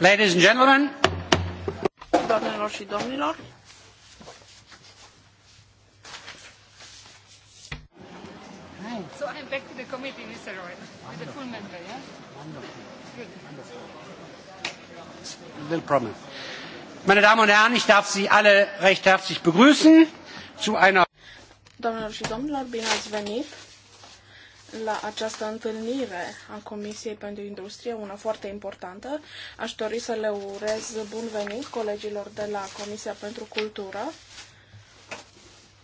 Ladies and gentlemen. Doamnelor și domnilor. So I'm back to the committee, Mr. Roy, with the full member, yeah? Wonderful. Good. Wonderful. A little problem. Meine Damen und Herren, ich darf Sie alle recht herzlich begrüßen zu einer Doamnelor și domnilor, bine ați venit la această întâlnire a Comisiei pentru Industrie, una foarte importantă. Aș dori să le urez bun venit colegilor de la Comisia pentru Cultură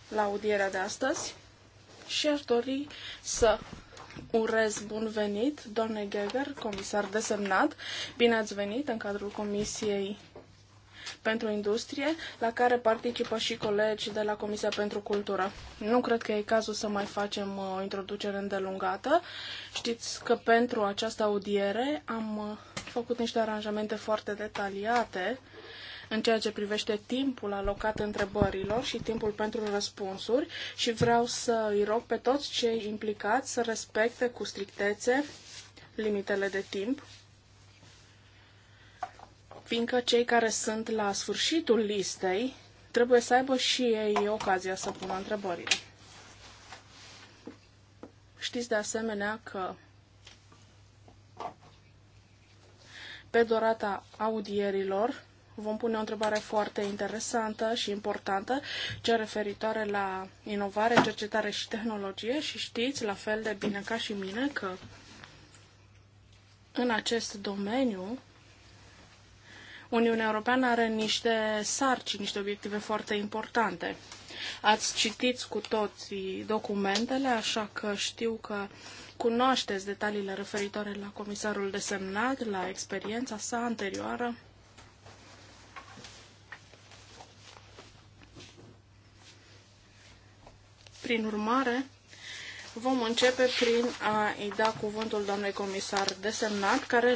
la audierea de astăzi și aș dori să urez bun venit domnule Geger, comisar desemnat. Bine ați venit în cadrul Comisiei pentru industrie, la care participă și colegi de la Comisia pentru Cultură. Nu cred că e cazul să mai facem uh, o introducere îndelungată. Știți că pentru această audiere am uh, făcut niște aranjamente foarte detaliate în ceea ce privește timpul alocat întrebărilor și timpul pentru răspunsuri și vreau să îi rog pe toți cei implicați să respecte cu strictețe limitele de timp fiindcă cei care sunt la sfârșitul listei trebuie să aibă și ei ocazia să pună întrebările. Știți de asemenea că pe dorata audierilor vom pune o întrebare foarte interesantă și importantă, cea referitoare la inovare, cercetare și tehnologie și știți, la fel de bine ca și mine, că în acest domeniu Uniunea Europeană are niște sarcini, niște obiective foarte importante. Ați citit cu toți documentele, așa că știu că cunoașteți detaliile referitoare la comisarul desemnat, la experiența sa anterioară. Prin urmare, Vom începe prin a-i da cuvântul doamnei comisar desemnat, care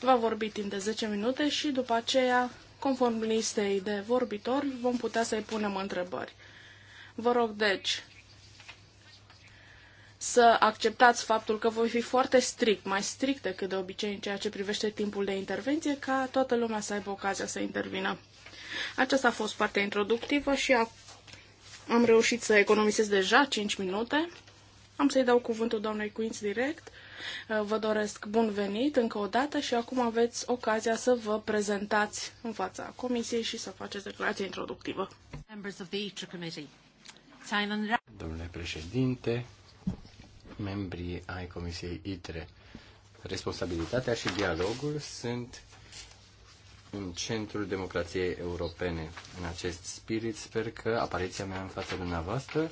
va vorbi timp de 10 minute și după aceea, conform listei de vorbitori, vom putea să-i punem întrebări. Vă rog, deci, să acceptați faptul că voi fi foarte strict, mai strict decât de obicei în ceea ce privește timpul de intervenție, ca toată lumea să aibă ocazia să intervină. Aceasta a fost partea introductivă și a... am reușit să economisesc deja 5 minute. Am să-i dau cuvântul doamnei Queen's direct. Uh, vă doresc bun venit încă o dată și acum aveți ocazia să vă prezentați în fața comisiei și să faceți declarația introductivă. Domnule președinte, membrii ai Comisiei ITRE, responsabilitatea și dialogul sunt în centrul democrației europene. În acest spirit, sper că apariția mea în fața dumneavoastră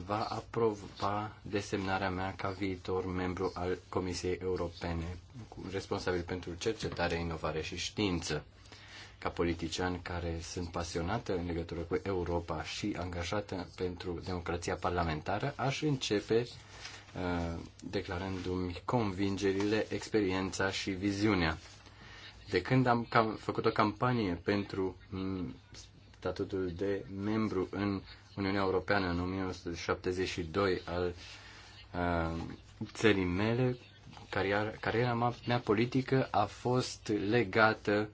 va aprova desemnarea mea ca viitor membru al Comisiei Europene, responsabil pentru cercetare, inovare și știință. Ca politician care sunt pasionată în legătură cu Europa și angajată pentru democrația parlamentară, aș începe uh, declarându-mi convingerile, experiența și viziunea. De când am cam, făcut o campanie pentru statutul de membru în Uniunea Europeană în 1972 al uh, țării mele, cariera, cariera mea, politică a fost legată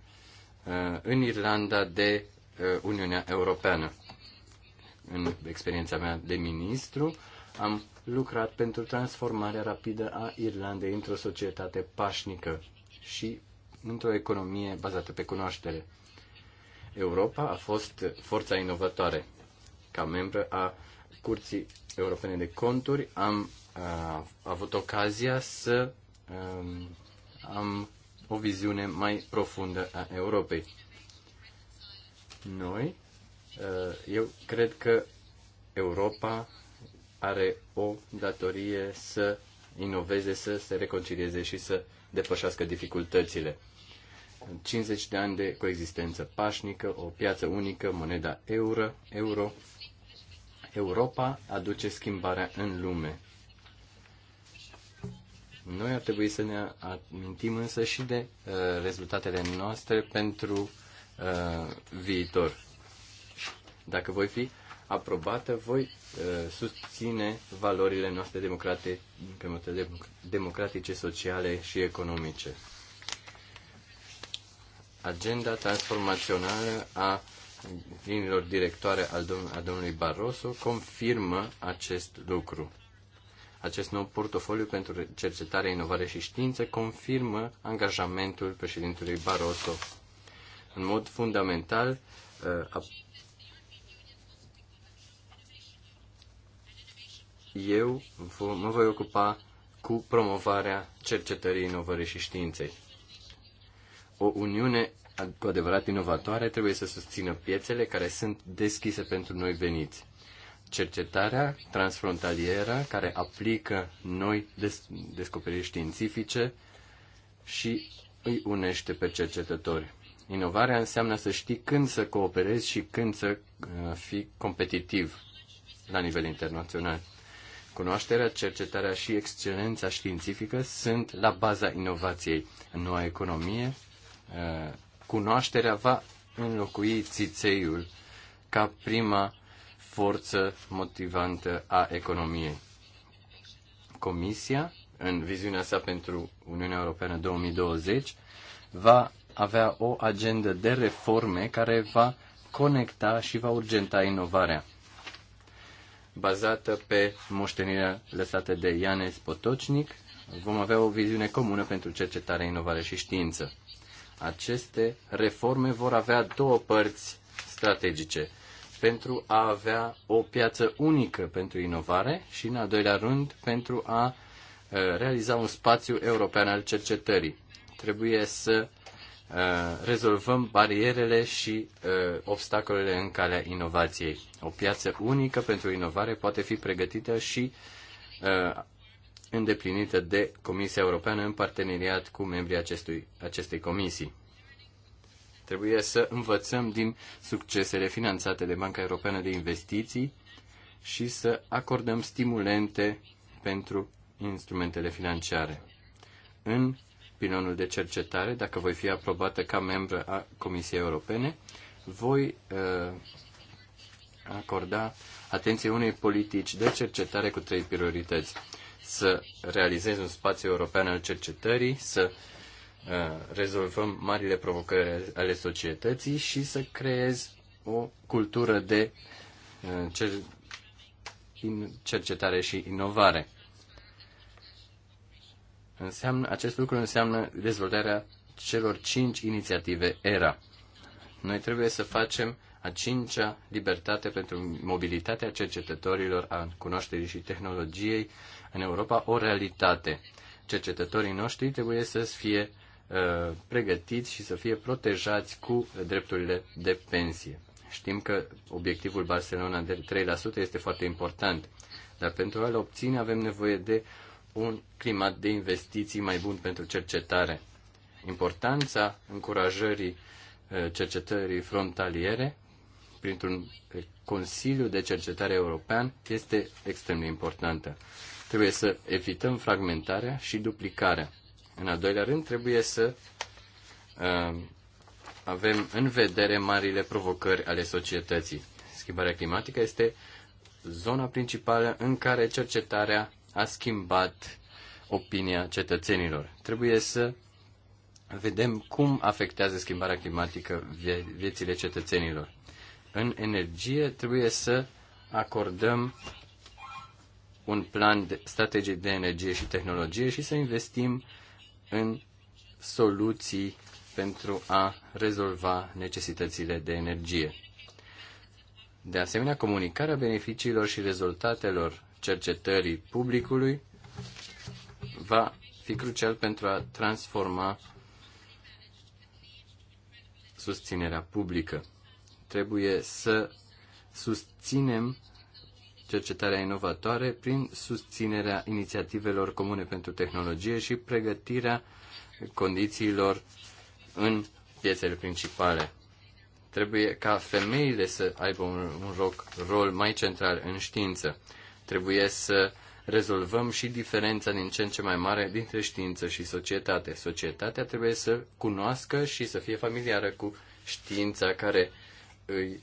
uh, în Irlanda de uh, Uniunea Europeană. În experiența mea de ministru am lucrat pentru transformarea rapidă a Irlandei într-o societate pașnică și într-o economie bazată pe cunoaștere. Europa a fost forța inovatoare ca membru a Curții Europene de Conturi, am uh, avut ocazia să um, am o viziune mai profundă a Europei. Noi, eu cred că Europa are o datorie să inoveze, să se reconcilieze și să depășească dificultățile. 50 de ani de coexistență pașnică, o piață unică, moneda euro, euro Europa aduce schimbarea în lume. Noi ar trebui să ne amintim însă și de uh, rezultatele noastre pentru uh, viitor. Dacă voi fi aprobată, voi uh, susține valorile noastre democrate, democratice, sociale și economice. Agenda transformațională a uh, liniilor directoare al dom- a domnului Barroso confirmă acest lucru. Acest nou portofoliu pentru cercetare, inovare și știință confirmă angajamentul președintelui Barroso. În mod fundamental, uh, eu mă voi ocupa cu promovarea cercetării, inovării și științei. O uniune cu adevărat inovatoare trebuie să susțină piețele care sunt deschise pentru noi veniți. Cercetarea transfrontalieră care aplică noi des- descoperiri științifice și îi unește pe cercetători. Inovarea înseamnă să știi când să cooperezi și când să uh, fii competitiv la nivel internațional. Cunoașterea, cercetarea și excelența științifică sunt la baza inovației în noua economie, uh, cunoașterea va înlocui țițeiul ca prima forță motivantă a economiei. Comisia, în viziunea sa pentru Uniunea Europeană 2020, va avea o agendă de reforme care va conecta și va urgenta inovarea, bazată pe moștenirea lăsată de Ianes Potocnic, vom avea o viziune comună pentru cercetare, inovare și știință. Aceste reforme vor avea două părți strategice pentru a avea o piață unică pentru inovare și, în al doilea rând, pentru a realiza un spațiu european al cercetării. Trebuie să rezolvăm barierele și obstacolele în calea inovației. O piață unică pentru inovare poate fi pregătită și îndeplinită de Comisia Europeană în parteneriat cu membrii acestui, acestei comisii. Trebuie să învățăm din succesele finanțate de Banca Europeană de Investiții și să acordăm stimulente pentru instrumentele financiare. În pilonul de cercetare, dacă voi fi aprobată ca membră a Comisiei Europene, voi uh, acorda atenție unei politici de cercetare cu trei priorități să realizez un spațiu european al cercetării, să uh, rezolvăm marile provocări ale societății și să creez o cultură de uh, cercetare și inovare. Înseamnă, acest lucru înseamnă dezvoltarea celor cinci inițiative ERA. Noi trebuie să facem a cincea libertate pentru mobilitatea cercetătorilor, a cunoașterii și tehnologiei, în Europa o realitate. Cercetătorii noștri trebuie să fie uh, pregătiți și să fie protejați cu drepturile de pensie. Știm că obiectivul Barcelona de 3% este foarte important, dar pentru a-l obține avem nevoie de un climat de investiții mai bun pentru cercetare. Importanța încurajării uh, cercetării frontaliere printr-un uh, Consiliu de Cercetare European este extrem de importantă. Trebuie să evităm fragmentarea și duplicarea. În al doilea rând, trebuie să uh, avem în vedere marile provocări ale societății. Schimbarea climatică este zona principală în care cercetarea a schimbat opinia cetățenilor. Trebuie să vedem cum afectează schimbarea climatică vie- viețile cetățenilor. În energie trebuie să acordăm un plan de strategic de energie și tehnologie și să investim în soluții pentru a rezolva necesitățile de energie. De asemenea, comunicarea beneficiilor și rezultatelor cercetării publicului va fi crucial pentru a transforma susținerea publică. Trebuie să susținem cercetarea inovatoare prin susținerea inițiativelor comune pentru tehnologie și pregătirea condițiilor în piețele principale. Trebuie ca femeile să aibă un, un roc, rol mai central în știință. Trebuie să rezolvăm și diferența din ce în ce mai mare dintre știință și societate. Societatea trebuie să cunoască și să fie familiară cu știința care îi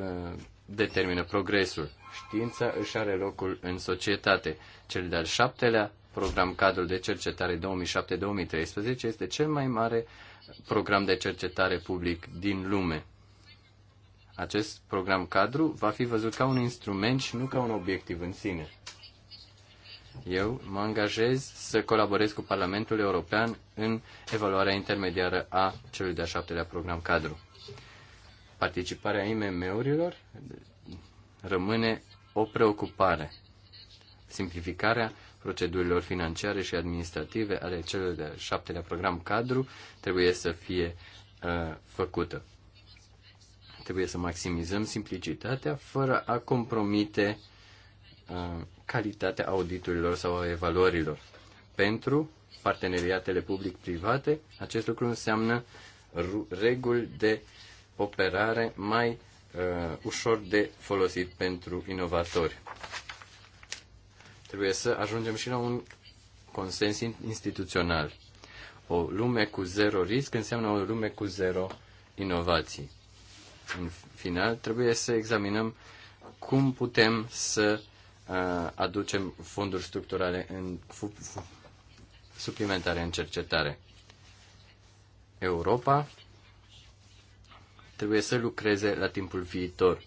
uh, determină progresul știința își are locul în societate. Cel de-al șaptelea program cadru de cercetare 2007-2013 este cel mai mare program de cercetare public din lume. Acest program cadru va fi văzut ca un instrument și nu ca un obiectiv în sine. Eu mă angajez să colaborez cu Parlamentul European în evaluarea intermediară a celui de-a șaptelea program cadru. Participarea IMM-urilor rămâne o preocupare. Simplificarea procedurilor financiare și administrative ale celor de șaptelea program cadru trebuie să fie uh, făcută. Trebuie să maximizăm simplicitatea fără a compromite uh, calitatea auditurilor sau a evaluărilor. Pentru parteneriatele public-private, acest lucru înseamnă reguli de operare mai uh, uh, ușor de folosit pentru inovatori. Trebuie să ajungem și la un consens instituțional. O lume cu zero risc înseamnă o lume cu zero inovații. În final, trebuie să examinăm cum putem să uh, aducem fonduri structurale în, suplimentare în cercetare. Europa trebuie să lucreze la timpul viitor.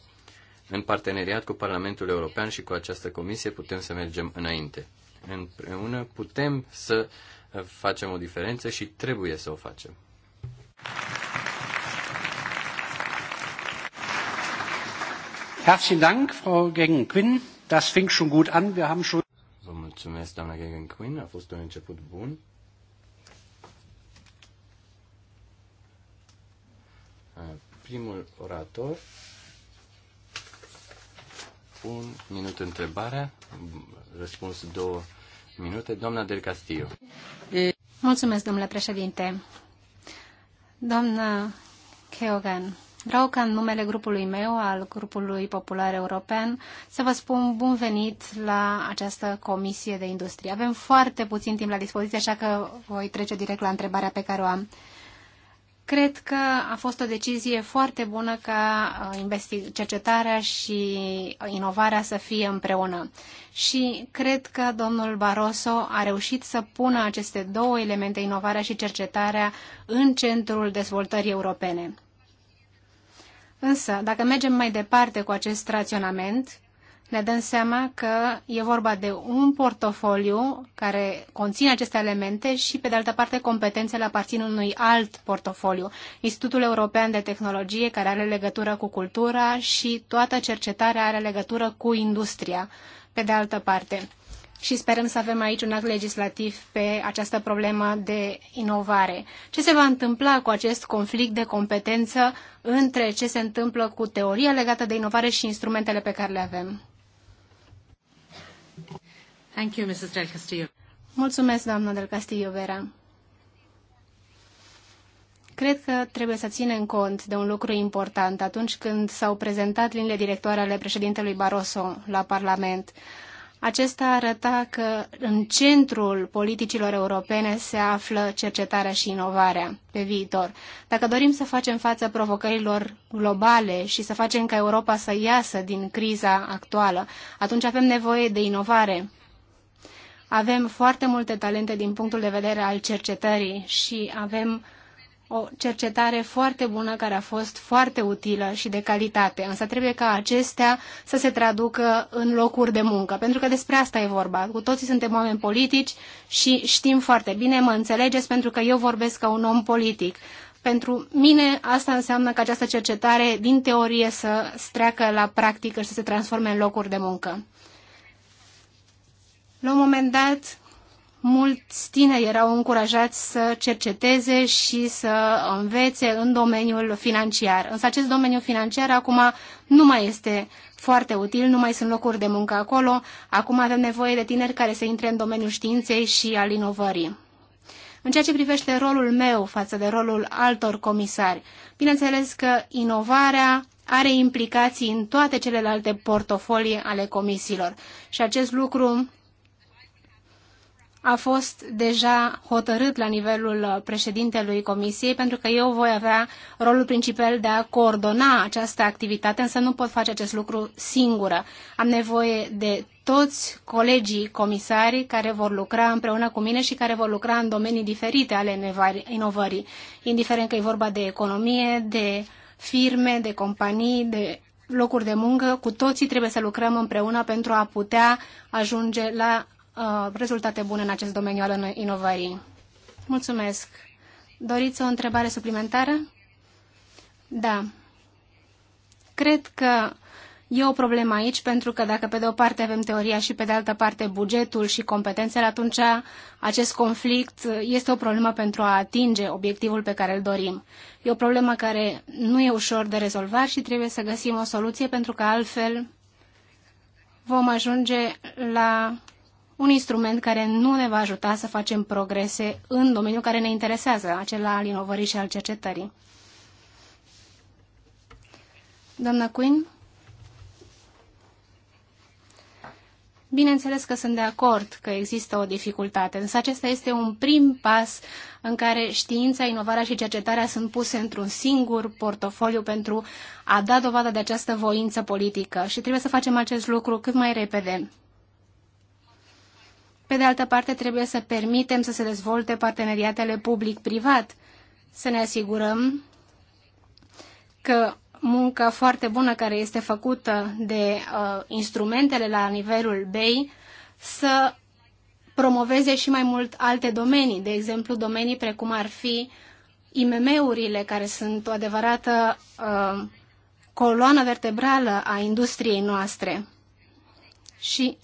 În parteneriat cu Parlamentul European și cu această comisie putem să mergem înainte. Împreună putem să facem o diferență și trebuie să o facem. Herzlichen Dank, Frau gegen Das fing schon gut an. Wir haben schon Vă mulțumesc, doamna Gegen-Quinn. A fost un început bun primul orator. Un minut întrebare, răspuns două minute. Doamna Del Castillo. Mulțumesc, domnule președinte. Doamna Keogan, vreau ca în numele grupului meu, al grupului popular european, să vă spun bun venit la această comisie de industrie. Avem foarte puțin timp la dispoziție, așa că voi trece direct la întrebarea pe care o am. Cred că a fost o decizie foarte bună ca uh, cercetarea și inovarea să fie împreună. Și cred că domnul Barroso a reușit să pună aceste două elemente, inovarea și cercetarea, în centrul dezvoltării europene. Însă, dacă mergem mai departe cu acest raționament, ne dăm seama că e vorba de un portofoliu care conține aceste elemente și, pe de altă parte, competențele aparțin unui alt portofoliu. Institutul European de Tehnologie, care are legătură cu cultura și toată cercetarea are legătură cu industria, pe de altă parte. Și sperăm să avem aici un act legislativ pe această problemă de inovare. Ce se va întâmpla cu acest conflict de competență între ce se întâmplă cu teoria legată de inovare și instrumentele pe care le avem? Thank you, Mrs. Del Castillo. Mulțumesc, doamnă Del Castillo Vera. Cred că trebuie să ținem cont de un lucru important atunci când s-au prezentat liniile directoare ale președintelui Barroso la Parlament. Acesta arăta că în centrul politicilor europene se află cercetarea și inovarea pe viitor. Dacă dorim să facem față provocărilor globale și să facem ca Europa să iasă din criza actuală, atunci avem nevoie de inovare avem foarte multe talente din punctul de vedere al cercetării și avem o cercetare foarte bună care a fost foarte utilă și de calitate, însă trebuie ca acestea să se traducă în locuri de muncă, pentru că despre asta e vorba. Cu toții suntem oameni politici și știm foarte bine, mă înțelegeți, pentru că eu vorbesc ca un om politic. Pentru mine asta înseamnă că această cercetare din teorie să streacă la practică și să se transforme în locuri de muncă. La un moment dat, mulți tineri erau încurajați să cerceteze și să învețe în domeniul financiar. Însă acest domeniu financiar acum nu mai este foarte util, nu mai sunt locuri de muncă acolo. Acum avem nevoie de tineri care să intre în domeniul științei și al inovării. În ceea ce privește rolul meu față de rolul altor comisari, bineînțeles că inovarea are implicații în toate celelalte portofolii ale comisiilor și acest lucru a fost deja hotărât la nivelul președintelui Comisiei, pentru că eu voi avea rolul principal de a coordona această activitate, însă nu pot face acest lucru singură. Am nevoie de toți colegii comisari care vor lucra împreună cu mine și care vor lucra în domenii diferite ale inovării, indiferent că e vorba de economie, de firme, de companii, de locuri de muncă, cu toții trebuie să lucrăm împreună pentru a putea ajunge la Uh, rezultate bune în acest domeniu al inovării. Mulțumesc. Doriți o întrebare suplimentară? Da. Cred că e o problemă aici pentru că dacă pe de o parte avem teoria și pe de altă parte bugetul și competențele, atunci acest conflict este o problemă pentru a atinge obiectivul pe care îl dorim. E o problemă care nu e ușor de rezolvat și trebuie să găsim o soluție pentru că altfel vom ajunge la un instrument care nu ne va ajuta să facem progrese în domeniul care ne interesează, acela al inovării și al cercetării. Doamna Quinn? Bineînțeles că sunt de acord că există o dificultate, însă acesta este un prim pas în care știința, inovarea și cercetarea sunt puse într-un singur portofoliu pentru a da dovadă de această voință politică și trebuie să facem acest lucru cât mai repede. Pe de altă parte, trebuie să permitem să se dezvolte parteneriatele public-privat, să ne asigurăm că munca foarte bună care este făcută de uh, instrumentele la nivelul BEI să promoveze și mai mult alte domenii, de exemplu domenii precum ar fi IMM-urile, care sunt o adevărată uh, coloană vertebrală a industriei noastre. Și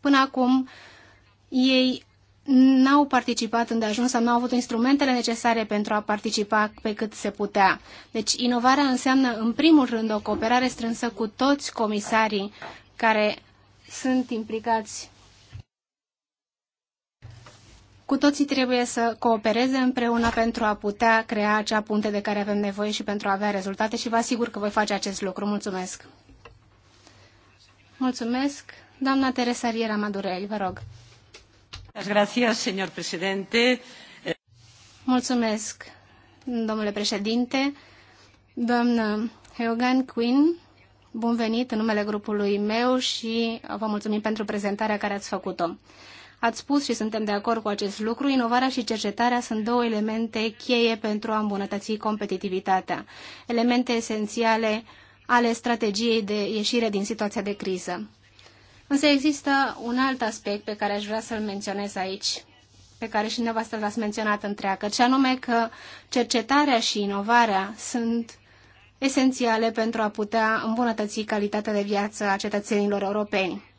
până acum uh, ei n-au participat îndeajuns sau n-au avut instrumentele necesare pentru a participa pe cât se putea. Deci inovarea înseamnă în primul rând o cooperare strânsă cu toți comisarii care sunt implicați. Cu toții trebuie să coopereze împreună pentru a putea crea acea punte de care avem nevoie și pentru a avea rezultate și vă asigur că voi face acest lucru. Mulțumesc! Mulțumesc! Doamna Teresa Riera Madurel, vă rog! domnule președinte. Doamnă Hogan Quinn, bun venit în numele grupului meu și vă mulțumim pentru prezentarea care ați făcut-o. Ați spus și suntem de acord cu acest lucru, inovarea și cercetarea sunt două elemente cheie pentru a îmbunătăți competitivitatea, elemente esențiale ale strategiei de ieșire din situația de criză. Însă există un alt aspect pe care aș vrea să-l menționez aici, pe care și dumneavoastră l-ați menționat întreagă, și anume că cercetarea și inovarea sunt esențiale pentru a putea îmbunătăți calitatea de viață a cetățenilor europeni.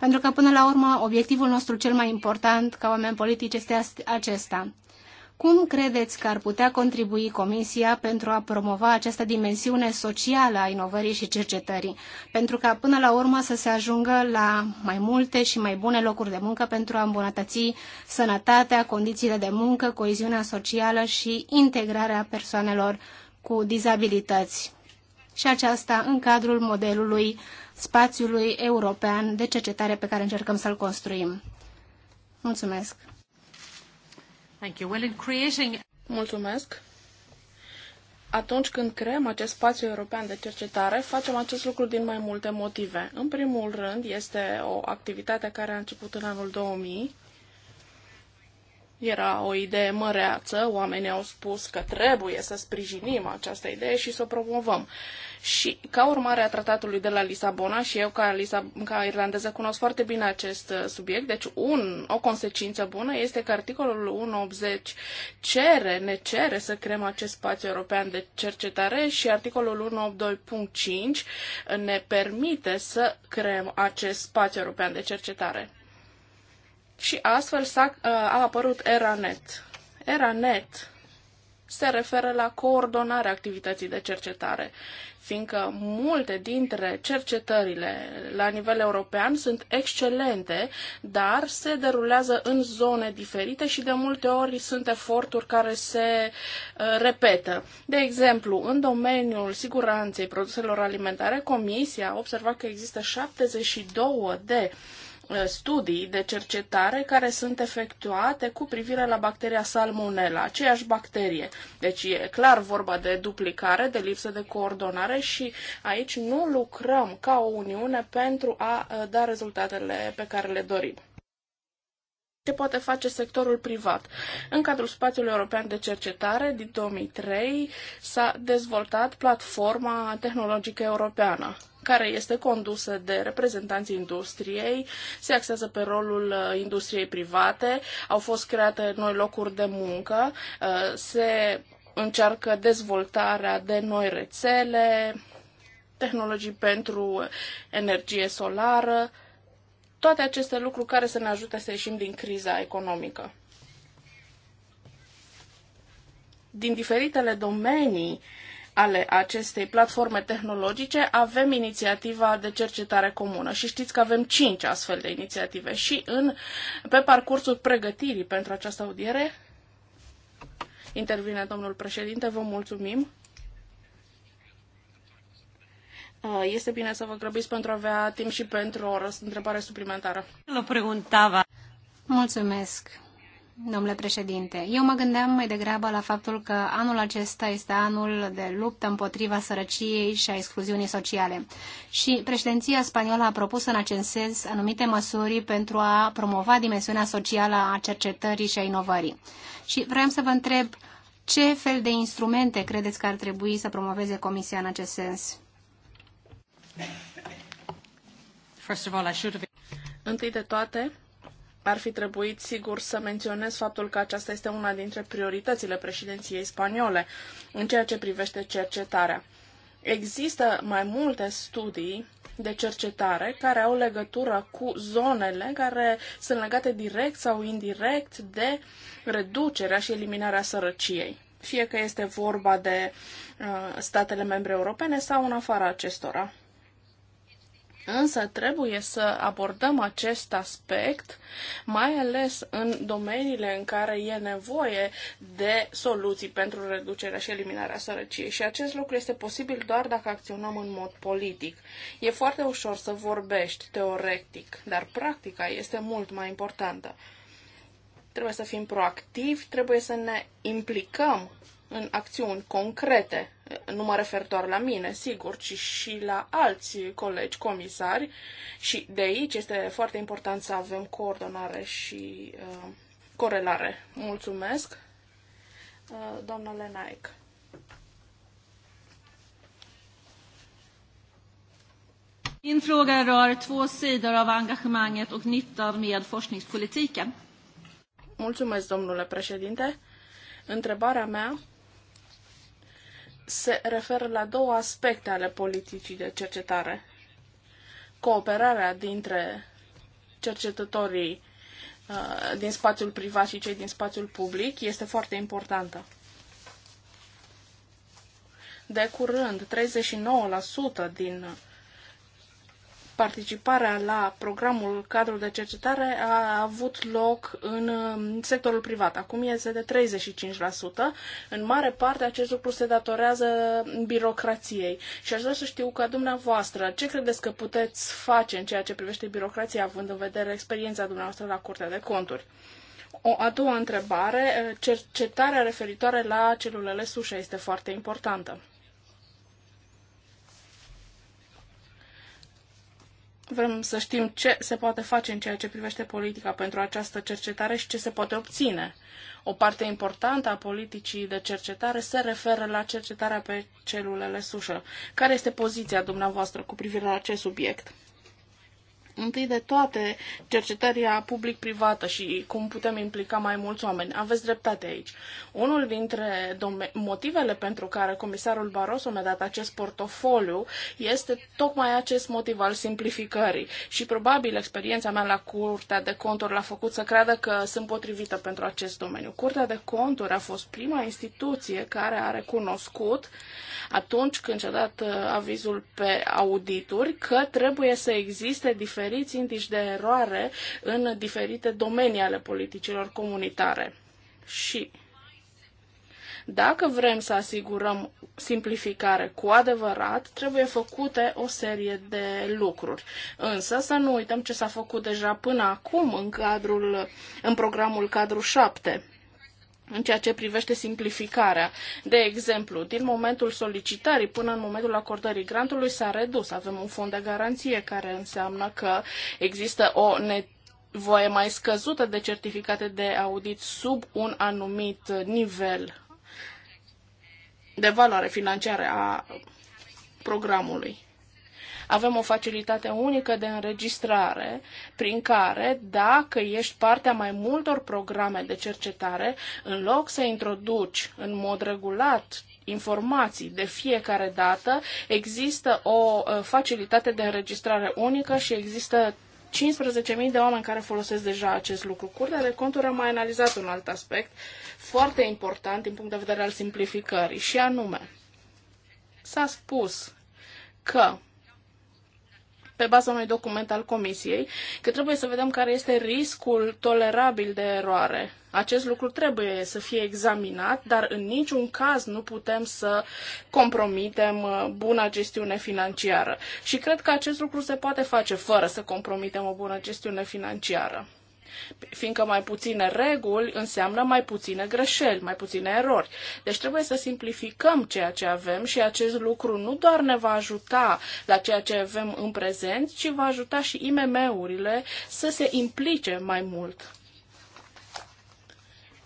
Pentru că, până la urmă, obiectivul nostru cel mai important ca oameni politici este acesta, cum credeți că ar putea contribui Comisia pentru a promova această dimensiune socială a inovării și cercetării, pentru ca până la urmă să se ajungă la mai multe și mai bune locuri de muncă pentru a îmbunătăți sănătatea, condițiile de muncă, coeziunea socială și integrarea persoanelor cu dizabilități? Și aceasta în cadrul modelului spațiului european de cercetare pe care încercăm să-l construim. Mulțumesc! Thank you. Well, in creating... Mulțumesc. Atunci când creăm acest spațiu european de cercetare, facem acest lucru din mai multe motive. În primul rând, este o activitate care a început în anul 2000 era o idee măreață, oamenii au spus că trebuie să sprijinim această idee și să o promovăm. Și ca urmare a tratatului de la Lisabona, și eu ca, Lisab- ca irlandeză cunosc foarte bine acest uh, subiect, deci un, o consecință bună este că articolul 180 cere, ne cere să creăm acest spațiu european de cercetare și articolul 182.5 ne permite să creăm acest spațiu european de cercetare și astfel s-a, uh, a apărut ERANET. ERANET se referă la coordonarea activității de cercetare, fiindcă multe dintre cercetările la nivel european sunt excelente, dar se derulează în zone diferite și de multe ori sunt eforturi care se uh, repetă. De exemplu, în domeniul siguranței produselor alimentare, Comisia a observat că există 72 de Uh, studii de cercetare care sunt efectuate cu privire la bacteria Salmonella, aceeași bacterie. Deci e clar vorba de duplicare, de lipsă de coordonare și aici nu lucrăm ca o uniune pentru a uh, da rezultatele pe care le dorim. Ce poate face sectorul privat? În cadrul spațiului european de cercetare din 2003 s-a dezvoltat platforma tehnologică europeană care este condusă de reprezentanții industriei, se axează pe rolul uh, industriei private, au fost create noi locuri de muncă, uh, se încearcă dezvoltarea de noi rețele, tehnologii pentru energie solară, toate aceste lucruri care să ne ajute să ieșim din criza economică. Din diferitele domenii uh, ale acestei platforme tehnologice avem inițiativa de cercetare comună și știți că avem cinci astfel de inițiative și în, pe parcursul pregătirii pentru această audiere intervine domnul președinte, vă mulțumim. Uh, este bine să vă grăbiți pentru a avea timp și pentru o întrebare suplimentară. preguntava. Mulțumesc domnule președinte. Eu mă gândeam mai degrabă la faptul că anul acesta este anul de luptă împotriva sărăciei și a excluziunii sociale. Și președinția spaniolă a propus în acest sens anumite măsuri pentru a promova dimensiunea socială a cercetării și a inovării. Și vreau să vă întreb ce fel de instrumente credeți că ar trebui să promoveze Comisia în acest sens? First of all, I should have... Întâi de toate, ar fi trebuit, sigur, să menționez faptul că aceasta este una dintre prioritățile președinției spaniole în ceea ce privește cercetarea. Există mai multe studii de cercetare care au legătură cu zonele care sunt legate direct sau indirect de reducerea și eliminarea sărăciei. Fie că este vorba de uh, statele membre europene sau în afara acestora. Însă trebuie să abordăm acest aspect, mai ales în domeniile în care e nevoie de soluții pentru reducerea și eliminarea sărăciei. Și acest lucru este posibil doar dacă acționăm în mod politic. E foarte ușor să vorbești teoretic, dar practica este mult mai importantă. Trebuie să fim proactivi, trebuie să ne implicăm în acțiuni concrete. Nu mă refer doar la mine, sigur, ci și la alți colegi comisari și de aici este foarte important să avem coordonare și uh, corelare. Mulțumesc, uh, doamna Lenaic. Min fråga rör två sidor av engagemanget och nyttan med forskningspolitiken. Mulțumesc, domnule președinte. Întrebarea mea se referă la două aspecte ale politicii de cercetare. Cooperarea dintre cercetătorii uh, din spațiul privat și cei din spațiul public este foarte importantă. De curând, 39% din participarea la programul cadru de cercetare a avut loc în um, sectorul privat. Acum este de 35%. În mare parte acest lucru se datorează birocrației. Și aș vrea să știu ca dumneavoastră ce credeți că puteți face în ceea ce privește birocrația, având în vedere experiența dumneavoastră la Curtea de Conturi. O a doua întrebare, cercetarea referitoare la celulele sușa este foarte importantă. Vrem să știm ce se poate face în ceea ce privește politica pentru această cercetare și ce se poate obține. O parte importantă a politicii de cercetare se referă la cercetarea pe celulele sușă. Care este poziția dumneavoastră cu privire la acest subiect? Întâi de toate, cercetarea public-privată și cum putem implica mai mulți oameni. Aveți dreptate aici. Unul dintre motivele pentru care comisarul Barroso mi-a dat acest portofoliu este tocmai acest motiv al simplificării. Și probabil experiența mea la Curtea de Conturi l-a făcut să creadă că sunt potrivită pentru acest domeniu. Curtea de Conturi a fost prima instituție care a recunoscut atunci când și-a dat uh, avizul pe audituri că trebuie să existe diferențe diferiți indici de eroare în diferite domenii ale politicilor comunitare. Și dacă vrem să asigurăm simplificare cu adevărat, trebuie făcute o serie de lucruri. Însă să nu uităm ce s-a făcut deja până acum în, cadrul, în programul cadru 7 în ceea ce privește simplificarea. De exemplu, din momentul solicitării până în momentul acordării grantului s-a redus. Avem un fond de garanție care înseamnă că există o net voie mai scăzută de certificate de audit sub un anumit nivel de valoare financiară a programului. Avem o facilitate unică de înregistrare prin care, dacă ești partea mai multor programe de cercetare, în loc să introduci în mod regulat informații de fiecare dată, există o uh, facilitate de înregistrare unică și există 15.000 de oameni care folosesc deja acest lucru. Curtea de conturi a mai analizat un alt aspect foarte important din punct de vedere al simplificării și anume s-a spus că pe baza unui document al Comisiei, că trebuie să vedem care este riscul tolerabil de eroare. Acest lucru trebuie să fie examinat, dar în niciun caz nu putem să compromitem uh, buna gestiune financiară. Și cred că acest lucru se poate face fără să compromitem o bună gestiune financiară. Fiindcă mai puține reguli înseamnă mai puține greșeli, mai puține erori. Deci trebuie să simplificăm ceea ce avem și acest lucru nu doar ne va ajuta la ceea ce avem în prezent, ci va ajuta și IMM-urile să se implice mai mult.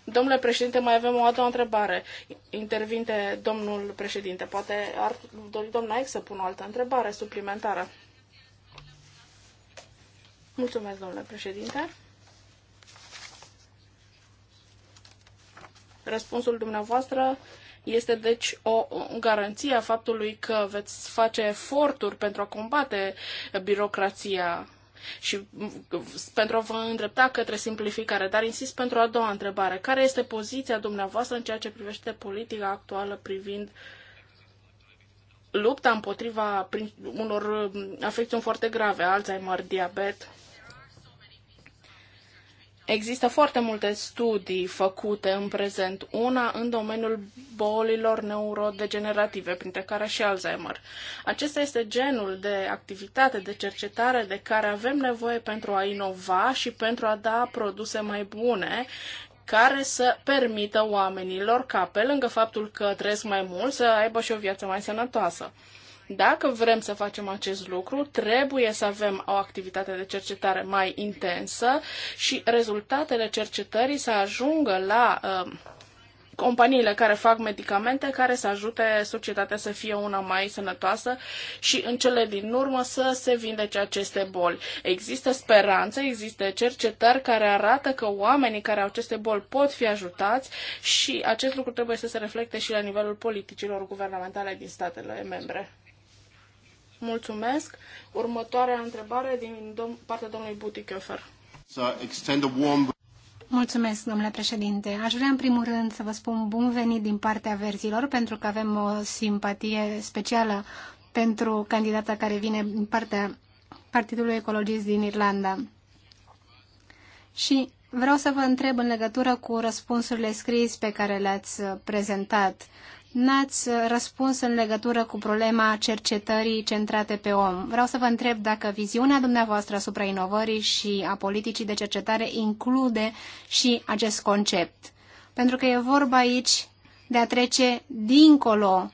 Domnule președinte, mai avem o altă întrebare. Intervinte domnul președinte. Poate ar dori domnul Aic să pună o altă întrebare suplimentară. Mulțumesc, domnule președinte. Răspunsul dumneavoastră este deci o garanție a faptului că veți face eforturi pentru a combate birocrația și pentru a vă îndrepta către simplificare. Dar insist pentru a doua întrebare. Care este poziția dumneavoastră în ceea ce privește politica actuală privind lupta împotriva unor afecțiuni foarte grave, Alzheimer, diabet? Există foarte multe studii făcute în prezent, una în domeniul bolilor neurodegenerative, printre care și Alzheimer. Acesta este genul de activitate, de cercetare de care avem nevoie pentru a inova și pentru a da produse mai bune care să permită oamenilor ca, pe lângă faptul că trăiesc mai mult, să aibă și o viață mai sănătoasă. Dacă vrem să facem acest lucru, trebuie să avem o activitate de cercetare mai intensă și rezultatele cercetării să ajungă la um, companiile care fac medicamente care să ajute societatea să fie una mai sănătoasă și în cele din urmă să se vindece aceste boli. Există speranță, există cercetări care arată că oamenii care au aceste boli pot fi ajutați și acest lucru trebuie să se reflecte și la nivelul politicilor guvernamentale din statele membre. Mulțumesc. Următoarea întrebare din dom- partea domnului Butichefer. Mulțumesc, domnule președinte. Aș vrea în primul rând să vă spun bun venit din partea verzilor, pentru că avem o simpatie specială pentru candidata care vine din partea Partidului Ecologist din Irlanda. Și vreau să vă întreb în legătură cu răspunsurile scris pe care le-ați prezentat n-ați răspuns în legătură cu problema cercetării centrate pe om. Vreau să vă întreb dacă viziunea dumneavoastră asupra inovării și a politicii de cercetare include și acest concept. Pentru că e vorba aici de a trece dincolo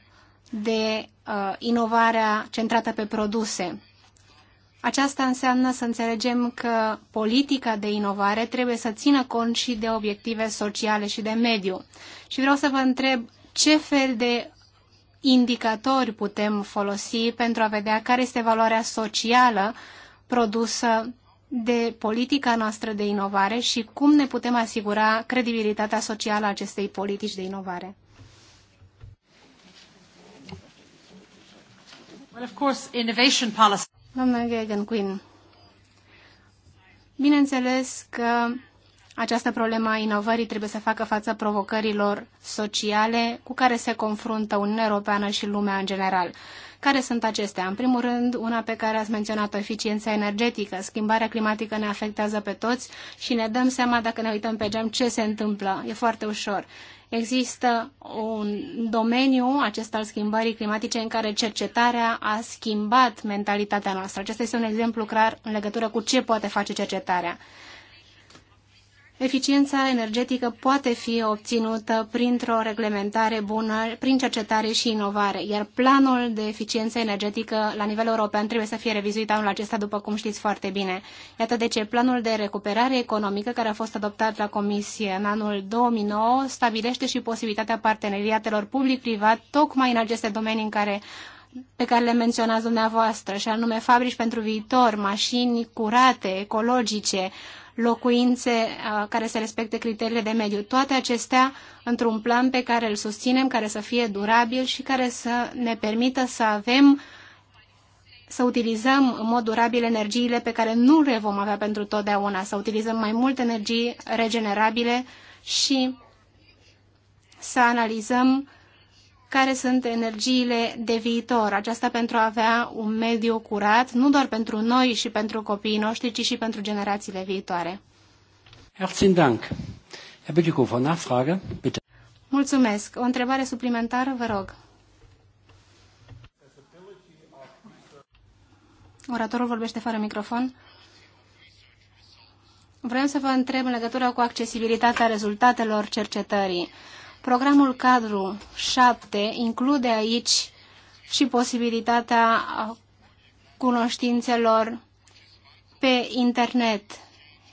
de uh, inovarea centrată pe produse. Aceasta înseamnă să înțelegem că politica de inovare trebuie să țină cont și de obiective sociale și de mediu. Și vreau să vă întreb ce fel de indicatori putem folosi pentru a vedea care este valoarea socială produsă de politica noastră de inovare și cum ne putem asigura credibilitatea socială a acestei politici de inovare. Well, of course, innovation policy. Doamna Gagan Quinn, bineînțeles că această problemă a inovării trebuie să facă față provocărilor sociale cu care se confruntă Uniunea Europeană și lumea în general. Care sunt acestea? În primul rând, una pe care ați menționat-o, eficiența energetică. Schimbarea climatică ne afectează pe toți și ne dăm seama dacă ne uităm pe geam ce se întâmplă. E foarte ușor. Există un domeniu acest al schimbării climatice în care cercetarea a schimbat mentalitatea noastră. Acesta este un exemplu clar în legătură cu ce poate face cercetarea. Eficiența energetică poate fi obținută printr-o reglementare bună, prin cercetare și inovare, iar planul de eficiență energetică la nivel european trebuie să fie revizuit anul acesta, după cum știți foarte bine. Iată de ce planul de recuperare economică care a fost adoptat la Comisie în anul 2009 stabilește și posibilitatea parteneriatelor public-privat tocmai în aceste domenii în care pe care le menționați dumneavoastră, și anume fabrici pentru viitor, mașini curate, ecologice, locuințe care să respecte criteriile de mediu. Toate acestea într-un plan pe care îl susținem, care să fie durabil și care să ne permită să avem să utilizăm în mod durabil energiile pe care nu le vom avea pentru totdeauna, să utilizăm mai mult energii regenerabile și să analizăm care sunt energiile de viitor. Aceasta pentru a avea un mediu curat, nu doar pentru noi și pentru copiii noștri, ci și pentru generațiile viitoare. Herzlichen Dank. Herr Bütikofer, Nachfrage, bitte. Mulțumesc. O întrebare suplimentară, vă rog. Oratorul vorbește fără microfon. Vreau să vă întreb în legătură cu accesibilitatea rezultatelor cercetării. Programul cadru 7 include aici și posibilitatea cunoștințelor pe internet.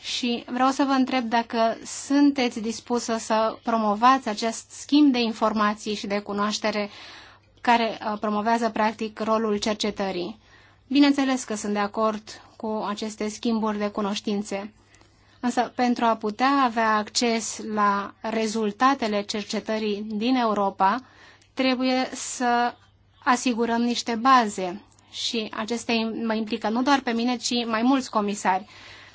Și vreau să vă întreb dacă sunteți dispusă să promovați acest schimb de informații și de cunoaștere care uh, promovează practic rolul cercetării. Bineînțeles că sunt de acord cu aceste schimburi de cunoștințe. Însă, pentru a putea avea acces la rezultatele cercetării din Europa, trebuie să asigurăm niște baze și acestea mă implică nu doar pe mine, ci mai mulți comisari.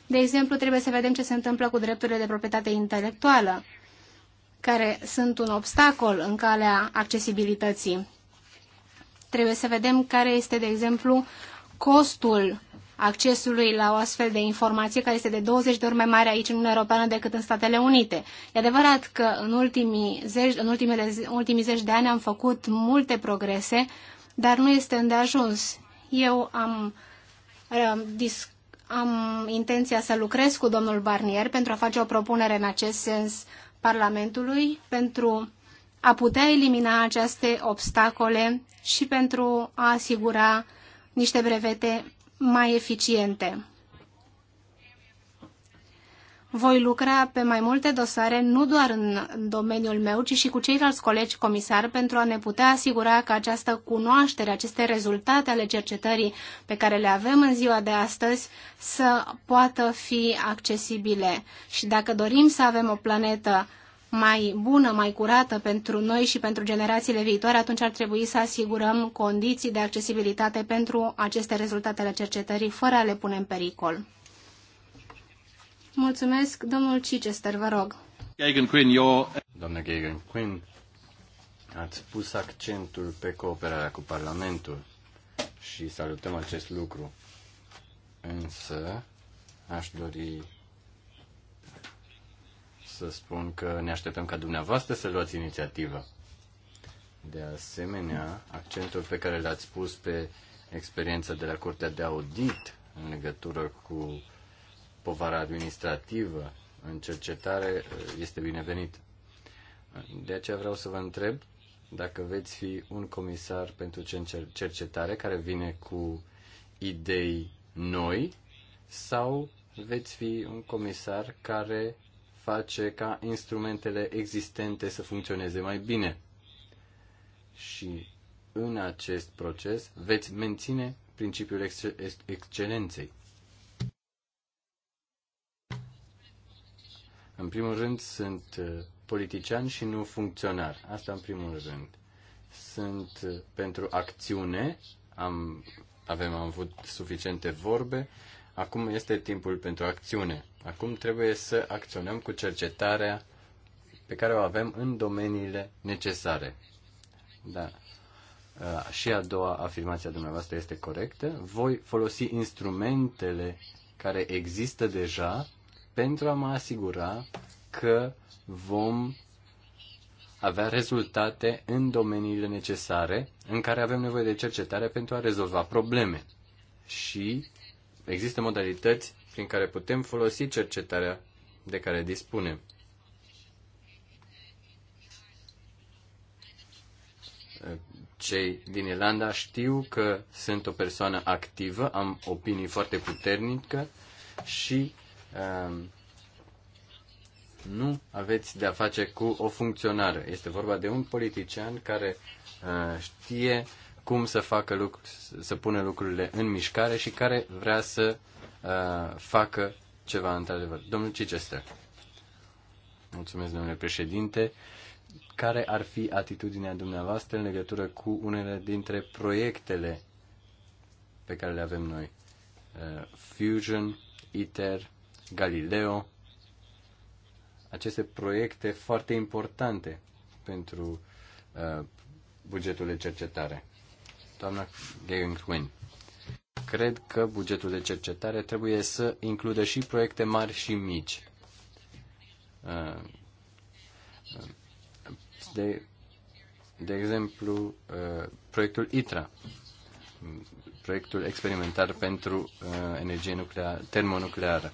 De exemplu, trebuie să vedem ce se întâmplă cu drepturile de proprietate intelectuală, care sunt un obstacol în calea accesibilității. Trebuie să vedem care este, de exemplu, costul accesului la o astfel de informație care este de 20 de ori mai mare aici în Uniunea Europeană decât în Statele Unite. E adevărat că în ultimii zeci, în ultimele, ultimii zeci de ani am făcut multe progrese, dar nu este îndeajuns. Eu am, am intenția să lucrez cu domnul Barnier pentru a face o propunere în acest sens Parlamentului pentru a putea elimina aceste obstacole și pentru a asigura niște brevete mai eficiente. Voi lucra pe mai multe dosare, nu doar în domeniul meu, ci și cu ceilalți colegi comisari, pentru a ne putea asigura că această cunoaștere, aceste rezultate ale cercetării pe care le avem în ziua de astăzi, să poată fi accesibile. Și dacă dorim să avem o planetă mai bună, mai curată pentru noi și pentru generațiile viitoare, atunci ar trebui să asigurăm condiții de accesibilitate pentru aceste rezultate ale cercetării, fără a le pune în pericol. Mulțumesc, domnul Chichester, vă rog. Gagan Quinn, your... Doamna Gagan Quinn, ați pus accentul pe cooperarea cu Parlamentul și salutăm acest lucru. Însă, aș dori să spun că ne așteptăm ca dumneavoastră să luați inițiativa. De asemenea, accentul pe care l-ați pus pe experiența de la Curtea de Audit în legătură cu povara administrativă în cercetare uh, este binevenit. De aceea vreau să vă întreb dacă veți fi un comisar pentru cercetare care vine cu idei noi sau veți fi un comisar care face ca instrumentele existente să funcționeze mai bine. Și în acest proces veți menține principiul ex- ex- excelenței. În primul rând, sunt uh, politician și nu funcționar. Asta în primul rând. Sunt uh, pentru acțiune, am, avem, am avut suficiente vorbe, Acum este timpul pentru acțiune. Acum trebuie să acționăm cu cercetarea pe care o avem în domeniile necesare. Da. Uh, și a doua afirmație a dumneavoastră este corectă. Voi folosi instrumentele care există deja pentru a mă asigura că vom avea rezultate în domeniile necesare în care avem nevoie de cercetare pentru a rezolva probleme. Și există modalități prin care putem folosi cercetarea de care dispunem. Cei din Irlanda știu că sunt o persoană activă, am opinii foarte puternică și um, nu aveți de-a face cu o funcționară. Este vorba de un politician care uh, știe uh, cum să facă lucr- să pună lucrurile în mișcare și care vrea să uh, facă ceva într-adevăr. Domnul Cicester. Mulțumesc, domnule președinte. Care ar fi atitudinea dumneavoastră în legătură cu unele dintre proiectele pe care le avem noi? Uh, Fusion, ITER, Galileo. Aceste proiecte foarte importante pentru uh, bugetul de cercetare doamna Gering Quinn. Cred că bugetul de cercetare trebuie să includă și proiecte mari și mici. Uh, de, de exemplu, uh, proiectul ITRA, proiectul experimentar pentru uh, energie nucleară, termonucleară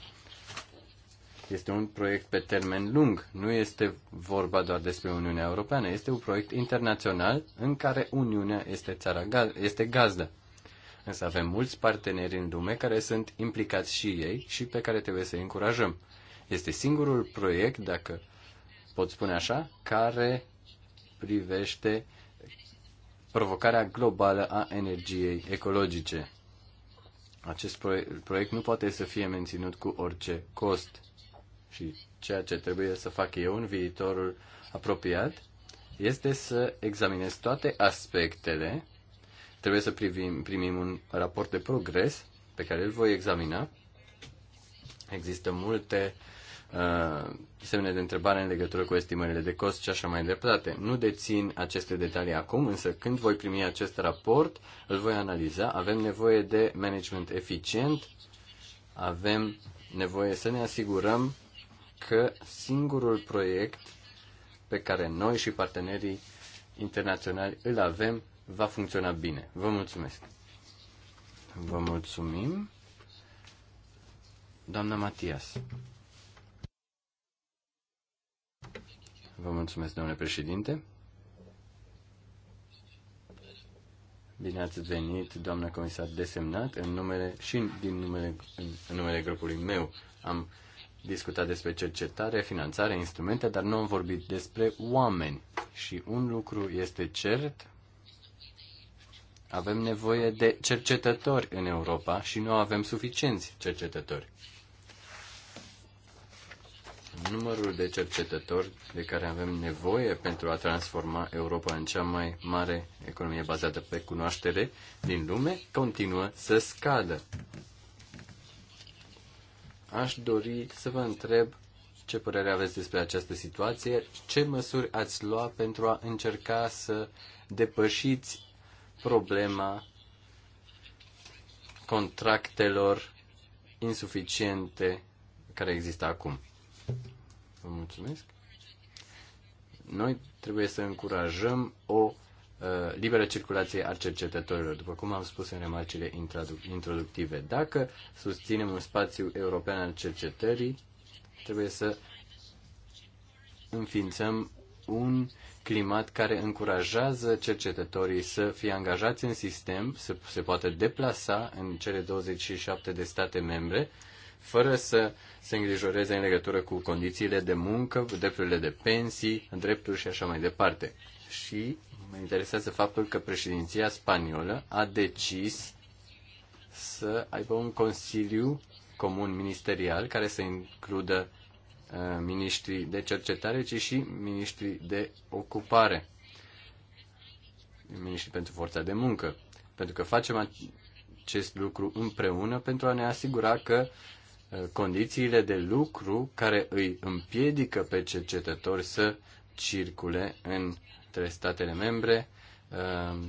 este un proiect pe termen lung, nu este vorba doar despre Uniunea Europeană, este un proiect internațional în care Uniunea este, țara, este gazdă. Însă avem mulți parteneri în lume care sunt implicați și ei și pe care trebuie să-i încurajăm. Este singurul proiect, dacă pot spune așa, care privește provocarea globală a energiei ecologice. Acest proiect nu poate să fie menținut cu orice cost și ceea ce trebuie să fac eu în viitorul apropiat este să examinez toate aspectele. Trebuie să privim, primim un raport de progres pe care îl voi examina. Există multe uh, semne de întrebare în legătură cu estimările de cost și așa mai departe. Nu dețin aceste detalii acum, însă când voi primi acest raport, îl voi analiza. Avem nevoie de management eficient, avem nevoie să ne asigurăm că singurul proiect pe care noi și partenerii internaționali îl avem va funcționa bine. Vă mulțumesc! Vă mulțumim! Doamna Matias. Vă mulțumesc, domnule președinte. Bine ați venit, doamna comisar desemnat, în numele și din numele, în, în numele grupului meu. Am discutat despre cercetare, finanțare, instrumente, dar nu am vorbit despre oameni. Și un lucru este cert, avem nevoie de cercetători în Europa și nu avem suficienți cercetători. Numărul de cercetători de care avem nevoie pentru a transforma Europa în cea mai mare economie bazată pe cunoaștere din lume continuă să scadă. Aș dori să vă întreb ce părere aveți despre această situație, ce măsuri ați lua pentru a încerca să depășiți problema contractelor insuficiente care există acum. Vă mulțumesc. Noi trebuie să încurajăm o Uh, liberă circulație a cercetătorilor, după cum am spus în remarcile introductive. Dacă susținem un spațiu european al cercetării, trebuie să înființăm un climat care încurajează cercetătorii să fie angajați în sistem, să se poată deplasa în cele 27 de state membre, fără să se îngrijoreze în legătură cu condițiile de muncă, drepturile de pensii, drepturi și așa mai departe. Și Mă interesează faptul că președinția spaniolă a decis să aibă un consiliu comun ministerial care să includă uh, ministrii de cercetare, ci și ministrii de ocupare, ministrii pentru forța de muncă. Pentru că facem acest lucru împreună pentru a ne asigura că uh, condițiile de lucru care îi împiedică pe cercetători să circule în între statele membre uh,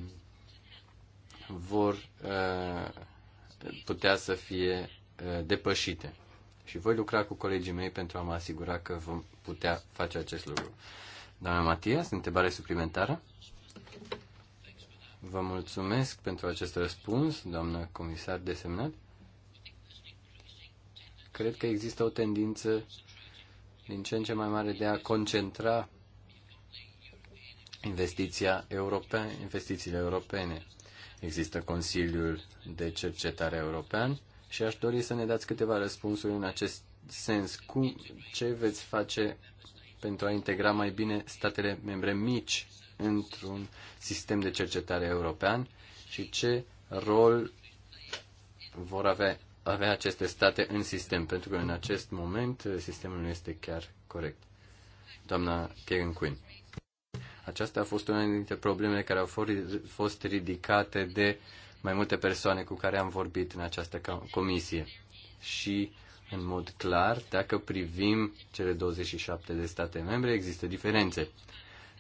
vor uh, putea să fie uh, depășite. Și voi lucra cu colegii mei pentru a mă asigura că vom putea face acest lucru. Doamna Matias, întrebare suplimentară? Vă mulțumesc pentru acest răspuns, doamnă comisar desemnat. Cred că există o tendință din ce în ce mai mare de a concentra investiția europeană, investițiile europene. Există Consiliul de Cercetare European și aș dori să ne dați câteva răspunsuri în acest sens. Cum, ce veți face pentru a integra mai bine statele membre mici într-un sistem de cercetare european și ce rol vor avea, avea aceste state în sistem, pentru că în acest moment sistemul nu este chiar corect. Doamna Kegan Quinn. Aceasta a fost una dintre problemele care au fost ridicate de mai multe persoane cu care am vorbit în această comisie. Și, în mod clar, dacă privim cele 27 de state membre, există diferențe.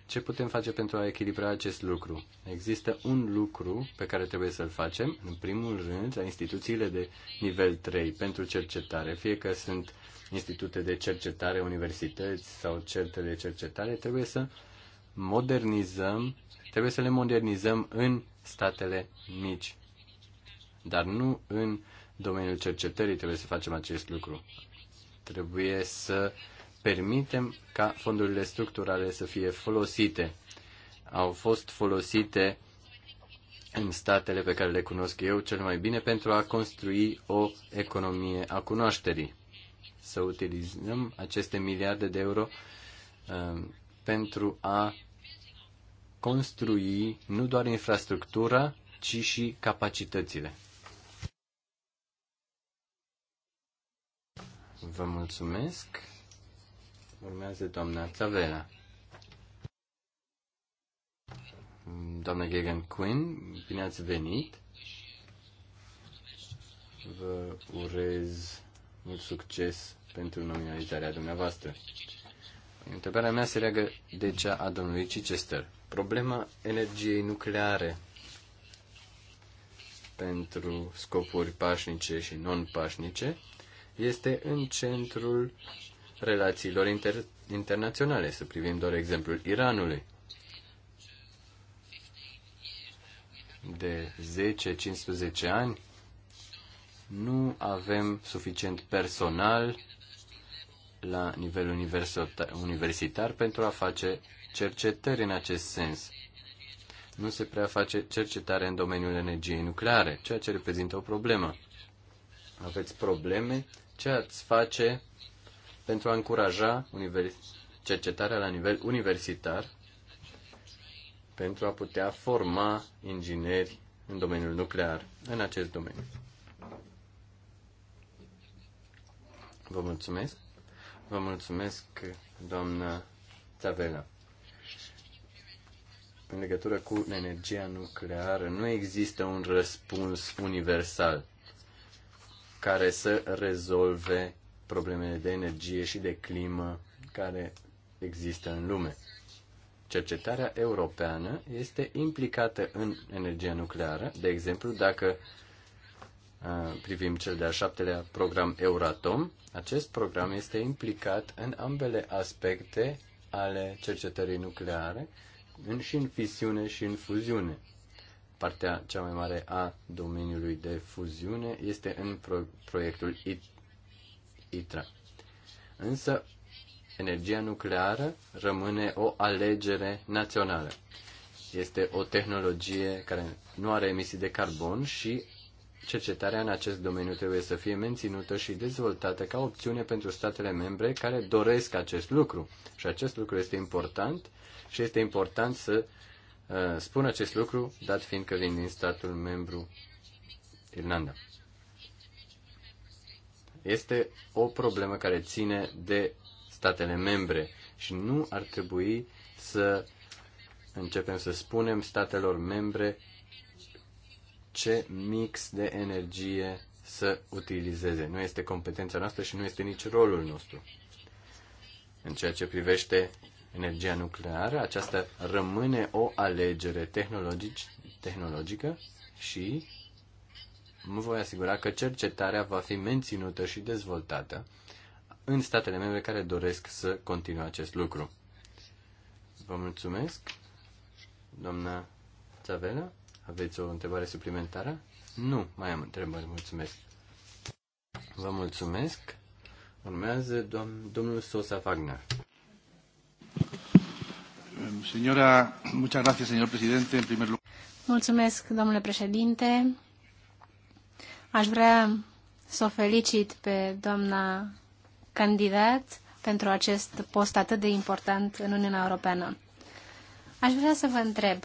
Ce putem face pentru a echilibra acest lucru? Există un lucru pe care trebuie să-l facem, în primul rând, la instituțiile de nivel 3 pentru cercetare, fie că sunt institute de cercetare, universități sau certe de cercetare, trebuie să modernizăm, trebuie să le modernizăm în statele mici. Dar nu în domeniul cercetării trebuie să facem acest lucru. Trebuie să permitem ca fondurile structurale să fie folosite. Au fost folosite în statele pe care le cunosc eu cel mai bine pentru a construi o economie a cunoașterii. Să utilizăm aceste miliarde de euro uh, pentru a construi nu doar infrastructura, ci și capacitățile. Vă mulțumesc. Urmează doamna Țavela. Doamna Gagan Quinn, bine ați venit. Vă urez mult succes pentru nominalizarea dumneavoastră. Întrebarea mea se leagă de cea a domnului Chichester. Problema energiei nucleare pentru scopuri pașnice și non-pașnice este în centrul relațiilor inter- internaționale, să privim doar exemplul Iranului. De 10-15 ani nu avem suficient personal la nivel universitar pentru a face cercetări în acest sens. Nu se prea face cercetare în domeniul energiei nucleare, ceea ce reprezintă o problemă. Aveți probleme? Ce ați face pentru a încuraja cercetarea la nivel universitar pentru a putea forma ingineri în domeniul nuclear, în acest domeniu. Vă mulțumesc. Vă mulțumesc, doamna Tavela în legătură cu energia nucleară, nu există un răspuns universal care să rezolve problemele de energie și de climă care există în lume. Cercetarea europeană este implicată în energia nucleară. De exemplu, dacă privim cel de-al șaptelea program Euratom, acest program este implicat în ambele aspecte ale cercetării nucleare în, și în fisiune și în fuziune. Partea cea mai mare a domeniului de fuziune este în pro, proiectul ITRA. Însă, energia nucleară rămâne o alegere națională. Este o tehnologie care nu are emisii de carbon și Cercetarea în acest domeniu trebuie să fie menținută și dezvoltată ca opțiune pentru statele membre care doresc acest lucru. Și acest lucru este important și este important să uh, spun acest lucru, dat fiind că vin din statul membru Irlanda. Este o problemă care ține de statele membre și nu ar trebui să începem să spunem statelor membre ce mix de energie să utilizeze. Nu este competența noastră și nu este nici rolul nostru. În ceea ce privește energia nucleară, aceasta rămâne o alegere tehnologic, tehnologică și mă voi asigura că cercetarea va fi menținută și dezvoltată în statele membre care doresc să continue acest lucru. Vă mulțumesc, doamna Țavela. Aveți o întrebare suplimentară? Nu, mai am întrebări, mulțumesc. Vă mulțumesc. Urmează dom- domnul Sosa Wagner. Señora, muchas gracias, señor presidente. En primer lugar. Mulțumesc, domnule președinte. Aș vrea să o felicit pe doamna candidat pentru acest post atât de important în Uniunea Europeană. Aș vrea să vă întreb,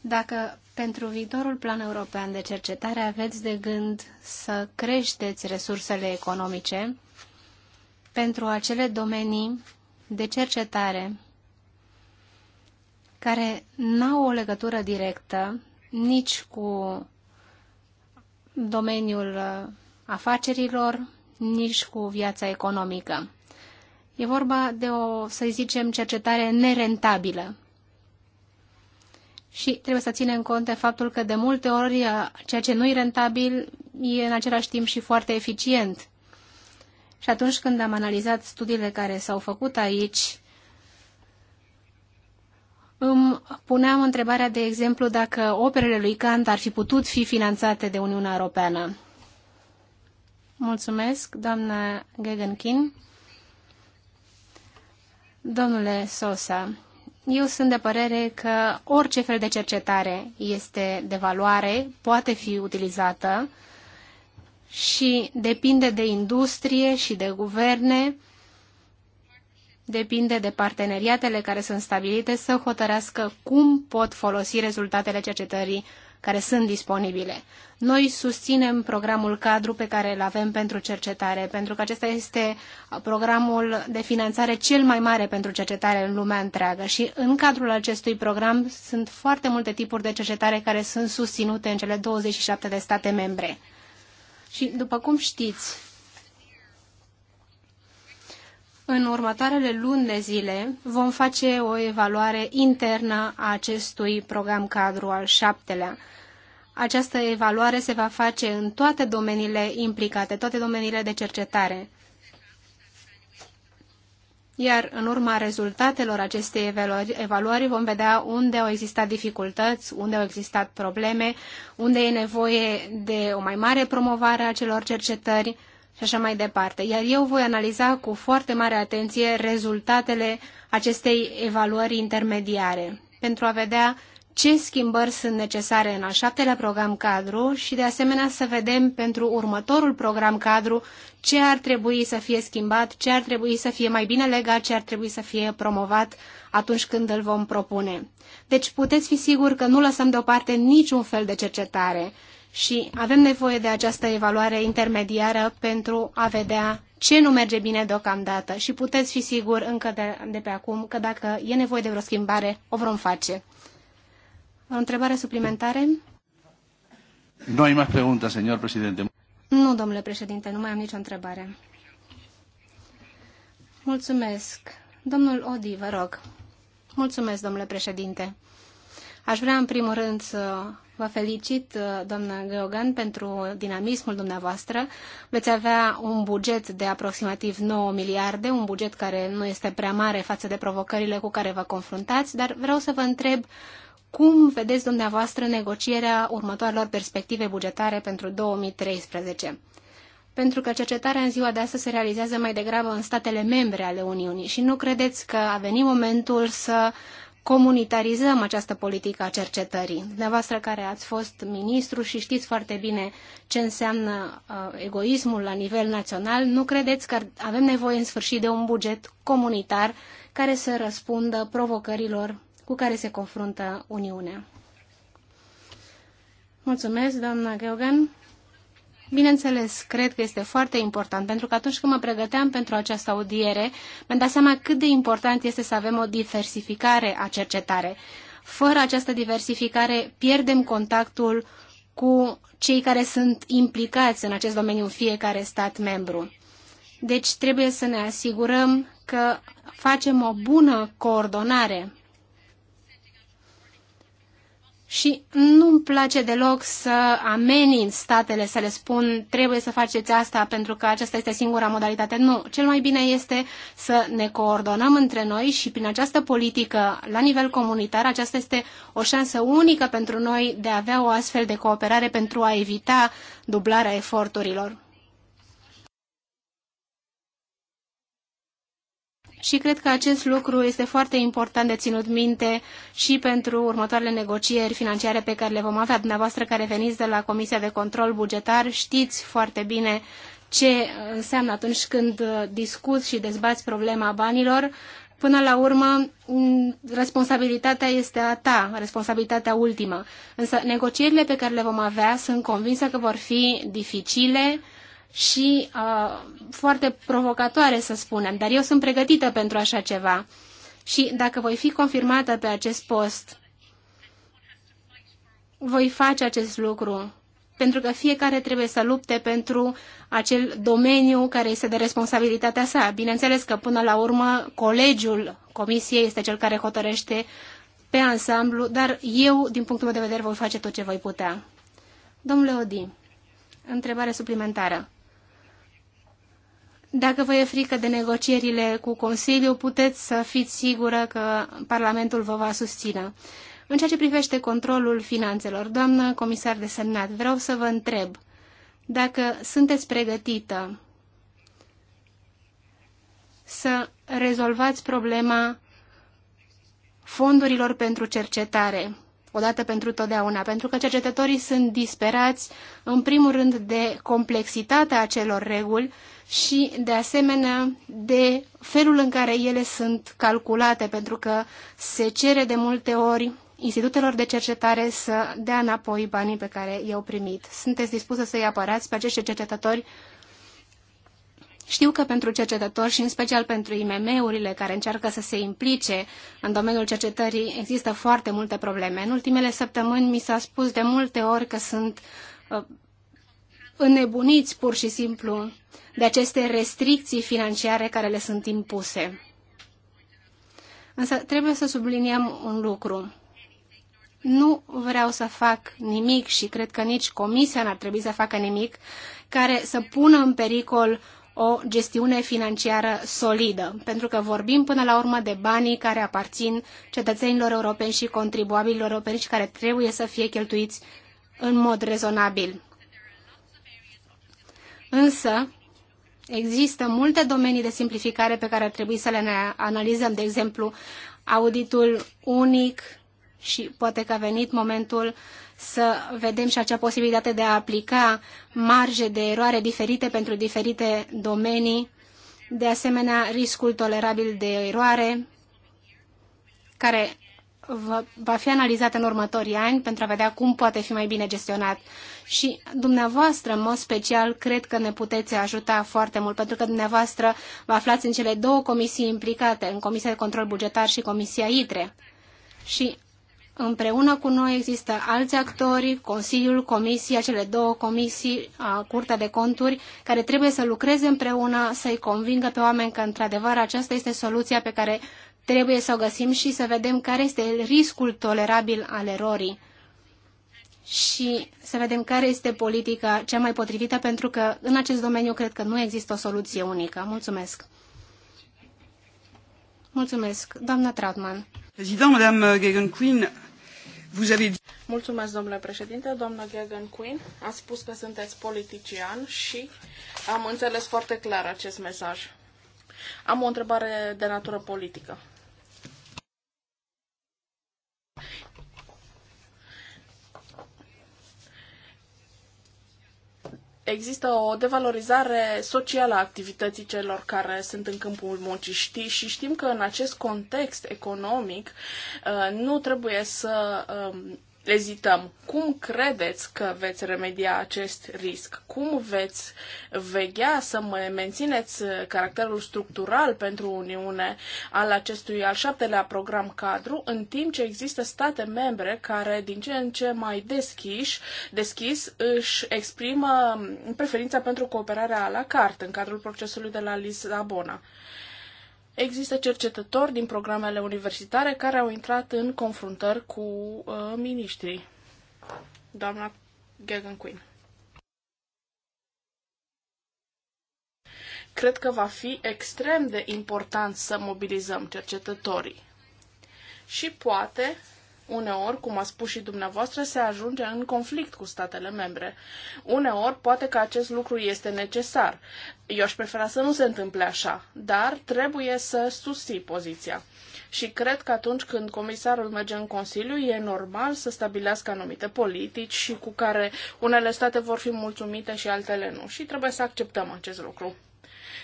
dacă pentru viitorul plan european de cercetare aveți de gând să creșteți resursele economice pentru acele domenii de cercetare care n-au o legătură directă nici cu domeniul uh, afacerilor, nici cu viața economică. E vorba de o, să zicem, cercetare nerentabilă, și trebuie să ținem cont de faptul că de multe ori uh, ceea ce nu e rentabil e în același timp și foarte eficient. Și atunci când am analizat studiile care s-au făcut aici, îmi puneam întrebarea, de exemplu, dacă operele lui Kant ar fi putut fi finanțate de Uniunea Europeană. Mulțumesc, doamna Gegenkin. Domnule Sosa, eu sunt de părere că orice fel de cercetare este de valoare, poate fi utilizată și depinde de industrie și de guverne, depinde de parteneriatele care sunt stabilite să hotărească cum pot folosi rezultatele cercetării care sunt disponibile. Noi susținem programul cadru pe care îl avem pentru cercetare, pentru că acesta este programul de finanțare cel mai mare pentru cercetare în lumea întreagă și în cadrul acestui program sunt foarte multe tipuri de cercetare care sunt susținute în cele 27 de state membre. Și, după cum știți, în următoarele luni de zile vom face o evaluare internă a acestui program cadru al șaptelea. Această evaluare se va face în toate domeniile implicate, toate domeniile de cercetare. Iar în urma rezultatelor acestei evaluări vom vedea unde au existat dificultăți, unde au existat probleme, unde e nevoie de o mai mare promovare a celor cercetări, și așa mai departe. Iar eu voi analiza cu foarte mare atenție rezultatele acestei evaluări intermediare pentru a vedea ce schimbări sunt necesare în al șaptelea program cadru și de asemenea să vedem pentru următorul program cadru ce ar trebui să fie schimbat, ce ar trebui să fie mai bine legat, ce ar trebui să fie promovat atunci când îl vom propune. Deci puteți fi sigur că nu lăsăm deoparte niciun fel de cercetare și avem nevoie de această evaluare intermediară pentru a vedea ce nu merge bine deocamdată și puteți fi sigur încă de, de pe acum că dacă e nevoie de vreo schimbare, o vom face. O întrebare suplimentare? Nu ai mai pregunta, señor președinte. Nu, domnule președinte, nu mai am nicio întrebare. Mulțumesc. Domnul Odi, vă rog. Mulțumesc, domnule președinte. Aș vrea în primul rând să vă felicit, uh, doamnă Geogan, pentru dinamismul dumneavoastră. Veți avea un buget de aproximativ 9 miliarde, un buget care nu este prea mare față de provocările cu care vă confruntați, dar vreau să vă întreb cum vedeți dumneavoastră negocierea următoarelor perspective bugetare pentru 2013? Pentru că cercetarea în ziua de astăzi se realizează mai degrabă în statele membre ale Uniunii și nu credeți că a venit momentul să comunitarizăm această politică a cercetării. Dumneavoastră care ați fost ministru și știți foarte bine ce înseamnă uh, egoismul la nivel național, nu credeți că avem nevoie în sfârșit de un buget comunitar care să răspundă provocărilor cu care se confruntă Uniunea? Mulțumesc, doamna Gheogan. Bineînțeles, cred că este foarte important, pentru că atunci când mă pregăteam pentru această audiere, mi-am dat seama cât de important este să avem o diversificare a cercetare. Fără această diversificare, pierdem contactul cu cei care sunt implicați în acest domeniu în fiecare stat membru. Deci trebuie să ne asigurăm că facem o bună coordonare și nu-mi place deloc să amenin statele, să le spun trebuie să faceți asta pentru că aceasta este singura modalitate. Nu, cel mai bine este să ne coordonăm între noi și prin această politică la nivel comunitar, aceasta este o șansă unică pentru noi de a avea o astfel de cooperare pentru a evita dublarea eforturilor. și cred că acest lucru este foarte important de ținut minte și pentru următoarele negocieri financiare pe care le vom avea. Dumneavoastră care veniți de la Comisia de Control Bugetar știți foarte bine ce înseamnă atunci când discuți și dezbați problema banilor. Până la urmă, responsabilitatea este a ta, responsabilitatea ultimă. Însă negocierile pe care le vom avea sunt convinsă că vor fi dificile, și uh, foarte provocatoare, să spunem, dar eu sunt pregătită pentru așa ceva. Și dacă voi fi confirmată pe acest post, voi face acest lucru, pentru că fiecare trebuie să lupte pentru acel domeniu care este de responsabilitatea sa. Bineînțeles că până la urmă colegiul comisiei este cel care hotărăște pe ansamblu, dar eu, din punctul meu de vedere, voi face tot ce voi putea. Domnule Odi, întrebare suplimentară. Dacă vă e frică de negocierile cu Consiliul, puteți să fiți sigură că Parlamentul vă va susține. În ceea ce privește controlul finanțelor, doamnă comisar de semnat, vreau să vă întreb dacă sunteți pregătită să rezolvați problema fondurilor pentru cercetare, odată pentru totdeauna, pentru că cercetătorii sunt disperați, în primul rând, de complexitatea acelor reguli și, de asemenea, de felul în care ele sunt calculate, pentru că se cere de multe ori institutelor de cercetare să dea înapoi banii pe care i-au primit. Sunteți dispusă să-i apărați pe acești cercetători? Știu că pentru cercetători și în special pentru IMM-urile care încearcă să se implice în domeniul cercetării există foarte multe probleme. În ultimele săptămâni mi s-a spus de multe ori că sunt uh, înnebuniți pur și simplu de aceste restricții financiare care le sunt impuse. Însă trebuie să subliniem un lucru. Nu vreau să fac nimic și cred că nici comisia n-ar trebui să facă nimic care să pună în pericol o gestiune financiară solidă, pentru că vorbim până la urmă de banii care aparțin cetățenilor europeni și contribuabililor europeni și care trebuie să fie cheltuiți în mod rezonabil. Însă, există multe domenii de simplificare pe care ar trebui să le analizăm, de exemplu, auditul unic și poate că a venit momentul să vedem și acea posibilitate de a aplica marge de eroare diferite pentru diferite domenii, de asemenea riscul tolerabil de eroare, care va fi analizat în următorii ani pentru a vedea cum poate fi mai bine gestionat și dumneavoastră, în mod special, cred că ne puteți ajuta foarte mult, pentru că dumneavoastră vă aflați în cele două comisii implicate, în Comisia de Control Bugetar și Comisia ITRE. Și împreună cu noi există alți actori, Consiliul, Comisia, cele două comisii, Curtea de Conturi, care trebuie să lucreze împreună, să-i convingă pe oameni că, într-adevăr, aceasta este soluția pe care trebuie să o găsim și să vedem care este riscul tolerabil al erorii și să vedem care este politica cea mai potrivită, pentru că în acest domeniu cred că nu există o soluție unică. Mulțumesc! Mulțumesc, doamna Trautmann. Président, madame gagan Queen, vous avez dit... Mulțumesc, domnule președinte. Doamna Gagan Queen a spus că sunteți politician și am înțeles foarte clar acest mesaj. Am o întrebare de natură politică. există o devalorizare socială a activității celor care sunt în câmpul muncii știi, și știm că în acest context economic uh, nu trebuie să um, ezităm. Cum credeți că veți remedia acest risc? Cum veți veghea să mențineți caracterul structural pentru Uniune al acestui al șaptelea program cadru, în timp ce există state membre care din ce în ce mai deschiși, deschis își exprimă preferința pentru cooperarea la carte în cadrul procesului de la Lisabona? Există cercetători din programele universitare care au intrat în confruntări cu uh, miniștrii. Doamna Gagan Queen. Cred că va fi extrem de important să mobilizăm cercetătorii. Și poate Uneori, cum a spus și dumneavoastră, se ajunge în conflict cu statele membre. Uneori, poate că acest lucru este necesar. Eu aș prefera să nu se întâmple așa, dar trebuie să susții poziția. Și cred că atunci când comisarul merge în Consiliu, e normal să stabilească anumite politici și cu care unele state vor fi mulțumite și altele nu. Și trebuie să acceptăm acest lucru.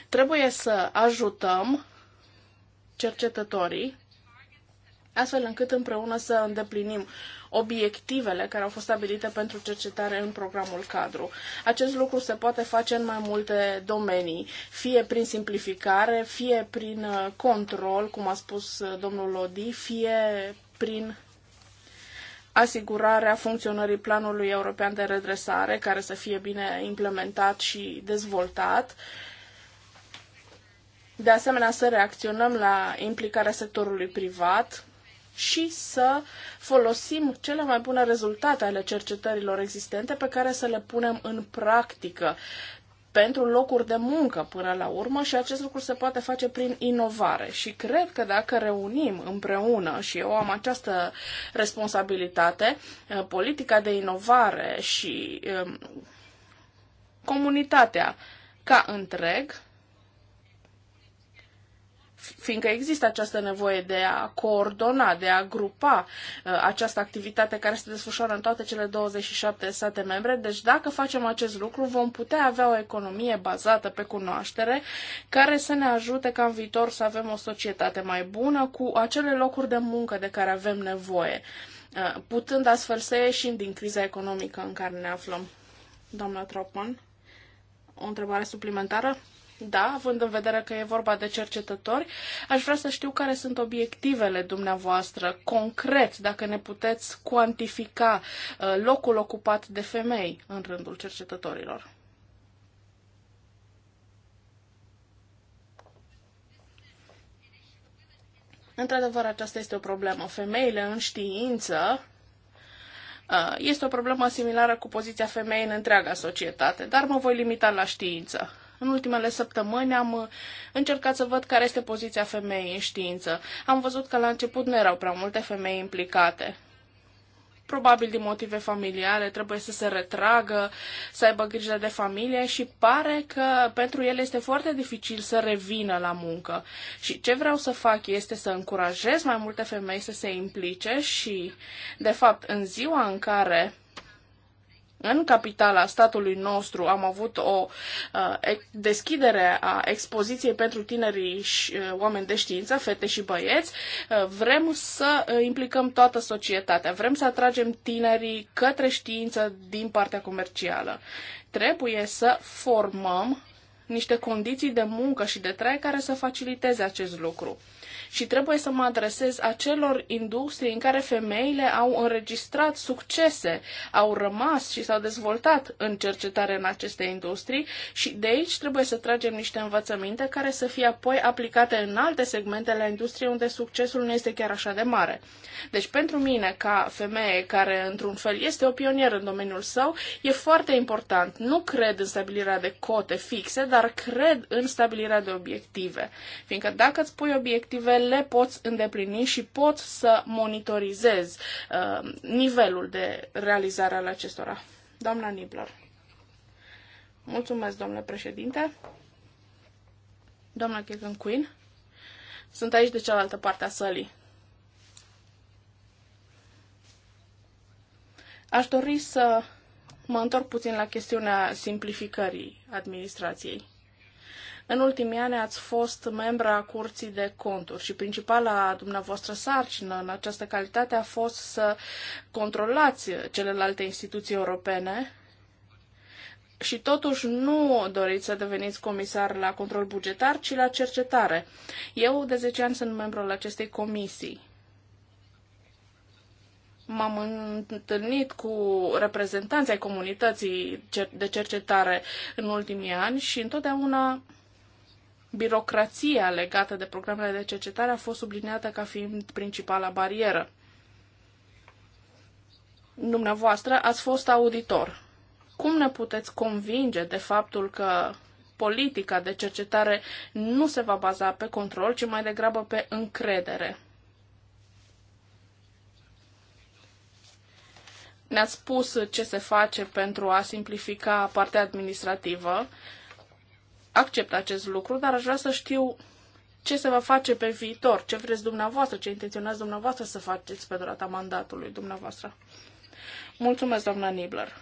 Trebuie să ajutăm cercetătorii astfel încât împreună să îndeplinim obiectivele care au fost stabilite pentru cercetare în programul cadru. Acest lucru se poate face în mai multe domenii, fie prin simplificare, fie prin uh, control, cum a spus uh, domnul Lodi, fie prin asigurarea funcționării planului european de redresare, care să fie bine implementat și dezvoltat, de asemenea, să reacționăm la implicarea sectorului privat, și să folosim cele mai bune rezultate ale cercetărilor existente pe care să le punem în practică pentru locuri de muncă până la urmă și acest lucru se poate face prin inovare. Și cred că dacă reunim împreună, și eu am această responsabilitate, eh, politica de inovare și eh, comunitatea ca întreg, fiindcă există această nevoie de a coordona, de a grupa uh, această activitate care se desfășoară în toate cele 27 state membre. Deci dacă facem acest lucru, vom putea avea o economie bazată pe cunoaștere care să ne ajute ca în viitor să avem o societate mai bună cu acele locuri de muncă de care avem nevoie, uh, putând astfel să ieșim din criza economică în care ne aflăm. Doamna Tropman, o întrebare suplimentară? Da, având în vedere că e vorba de cercetători, aș vrea să știu care sunt obiectivele dumneavoastră concret, dacă ne puteți cuantifica uh, locul ocupat de femei în rândul cercetătorilor. Într-adevăr, aceasta este o problemă. Femeile în știință uh, este o problemă similară cu poziția femeii în întreaga societate, dar mă voi limita la știință. În ultimele săptămâni am uh, încercat să văd care este poziția femeii în știință. Am văzut că la început nu erau prea multe femei implicate probabil din motive familiale, trebuie să se retragă, să aibă grijă de familie și pare că pentru ele este foarte dificil să revină la muncă. Și ce vreau să fac este să încurajez mai multe femei să se implice și, de fapt, în ziua în care în capitala statului nostru am avut o uh, deschidere a expoziției pentru tinerii și uh, oameni de știință, fete și băieți. Uh, vrem să implicăm toată societatea, vrem să atragem tinerii către știință din partea comercială. Trebuie să formăm niște condiții de muncă și de trai care să faciliteze acest lucru și trebuie să mă adresez acelor industrii în care femeile au înregistrat succese, au rămas și s-au dezvoltat în cercetare în aceste industrii și de aici trebuie să tragem niște învățăminte care să fie apoi aplicate în alte segmente la industrie unde succesul nu este chiar așa de mare. Deci pentru mine, ca femeie care într-un fel este o pionieră în domeniul său, e foarte important. Nu cred în stabilirea de cote fixe, dar cred în stabilirea de obiective. Fiindcă dacă îți pui obiective care le poți îndeplini și poți să monitorizezi uh, nivelul de realizare al acestora. Doamna Nibler. Mulțumesc, domnule președinte. Doamna Kegan Queen. Sunt aici de cealaltă parte a sălii. Aș dori să mă întorc puțin la chestiunea simplificării administrației. În ultimii ani ați fost membra a Curții de Conturi și principala dumneavoastră sarcină în această calitate a fost să controlați celelalte instituții europene și totuși nu doriți să deveniți comisar la control bugetar, ci la cercetare. Eu de 10 ani sunt membru al acestei comisii. M-am întâlnit cu reprezentanții ai comunității de cercetare în ultimii ani și întotdeauna birocrația legată de programele de cercetare a fost subliniată ca fiind principala barieră. Dumneavoastră ați fost auditor. Cum ne puteți convinge de faptul că politica de cercetare nu se va baza pe control, ci mai degrabă pe încredere? Ne-ați spus ce se face pentru a simplifica partea administrativă accept acest lucru, dar aș vrea să știu ce se va face pe viitor, ce vreți dumneavoastră, ce intenționați dumneavoastră să faceți pe durata mandatului dumneavoastră. Mulțumesc, doamna Nibler.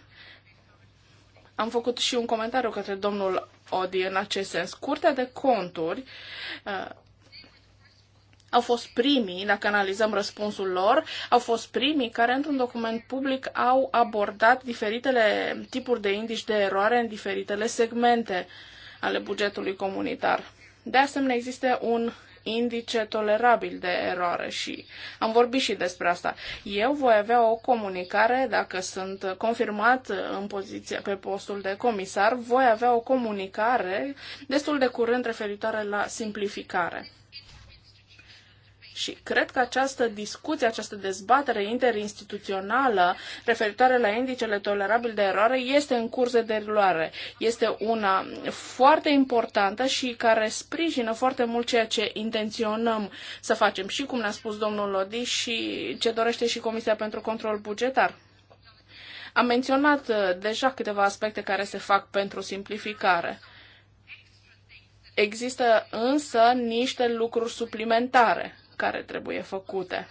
Am făcut și un comentariu către domnul Odi în acest sens. Curtea de conturi uh, au fost primii, dacă analizăm răspunsul lor, au fost primii care într-un document public au abordat diferitele tipuri de indici de eroare în diferitele segmente. Uh, ale bugetului comunitar. De asemenea, există un indice tolerabil de eroare și am vorbit și despre asta. Eu voi avea o comunicare, dacă sunt confirmat în poziția pe postul de comisar, voi avea o comunicare destul de curând referitoare la simplificare. Și cred că această discuție, această dezbatere interinstituțională referitoare la indicele tolerabil de eroare este în curs de derulare. Este una foarte importantă și care sprijină foarte mult ceea ce intenționăm să facem și, cum ne-a spus domnul Lodi, și ce dorește și Comisia pentru Control Bugetar. Am menționat uh, deja câteva aspecte care se fac pentru simplificare. Există însă niște lucruri suplimentare care trebuie făcute.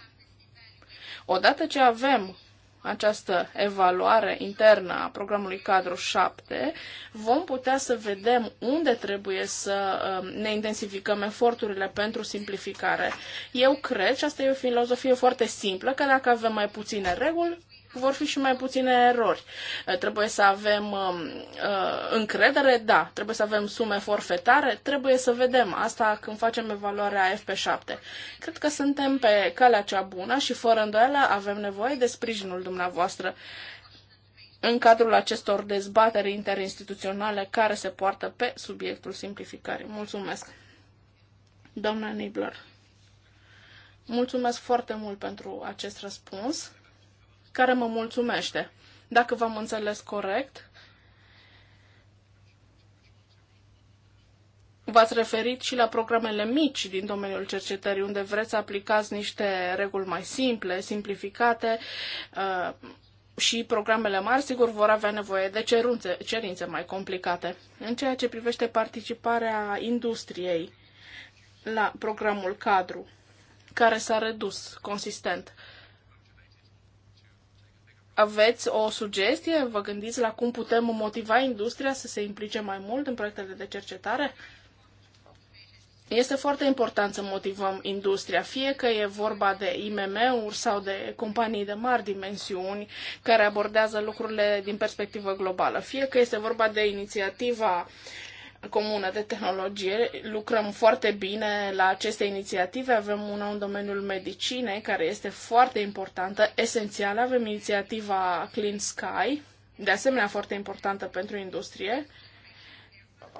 Odată ce avem această evaluare internă a programului cadru 7, vom putea să vedem unde trebuie să um, ne intensificăm eforturile pentru simplificare. Eu cred, și asta e o filozofie foarte simplă, că dacă avem mai puține reguli, vor fi și mai puține erori. Uh, trebuie să avem um, uh, încredere? Da. Trebuie să avem sume forfetare? Trebuie să vedem asta când facem evaluarea FP7. Cred că suntem pe calea cea bună și fără îndoială avem nevoie de sprijinul dumneavoastră în cadrul acestor dezbateri interinstituționale care se poartă pe subiectul simplificării. Mulțumesc! Doamna Nibler, mulțumesc foarte mult pentru acest răspuns care mă mulțumește. Dacă v-am înțeles corect, V-ați referit și la programele mici din domeniul cercetării, unde vreți să aplicați niște reguli mai simple, simplificate uh, și programele mari, sigur, vor avea nevoie de cerunțe, cerințe mai complicate. În ceea ce privește participarea industriei la programul cadru, care s-a redus consistent, aveți o sugestie? Vă gândiți la cum putem motiva industria să se implice mai mult în proiectele de cercetare? Este foarte important să motivăm industria, fie că e vorba de IMM-uri sau de companii de mari dimensiuni care abordează lucrurile din perspectivă globală, fie că este vorba de inițiativa uh, comună de tehnologie. Lucrăm foarte bine la aceste inițiative. Avem una în domeniul medicinei, care este foarte importantă, esențială. Avem inițiativa Clean Sky, de asemenea foarte importantă pentru industrie.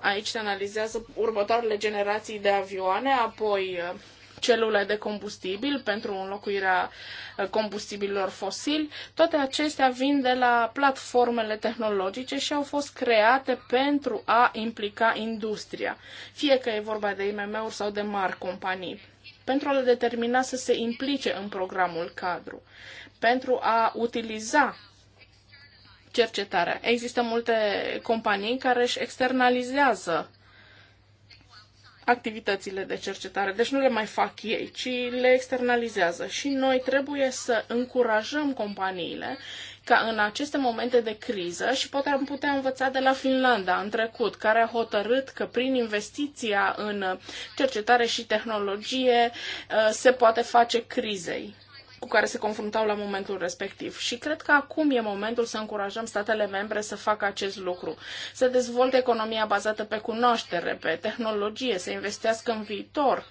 Aici se analizează următoarele generații de avioane, apoi celule de combustibil pentru înlocuirea uh, combustibililor fosili. Toate acestea vin de la platformele tehnologice și au fost create pentru a implica industria, fie că e vorba de IMM-uri sau de mari companii pentru a le determina să se implice în programul cadru, pentru a utiliza cercetarea. Există multe companii care își externalizează activitățile de cercetare. Deci nu le mai fac ei, ci le externalizează. Și noi trebuie să încurajăm companiile ca în aceste momente de criză și poate am putea învăța de la Finlanda în trecut, care a hotărât că prin investiția în cercetare și tehnologie uh, se poate face crizei cu care se confruntau la momentul respectiv. Și cred că acum e momentul să încurajăm statele membre să facă acest lucru, să dezvolte economia bazată pe cunoaștere, pe tehnologie, să investească în viitor,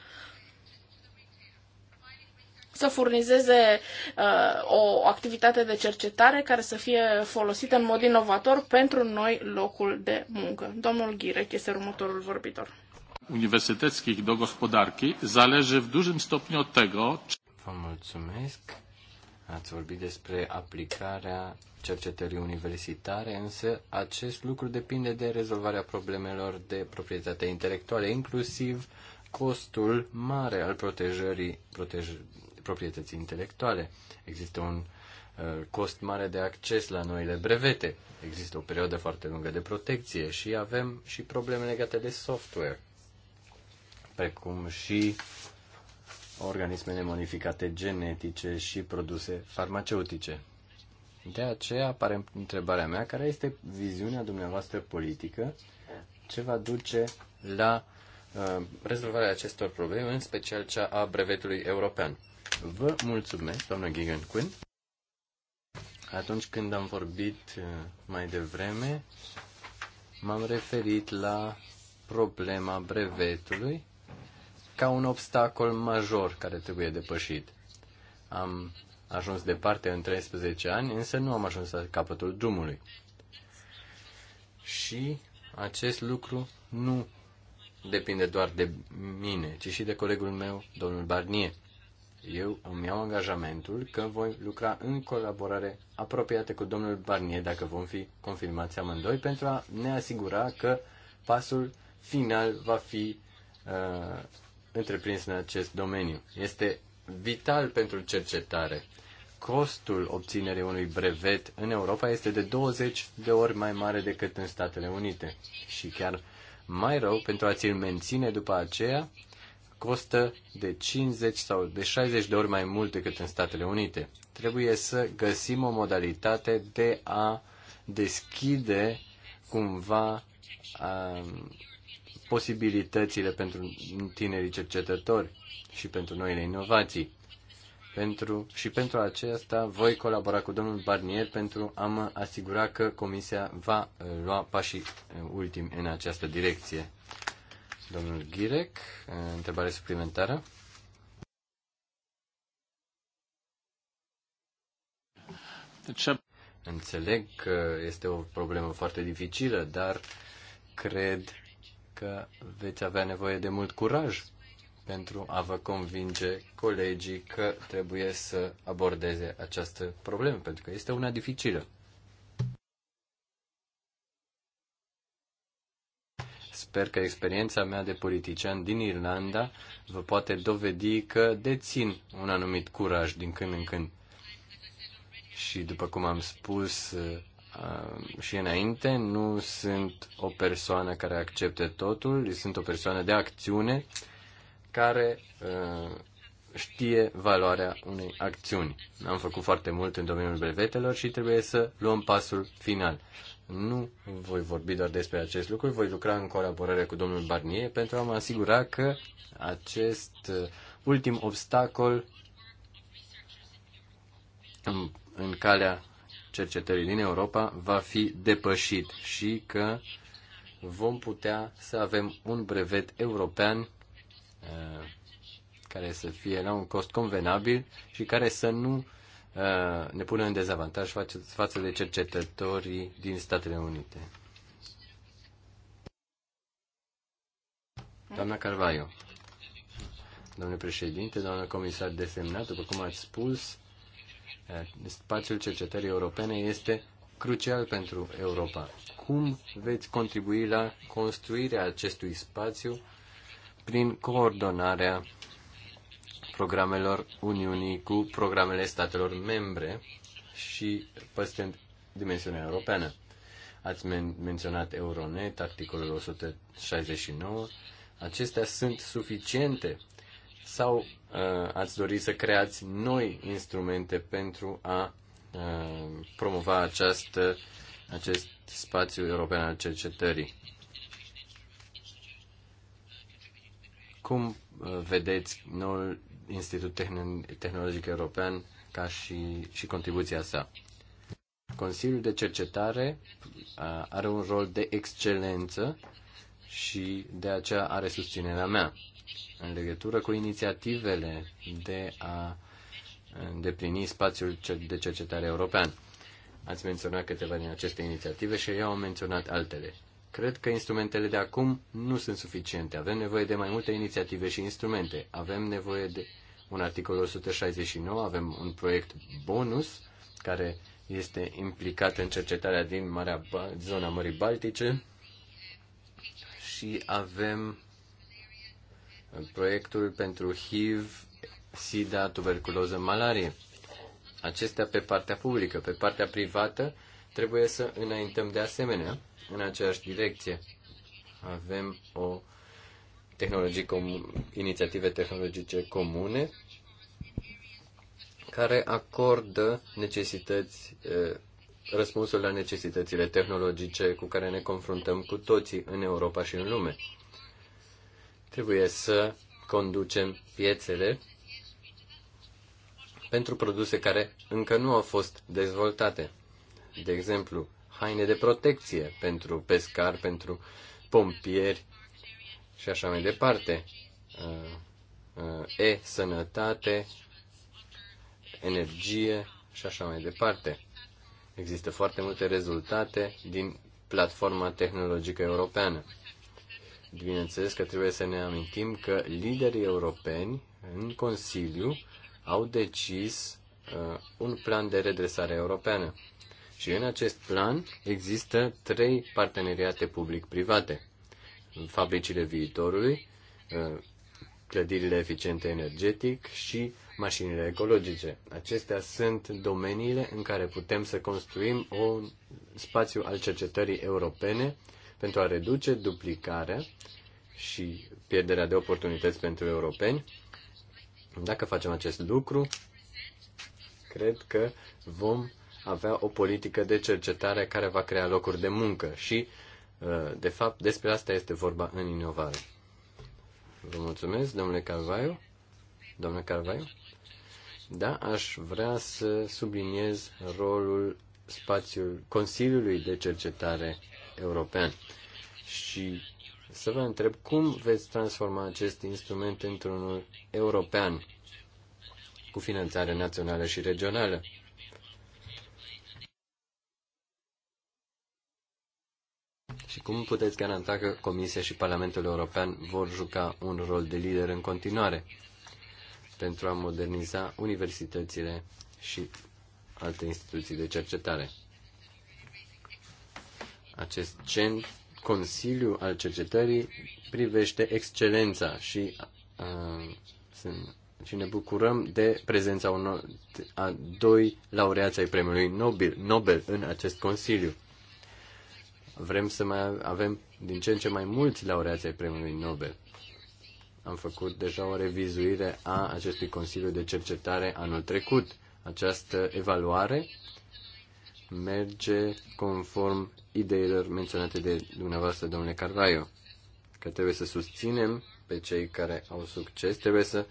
să furnizeze uh, o activitate de cercetare care să fie folosită în mod inovator pentru noi locul de muncă. Domnul Ghirec este următorul vorbitor. Uniwersyteckich do gospodarki zależy w dużym stopniu od tego, czy Vă mulțumesc. Ați vorbit despre aplicarea cercetării universitare, însă acest lucru depinde de rezolvarea problemelor de proprietate intelectuală, inclusiv costul mare al protejării protej, proprietății intelectuale. Există un uh, cost mare de acces la noile brevete, există o perioadă foarte lungă de protecție și avem și probleme legate de software, precum și organismele modificate genetice și produse farmaceutice. De aceea apare întrebarea mea, care este viziunea dumneavoastră politică ce va duce la uh, rezolvarea acestor probleme, în special cea a brevetului european. Vă mulțumesc, doamnă Gigan Quinn. Atunci când am vorbit uh, mai devreme, m-am referit la problema brevetului ca un obstacol major care trebuie depășit. Am ajuns departe în 13 ani, însă nu am ajuns la capătul drumului. Și acest lucru nu depinde doar de mine, ci și de colegul meu, domnul Barnier. Eu îmi iau angajamentul că voi lucra în colaborare apropiată cu domnul Barnier, dacă vom fi confirmați amândoi, pentru a ne asigura că pasul final va fi uh, întreprins în acest domeniu. Este vital pentru cercetare. Costul obținerii unui brevet în Europa este de 20 de ori mai mare decât în Statele Unite și chiar mai rău pentru a ți-l menține după aceea costă de 50 sau de 60 de ori mai mult decât în Statele Unite. Trebuie să găsim o modalitate de a deschide cumva um, posibilitățile pentru tinerii cercetători și pentru noile inovații. Pentru, și pentru aceasta voi colabora cu domnul Barnier pentru a mă asigura că Comisia va uh, lua pașii uh, ultimi în această direcție. Domnul Ghirec, uh, întrebare suplimentară. Înțeleg că este o problemă foarte dificilă, dar cred că veți avea nevoie de mult curaj pentru a vă convinge colegii că trebuie să abordeze această problemă, pentru că este una dificilă. Sper că experiența mea de politician din Irlanda vă poate dovedi că dețin un anumit curaj din când în când. Și după cum am spus și înainte, nu sunt o persoană care accepte totul, sunt o persoană de acțiune care uh, știe valoarea unei acțiuni. Am făcut foarte mult în domeniul brevetelor și trebuie să luăm pasul final. Nu voi vorbi doar despre acest lucru, voi lucra în colaborare cu domnul Barnier pentru a mă asigura că acest uh, ultim obstacol în, în calea cercetării din Europa va fi depășit și că vom putea să avem un brevet european uh, care să fie la un cost convenabil și care să nu uh, ne pună în dezavantaj față de cercetătorii din Statele Unite. Doamna Carvaio, domnule președinte, doamnă comisar desemnat, după cum ați spus, spațiul cercetării europene este crucial pentru Europa. Cum veți contribui la construirea acestui spațiu prin coordonarea programelor Uniunii cu programele statelor membre și păstrând dimensiunea europeană? Ați men- menționat Euronet, articolul 169. Acestea sunt suficiente sau Uh, ați dori să creați noi instrumente pentru a uh, promova acest acest spațiu european al cercetării. Cum uh, vedeți noul Institut Tehnologic European ca și, și contribuția sa? Consiliul de Cercetare are un rol de excelență și de aceea are susținerea mea în legătură cu inițiativele de a îndeplini spațiul de cercetare european. Ați menționat câteva din aceste inițiative și eu am menționat altele. Cred că instrumentele de acum nu sunt suficiente. Avem nevoie de mai multe inițiative și instrumente. Avem nevoie de un articol 169, avem un proiect bonus care este implicat în cercetarea din Marea ba- zona Mării Baltice și avem proiectul pentru HIV, SIDA, tuberculoză, malarie. Acestea pe partea publică. Pe partea privată trebuie să înaintăm de asemenea în aceeași direcție. Avem o tehnologie com- inițiative tehnologice comune care acordă necesități, eh, răspunsul la necesitățile tehnologice cu care ne confruntăm cu toții în Europa și în lume. Trebuie să conducem piețele pentru produse care încă nu au fost dezvoltate. De exemplu, haine de protecție pentru pescar, pentru pompieri și așa mai departe. Uh, uh, e-sănătate, energie și așa mai departe. Există foarte multe rezultate din platforma tehnologică europeană. Bineînțeles că trebuie să ne amintim că liderii europeni în Consiliu au decis uh, un plan de redresare europeană. Și în acest plan există trei parteneriate public-private. Fabricile viitorului, uh, clădirile eficiente energetic și mașinile ecologice. Acestea sunt domeniile în care putem să construim un spațiu al cercetării europene pentru a reduce duplicarea și pierderea de oportunități pentru europeni. Dacă facem acest lucru, cred că vom avea o politică de cercetare care va crea locuri de muncă și, uh, de fapt, despre asta este vorba în inovare. Vă mulțumesc, domnule Carvaiu. Domnule Carvaiu? Da, aș vrea să subliniez rolul spațiul Consiliului de Cercetare european. Și să vă întreb cum veți transforma acest instrument într-unul european cu finanțare națională și regională. Și cum puteți garanta că Comisia și Parlamentul European vor juca un rol de lider în continuare pentru a moderniza universitățile și alte instituții de cercetare? Acest cent, Consiliu al Cercetării, privește excelența și, uh, și ne bucurăm de prezența unor, a doi laureați ai premiului Nobel, Nobel în acest Consiliu. Vrem să mai avem din ce în ce mai mulți laureați ai premiului Nobel am făcut deja o revizuire a acestui Consiliu de Cercetare anul trecut. Această evaluare merge conform ideilor menționate de dumneavoastră, domnule Carvaio, că trebuie să susținem pe cei care au succes, trebuie să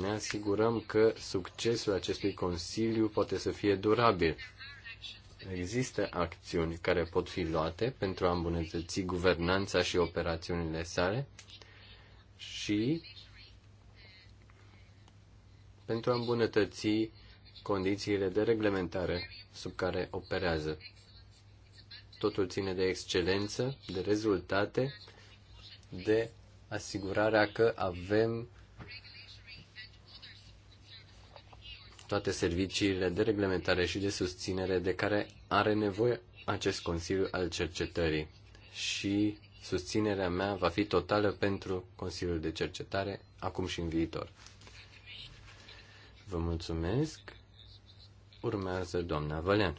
ne asigurăm că succesul acestui Consiliu poate să fie durabil. Există acțiuni care pot fi luate pentru a îmbunătăți guvernanța și operațiunile sale și pentru a îmbunătăți condițiile de reglementare sub care operează. Totul ține de excelență, de rezultate, de asigurarea că avem toate serviciile de reglementare și de susținere de care are nevoie acest Consiliu al Cercetării. Și susținerea mea va fi totală pentru Consiliul de Cercetare, acum și în viitor. Vă mulțumesc. Urmează doamna Valean.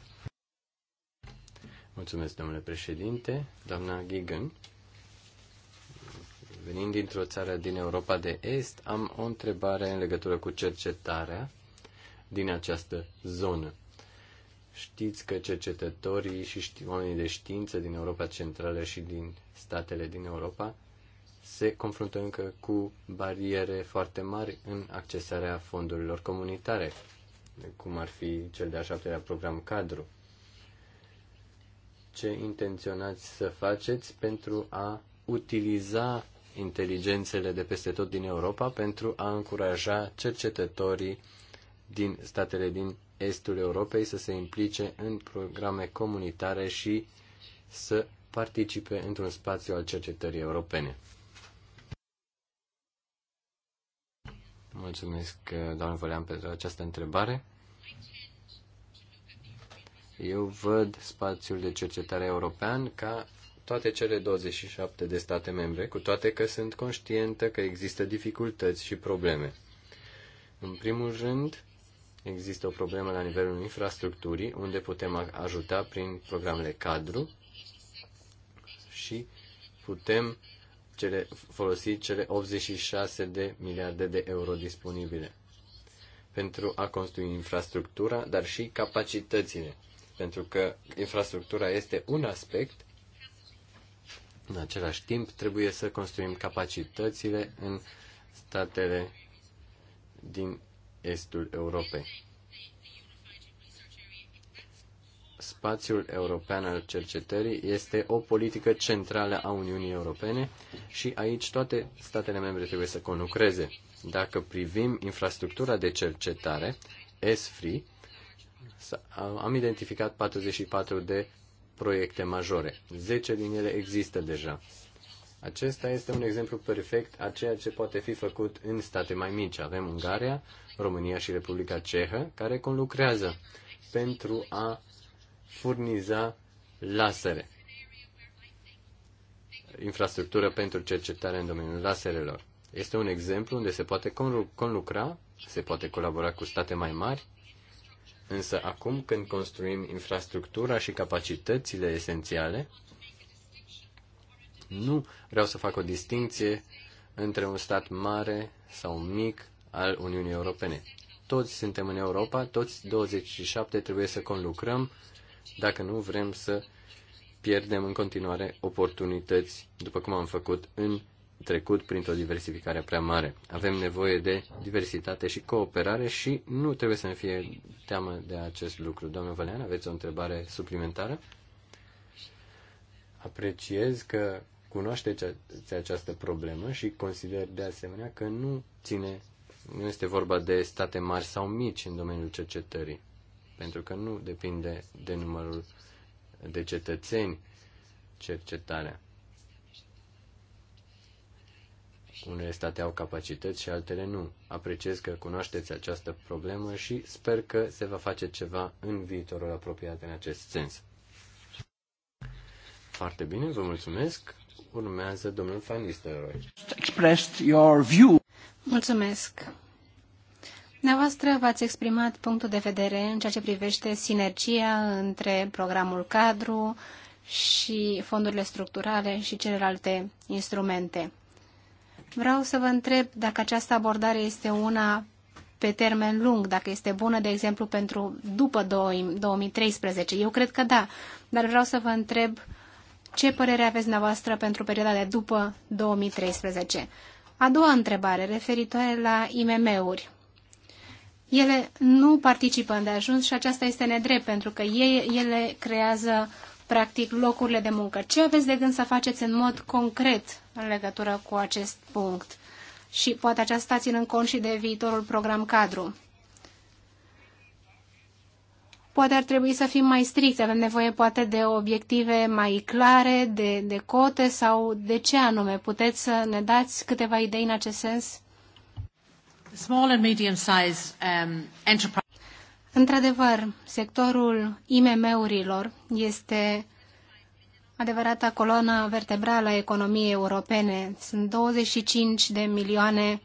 Mulțumesc, domnule președinte. Doamna Gigan, venind dintr-o țară din Europa de Est, am o întrebare în legătură cu cercetarea din această zonă. Știți că cercetătorii și oamenii de știință din Europa Centrală și din statele din Europa se confruntă încă cu bariere foarte mari în accesarea fondurilor comunitare cum ar fi cel de-a șaptelea program cadru. Ce intenționați să faceți pentru a utiliza inteligențele de peste tot din Europa pentru a încuraja cercetătorii din statele din estul Europei să se implice în programe comunitare și să participe într-un spațiu al cercetării europene. Mulțumesc, doamnă Vălean, pentru această întrebare. Eu văd spațiul de cercetare european ca toate cele 27 de state membre, cu toate că sunt conștientă că există dificultăți și probleme. În primul rând, există o problemă la nivelul infrastructurii, unde putem ajuta prin programele cadru și putem cele, folosi cele 86 de miliarde de euro disponibile pentru a construi infrastructura, dar și capacitățile. Pentru că infrastructura este un aspect, în același timp trebuie să construim capacitățile în statele din estul Europei. spațiul european al cercetării este o politică centrală a Uniunii Europene și aici toate statele membre trebuie să conlucreze. Dacă privim infrastructura de cercetare, ESFRI, am identificat 44 de proiecte majore. 10 din ele există deja. Acesta este un exemplu perfect a ceea ce poate fi făcut în state mai mici. Avem Ungaria, România și Republica Cehă care conlucrează pentru a furniza lasere, infrastructură pentru cercetare în domeniul laserelor. Este un exemplu unde se poate conlucra, se poate colabora cu state mai mari, însă acum când construim infrastructura și capacitățile esențiale, nu vreau să fac o distinție între un stat mare sau mic al Uniunii Europene. Toți suntem în Europa, toți 27 trebuie să conlucrăm dacă nu vrem să pierdem în continuare oportunități, după cum am făcut în trecut printr-o diversificare prea mare. Avem nevoie de diversitate și cooperare și nu trebuie să ne fie teamă de acest lucru. Doamne Vălean, aveți o întrebare suplimentară? Apreciez că cunoașteți această problemă și consider de asemenea că nu ține, nu este vorba de state mari sau mici în domeniul cercetării pentru că nu depinde de numărul de cetățeni cercetarea. Unele state au capacități și altele nu. Apreciez că cunoașteți această problemă și sper că se va face ceva în viitorul apropiat în acest sens. Foarte bine, vă mulțumesc. Urmează domnul Van Mulțumesc. Dumneavoastră v-ați exprimat punctul de vedere în ceea ce privește sinergia între programul cadru și fondurile structurale și celelalte instrumente. Vreau să vă întreb dacă această abordare este una pe termen lung, dacă este bună, de exemplu, pentru după 2013. Eu cred că da, dar vreau să vă întreb ce părere aveți dumneavoastră pentru perioada de după 2013. A doua întrebare, referitoare la IMM-uri ele nu participă ajuns și aceasta este nedrept, pentru că ei, ele creează, practic, locurile de muncă. Ce aveți de gând să faceți în mod concret în legătură cu acest punct? Și poate aceasta ținând cont și de viitorul program cadru. Poate ar trebui să fim mai stricți, avem nevoie poate de obiective mai clare, de, de cote sau de ce anume. Puteți să ne dați câteva idei în acest sens? Um, Într-adevăr, sectorul IMM-urilor este adevărata coloană vertebrală a economiei europene. Sunt 25 de milioane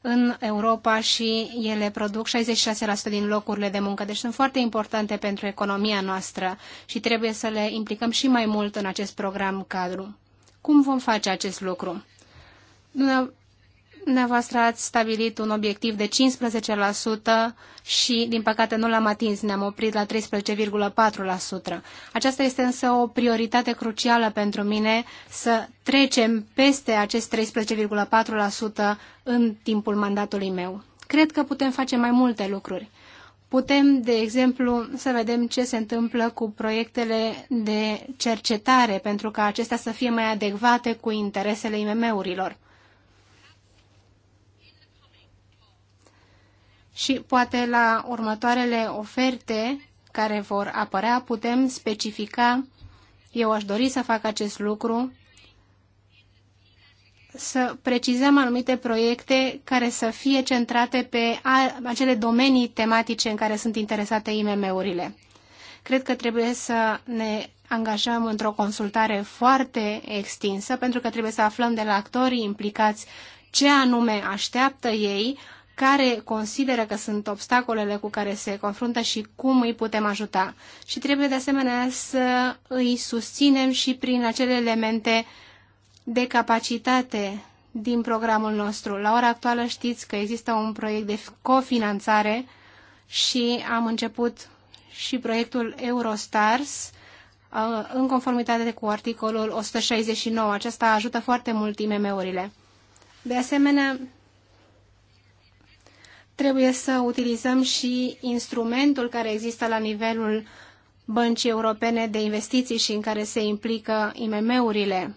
în Europa și ele produc 66% din locurile de muncă. Deci sunt foarte importante pentru economia noastră și trebuie să le implicăm și mai mult în acest program cadru. Cum vom face acest lucru? Dumneavoastră ați stabilit un obiectiv de 15% și, din păcate, nu l-am atins, ne-am oprit la 13,4%. Aceasta este însă o prioritate crucială pentru mine să trecem peste acest 13,4% în timpul mandatului meu. Cred că putem face mai multe lucruri. Putem, de exemplu, să vedem ce se întâmplă cu proiectele de cercetare pentru ca acestea să fie mai adecvate cu interesele IMM-urilor și poate la următoarele oferte care vor apărea putem specifica, eu aș dori să fac acest lucru, să precizăm anumite proiecte care să fie centrate pe acele domenii tematice în care sunt interesate IMM-urile. Cred că trebuie să ne angajăm într-o consultare foarte extinsă, pentru că trebuie să aflăm de la actorii implicați ce anume așteaptă ei, care consideră că sunt obstacolele cu care se confruntă și cum îi putem ajuta. Și trebuie de asemenea să îi susținem și prin acele elemente de capacitate din programul nostru. La ora actuală știți că există un proiect de cofinanțare și am început și proiectul Eurostars uh, în conformitate cu articolul 169. Acesta ajută foarte mult IMM-urile. De asemenea, trebuie să utilizăm și instrumentul care există la nivelul Băncii Europene de Investiții și în care se implică IMM-urile.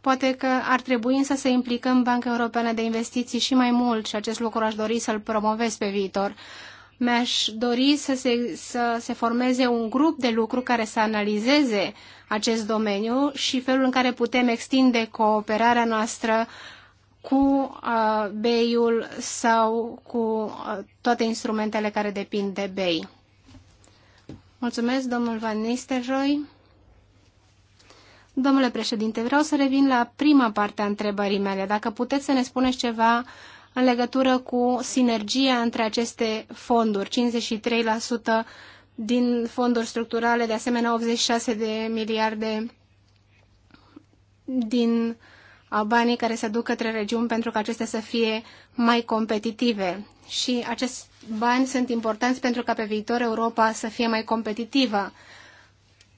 Poate că ar trebui însă să implicăm Banca Europeană de Investiții și mai mult și acest lucru aș dori să-l promovez pe viitor. Mi-aș dori să se, să se formeze un grup de lucru care să analizeze acest domeniu și felul în care putem extinde cooperarea noastră cu uh, BEI-ul sau cu uh, toate instrumentele care depind de BEI. Mulțumesc, domnul Van Nistelrooy. Domnule președinte, vreau să revin la prima parte a întrebării mele. Dacă puteți să ne spuneți ceva în legătură cu sinergia între aceste fonduri, 53% din fonduri structurale, de asemenea 86 de miliarde din uh, banii care se duc către regiuni pentru ca acestea să fie mai competitive. Și acești bani sunt importanți pentru ca pe viitor Europa să fie mai competitivă.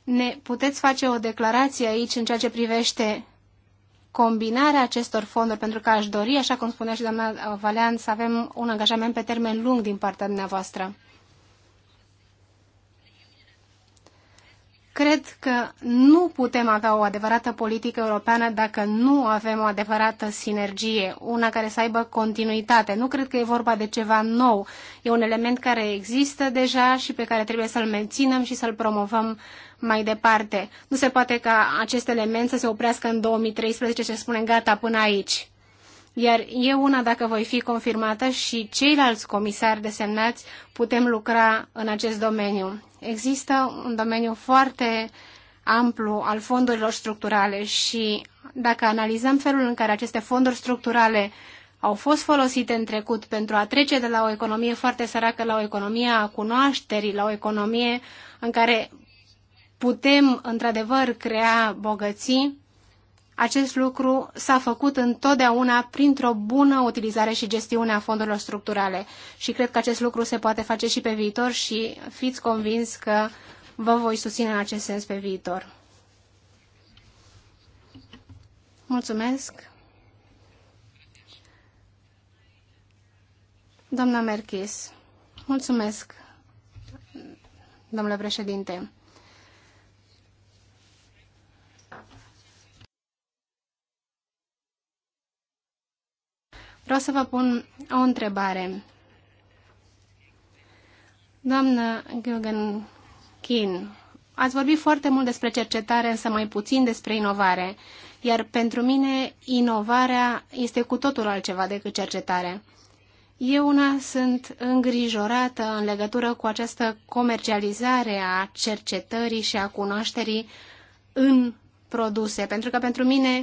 Ne puteți face o declarație aici în ceea ce privește combinarea acestor fonduri, pentru că aș dori, așa cum spunea și doamna Valean, să avem un angajament pe termen lung din partea dumneavoastră. Cred că nu putem avea o adevărată politică europeană dacă nu avem o adevărată sinergie, una care să aibă continuitate. Nu cred că e vorba de ceva nou. E un element care există deja și pe care trebuie să-l menținem și să-l promovăm mai departe. Nu se poate ca acest element să se oprească în 2013 și să spunem gata până aici. Iar eu una, dacă voi fi confirmată și ceilalți comisari desemnați, putem lucra în acest domeniu. Există un domeniu foarte amplu al fondurilor structurale și dacă analizăm felul în care aceste fonduri structurale au fost folosite în trecut pentru a trece de la o economie foarte săracă la o economie a cunoașterii, la o economie în care putem într-adevăr crea bogății, acest lucru s-a făcut întotdeauna printr-o bună utilizare și gestiune a fondurilor structurale și cred că acest lucru se poate face și pe viitor și fiți convins că vă voi susține în acest sens pe viitor. Mulțumesc. Doamna Merchis, mulțumesc, domnule președinte. Vreau să vă pun o întrebare. Doamnă Guggen Kin, ați vorbit foarte mult despre cercetare, însă mai puțin despre inovare, iar pentru mine inovarea este cu totul altceva decât cercetare. Eu una sunt îngrijorată în legătură cu această comercializare a cercetării și a cunoașterii în produse, pentru că pentru mine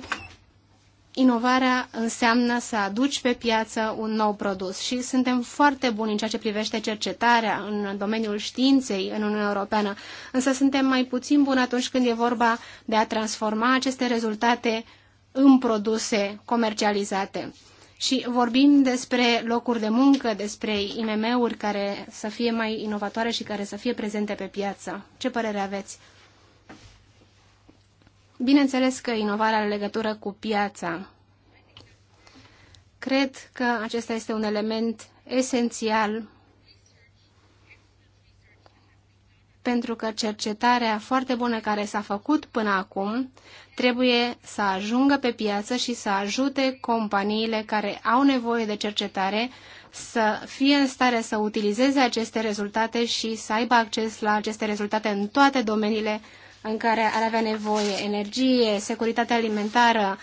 inovarea înseamnă să aduci pe piață un nou produs și suntem foarte buni în ceea ce privește cercetarea în domeniul științei în Uniunea Europeană, însă suntem mai puțin buni atunci când e vorba de a transforma aceste rezultate în produse comercializate. Și vorbim despre locuri de muncă, despre IMM-uri care să fie mai inovatoare și care să fie prezente pe piață. Ce părere aveți? Bineînțeles că inovarea are legătură cu piața. Cred că acesta este un element esențial pentru că cercetarea foarte bună care s-a făcut până acum trebuie să ajungă pe piață și să ajute companiile care au nevoie de cercetare să fie în stare să utilizeze aceste rezultate și să aibă acces la aceste rezultate în toate domeniile în care ar avea nevoie energie, securitate alimentară,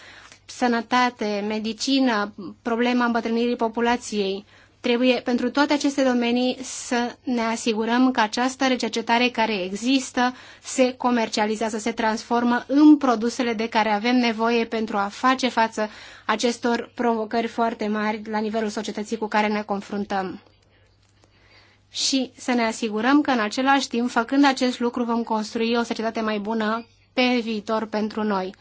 sănătate, medicină, problema îmbătrânirii populației. Trebuie pentru toate aceste domenii să ne asigurăm că această recercetare care există se comercializează, se transformă în produsele de care avem nevoie pentru a face față acestor provocări foarte mari la nivelul societății cu care ne confruntăm și să ne asigurăm că în același timp, făcând acest lucru, vom construi o societate mai bună pe viitor pentru noi.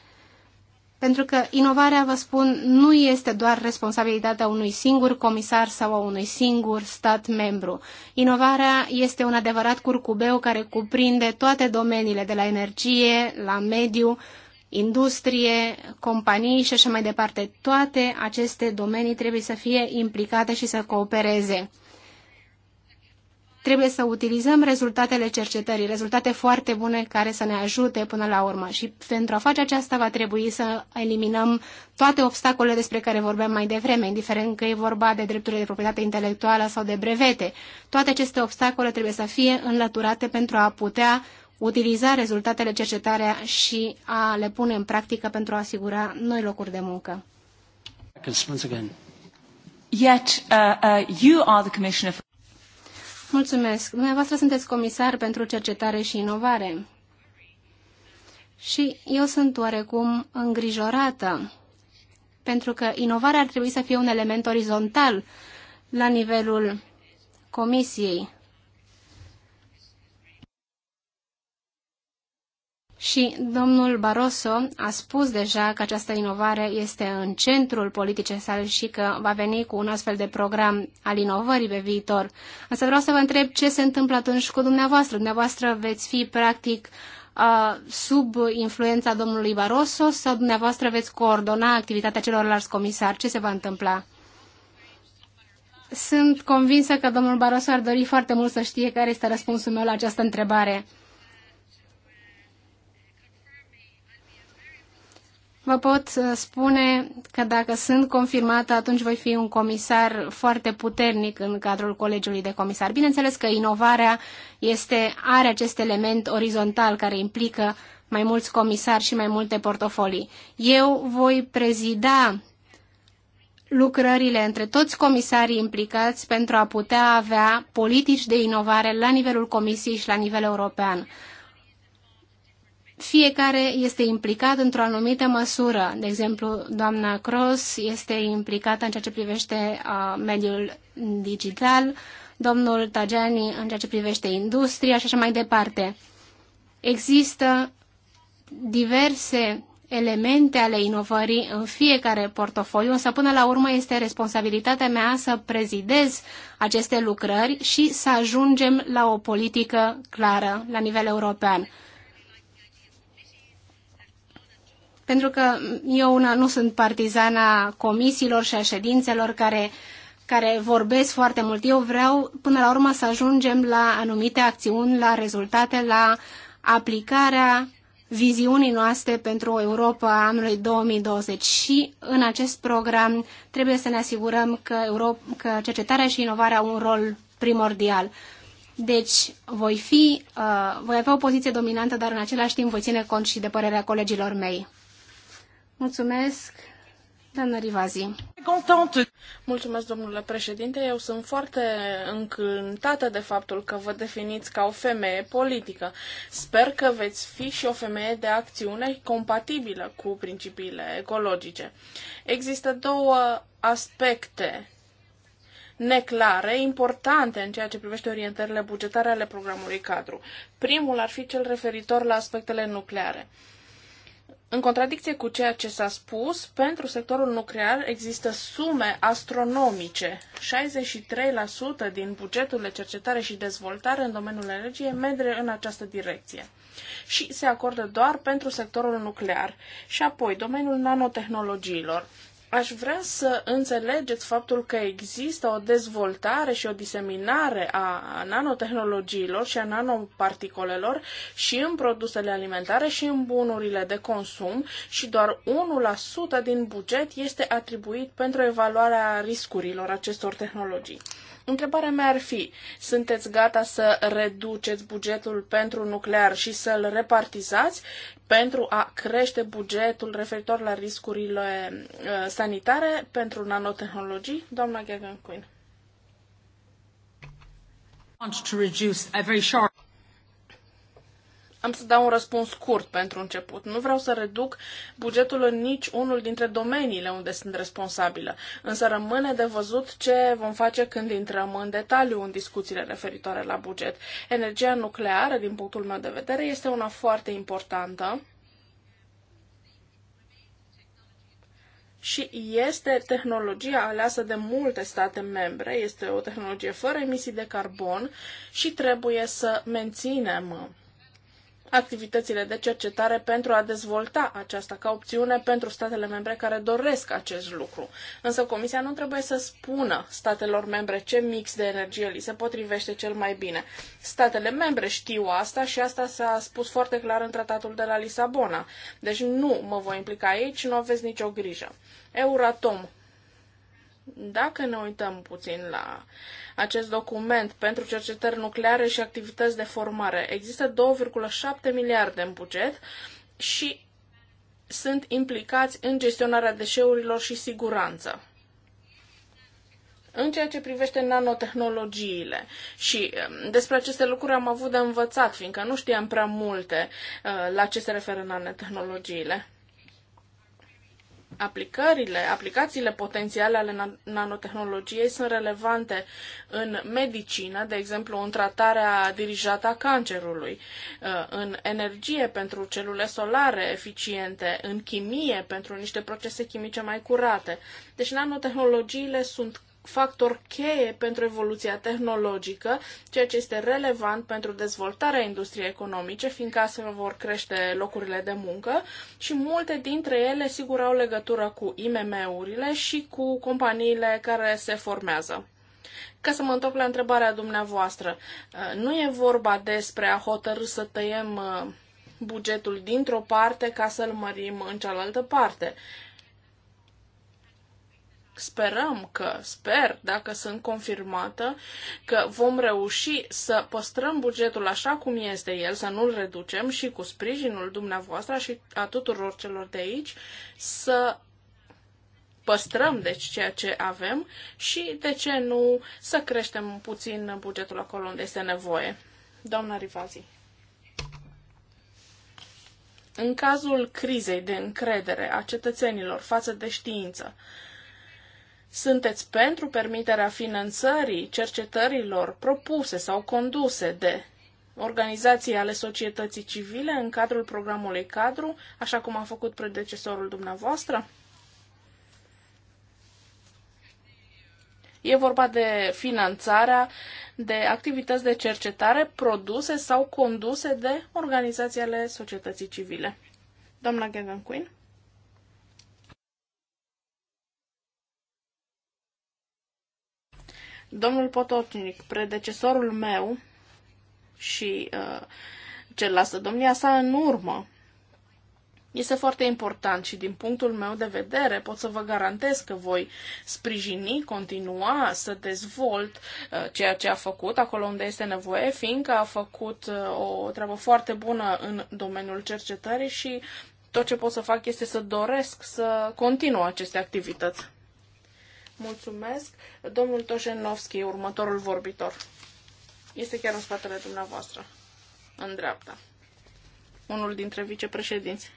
Pentru că inovarea, vă spun, nu este doar responsabilitatea unui singur comisar sau a unui singur stat membru. Inovarea este un adevărat curcubeu care cuprinde toate domeniile, de la energie, la mediu, industrie, companii și așa mai departe. Toate aceste domenii trebuie să fie implicate și să coopereze trebuie să utilizăm rezultatele cercetării, rezultate foarte bune care să ne ajute până la urmă. Și pentru a face aceasta va trebui să eliminăm toate obstacolele despre care vorbeam mai devreme, indiferent că e vorba de drepturile de proprietate intelectuală sau de brevete. Toate aceste obstacole trebuie să fie înlăturate pentru a putea utiliza rezultatele cercetarea și a le pune în practică pentru a asigura noi locuri de muncă. Yet, uh, uh, you are the commissioner. Mulțumesc. Dumneavoastră sunteți comisar pentru cercetare și inovare. Și eu sunt oarecum îngrijorată, pentru că inovarea ar trebui să fie un element orizontal la nivelul comisiei. Și domnul Barroso a spus deja că această inovare este în centrul politicii sale și că va veni cu un astfel de program al inovării pe viitor. Însă vreau să vă întreb ce se întâmplă atunci cu dumneavoastră. Dumneavoastră veți fi practic uh, sub influența domnului Barroso sau dumneavoastră veți coordona activitatea celorlalți comisari? Ce se va întâmpla? Sunt convinsă că domnul Barroso ar dori foarte mult să știe care este răspunsul meu la această întrebare. Vă pot uh, spune că dacă sunt confirmată, atunci voi fi un comisar foarte puternic în cadrul Colegiului de Comisar. Bineînțeles că inovarea este, are acest element orizontal care implică mai mulți comisari și mai multe portofolii. Eu voi prezida lucrările între toți comisarii implicați pentru a putea avea politici de inovare la nivelul Comisiei și la nivel european fiecare este implicat într-o anumită măsură. De exemplu, doamna Cross este implicată în ceea ce privește mediul digital, domnul Tajani în ceea ce privește industria și așa mai departe. Există diverse elemente ale inovării în fiecare portofoliu, însă până la urmă este responsabilitatea mea să prezidez aceste lucrări și să ajungem la o politică clară la nivel european. pentru că eu una nu sunt partizana comisiilor și a ședințelor care, care vorbesc foarte mult. Eu vreau până la urmă să ajungem la anumite acțiuni, la rezultate, la aplicarea viziunii noastre pentru o Europa anului 2020 și în acest program trebuie să ne asigurăm că, Europa, că cercetarea și inovarea au un rol primordial. Deci voi fi, uh, voi avea o poziție dominantă, dar în același timp voi ține cont și de părerea colegilor mei. Mulțumesc, doamnă Rivazi. Mulțumesc, domnule președinte. Eu sunt foarte încântată de faptul că vă definiți ca o femeie politică. Sper că veți fi și o femeie de acțiune compatibilă cu principiile ecologice. Există două aspecte neclare, importante în ceea ce privește orientările bugetare ale programului cadru. Primul ar fi cel referitor la aspectele nucleare. În contradicție cu ceea ce s-a spus, pentru sectorul nuclear există sume astronomice. 63% din bugetul de cercetare și dezvoltare în domeniul energiei merge în această direcție și se acordă doar pentru sectorul nuclear. Și apoi, domeniul nanotehnologiilor. Aș vrea să înțelegeți faptul că există o dezvoltare și o diseminare a nanotehnologiilor și a nanoparticolelor și în produsele alimentare și în bunurile de consum și doar 1% din buget este atribuit pentru evaluarea riscurilor acestor tehnologii. Întrebarea mea ar fi, sunteți gata să reduceți bugetul pentru nuclear și să-l repartizați pentru a crește bugetul referitor la riscurile uh, sanitare pentru nanotehnologii? Doamna Gagan Quinn. Am să dau un răspuns scurt pentru început. Nu vreau să reduc bugetul în nici unul dintre domeniile unde sunt responsabilă, însă rămâne de văzut ce vom face când intrăm în detaliu în discuțiile referitoare la buget. Energia nucleară, din punctul meu de vedere, este una foarte importantă. și este tehnologia aleasă de multe state membre, este o tehnologie fără emisii de carbon și trebuie să menținem activitățile de cercetare pentru a dezvolta aceasta ca opțiune pentru statele membre care doresc acest lucru. Însă Comisia nu trebuie să spună statelor membre ce mix de energie li se potrivește cel mai bine. Statele membre știu asta și asta s-a spus foarte clar în tratatul de la Lisabona. Deci nu mă voi implica aici, nu aveți nicio grijă. Euratom dacă ne uităm puțin la acest document pentru cercetări nucleare și activități de formare, există 2,7 miliarde în buget și sunt implicați în gestionarea deșeurilor și siguranță. În ceea ce privește nanotehnologiile și um, despre aceste lucruri am avut de învățat, fiindcă nu știam prea multe uh, la ce se referă nanotehnologiile aplicările, aplicațiile potențiale ale nanotehnologiei sunt relevante în medicină, de exemplu în tratarea dirijată a cancerului, uh, în energie pentru celule solare eficiente, în chimie pentru niște procese chimice mai curate. Deci nanotehnologiile sunt factor cheie pentru evoluția tehnologică, ceea ce este relevant pentru dezvoltarea industriei economice, fiindcă se vor crește locurile de muncă și multe dintre ele sigur au legătură cu IMM-urile și cu companiile care se formează. Ca să mă întorc la întrebarea dumneavoastră, uh, nu e vorba despre a hotărâ să tăiem uh, bugetul dintr-o parte ca să-l mărim în cealaltă parte sperăm că, sper, dacă sunt confirmată, că vom reuși să păstrăm bugetul așa cum este el, să nu-l reducem și cu sprijinul dumneavoastră și a tuturor celor de aici, să păstrăm deci ceea ce avem și, de ce nu, să creștem puțin bugetul acolo unde este nevoie. Doamna Rivazi. În cazul crizei de încredere a cetățenilor față de știință, sunteți pentru permiterea finanțării cercetărilor propuse sau conduse de organizații ale societății civile în cadrul programului cadru, așa cum a făcut predecesorul dumneavoastră? E vorba de finanțarea de activități de cercetare produse sau conduse de organizații ale societății civile. Doamna Gagan Quinn? Domnul Potocnic, predecesorul meu și uh, ce lasă domnia sa în urmă, este foarte important și din punctul meu de vedere pot să vă garantez că voi sprijini, continua să dezvolt uh, ceea ce a făcut acolo unde este nevoie, fiindcă a făcut uh, o treabă foarte bună în domeniul cercetării și tot ce pot să fac este să doresc să continuu aceste activități. Mulțumesc. Domnul Toșenovski, următorul vorbitor. Este chiar în spatele dumneavoastră, în dreapta. Unul dintre vicepreședinți.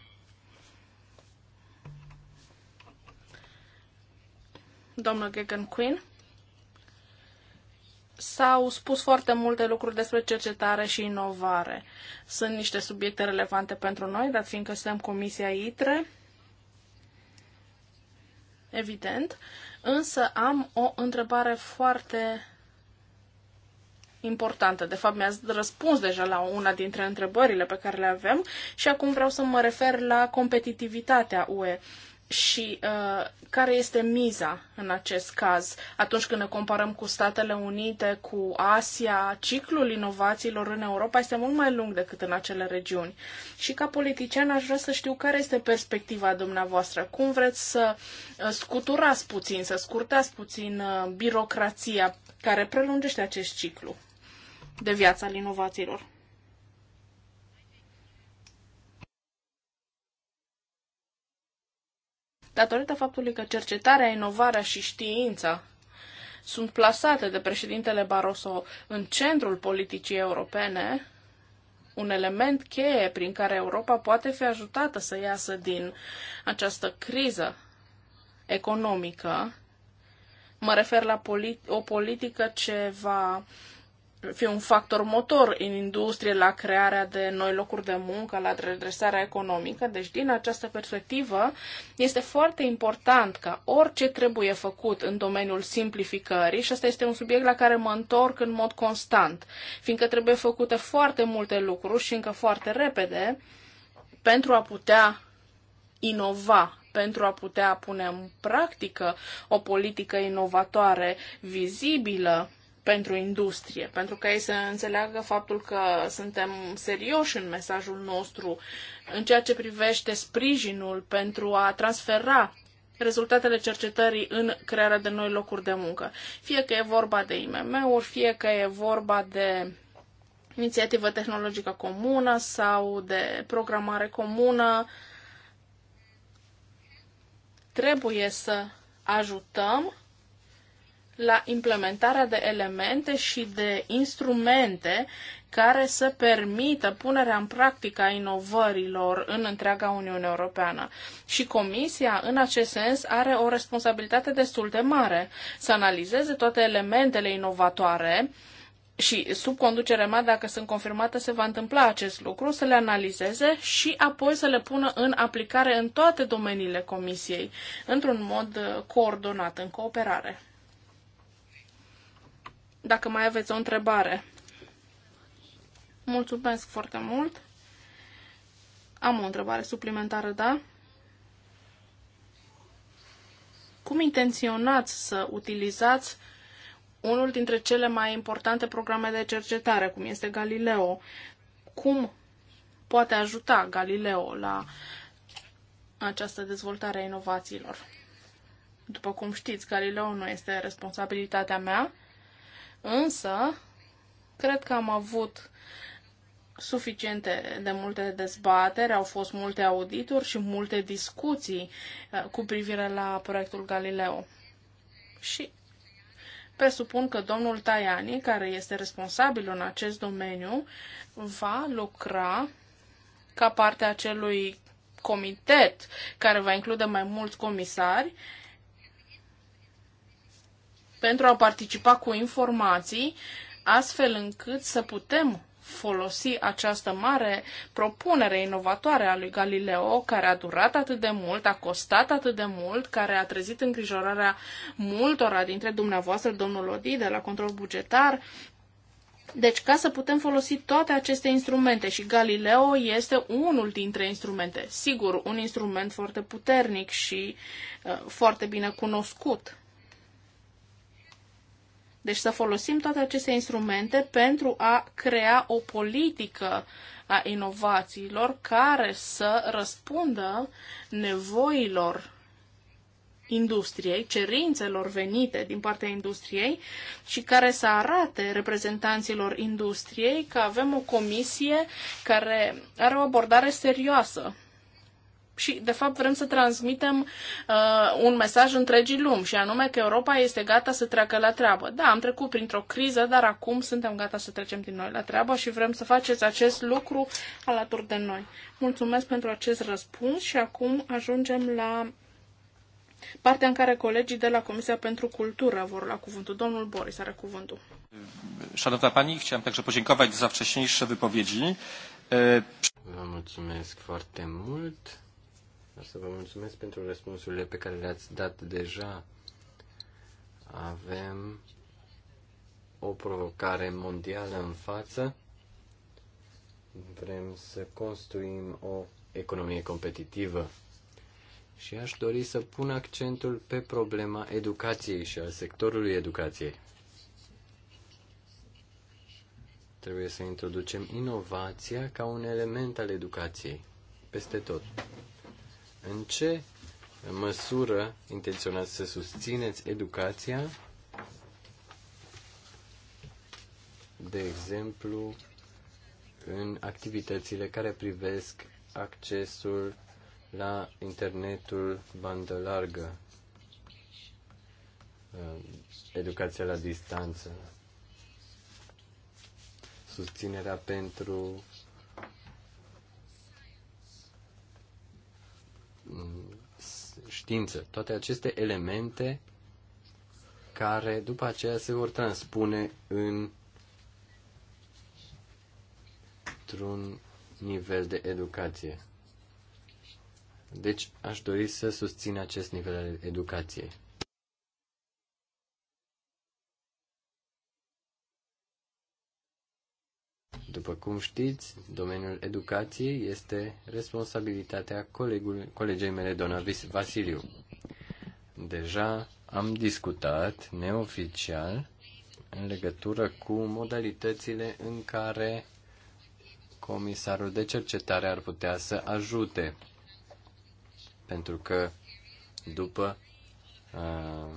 domnul Gagan Queen. S-au spus foarte multe lucruri despre cercetare și inovare. Sunt niște subiecte relevante pentru noi, dar fiindcă suntem Comisia ITRE, evident, Însă am o întrebare foarte importantă. De fapt, mi-ați răspuns deja la una dintre întrebările pe care le avem și acum vreau să mă refer la competitivitatea UE și uh, care este miza în acest caz atunci când ne comparăm cu Statele Unite, cu Asia, ciclul inovațiilor în Europa este mult mai lung decât în acele regiuni. Și ca politician aș vrea să știu care este perspectiva dumneavoastră. Cum vreți să uh, scuturați puțin, să scurtați puțin uh, birocrația care prelungește acest ciclu de viață al inovațiilor? datorită faptului că cercetarea, inovarea și știința sunt plasate de președintele Barroso în centrul politicii europene, un element cheie prin care Europa poate fi ajutată să iasă din această criză economică. Mă refer la polit- o politică ce va fi un factor motor în industrie la crearea de noi locuri de muncă, la redresarea economică. Deci, din această perspectivă, este foarte important ca orice trebuie făcut în domeniul simplificării, și asta este un subiect la care mă întorc în mod constant, fiindcă trebuie făcute foarte multe lucruri și încă foarte repede pentru a putea inova pentru a putea pune în practică o politică inovatoare vizibilă pentru industrie, pentru că ei să înțeleagă faptul că suntem serioși în mesajul nostru în ceea ce privește sprijinul pentru a transfera rezultatele cercetării în crearea de noi locuri de muncă. Fie că e vorba de IMM-uri, fie că e vorba de inițiativă tehnologică comună sau de programare comună, trebuie să ajutăm la implementarea de elemente și de instrumente care să permită punerea în practică a inovărilor în întreaga Uniune Europeană. Și Comisia, în acest sens, are o responsabilitate destul de mare să analizeze toate elementele inovatoare și sub conducerea mea, dacă sunt confirmată, se va întâmpla acest lucru, să le analizeze și apoi să le pună în aplicare în toate domeniile Comisiei, într-un mod coordonat, în cooperare dacă mai aveți o întrebare. Mulțumesc foarte mult. Am o întrebare suplimentară, da? Cum intenționați să utilizați unul dintre cele mai importante programe de cercetare, cum este Galileo? Cum poate ajuta Galileo la această dezvoltare a inovațiilor? După cum știți, Galileo nu este responsabilitatea mea, Însă, cred că am avut suficiente de multe dezbateri, au fost multe audituri și multe discuții uh, cu privire la proiectul Galileo. Și presupun că domnul Tajani, care este responsabil în acest domeniu, va lucra ca parte a acelui comitet care va include mai mulți comisari pentru a participa cu informații, astfel încât să putem folosi această mare propunere inovatoare a lui Galileo, care a durat atât de mult, a costat atât de mult, care a trezit îngrijorarea multora dintre dumneavoastră, domnul Lodi, de la control bugetar. Deci, ca să putem folosi toate aceste instrumente și Galileo este unul dintre instrumente. Sigur, un instrument foarte puternic și uh, foarte bine cunoscut deci să folosim toate aceste instrumente pentru a crea o politică a inovațiilor care să răspundă nevoilor industriei, cerințelor venite din partea industriei și care să arate reprezentanților industriei că avem o comisie care are o abordare serioasă și, de fapt, vrem să transmitem uh, un mesaj întregii lumi, și anume că Europa este gata să treacă la treabă. Da, am trecut printr-o criză, dar acum suntem gata să trecem din noi la treabă și vrem să faceți acest lucru alături de noi. Mulțumesc pentru acest răspuns și acum ajungem la partea în care colegii de la Comisia pentru Cultură vor la cuvântul. Domnul Boris are cuvântul. Szanowna Pani, chciałem także podziękować za wcześniejsze wypowiedzi. Vă mulțumesc foarte mult să vă mulțumesc pentru răspunsurile pe care le-ați dat deja. Avem o provocare mondială în față. Vrem să construim o economie competitivă. Și aș dori să pun accentul pe problema educației și al sectorului educației. Trebuie să introducem inovația ca un element al educației, peste tot. În ce măsură intenționați să susțineți educația, de exemplu, în activitățile care privesc accesul la internetul bandă largă, uh, educația la distanță, susținerea pentru știință. Toate aceste elemente care după aceea se vor transpune în într-un nivel de educație. Deci aș dori să susțin acest nivel al educației. După cum știți, domeniul educației este responsabilitatea colegei mele, doamna Vasiliu. Deja am discutat neoficial în legătură cu modalitățile în care comisarul de cercetare ar putea să ajute. Pentru că după uh,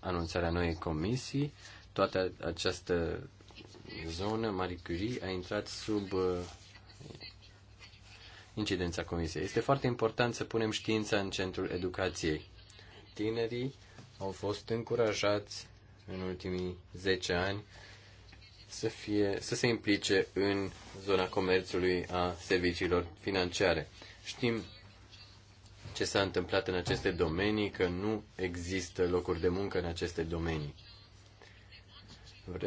anunțarea noii comisii, toată această zonă, Marie Curie a intrat sub uh, incidența comisiei. Este foarte important să punem știința în centrul educației. Tinerii au fost încurajați în ultimii 10 ani să, fie, să se implice în zona comerțului a serviciilor financiare. Știm ce s-a întâmplat în aceste domenii, că nu există locuri de muncă în aceste domenii.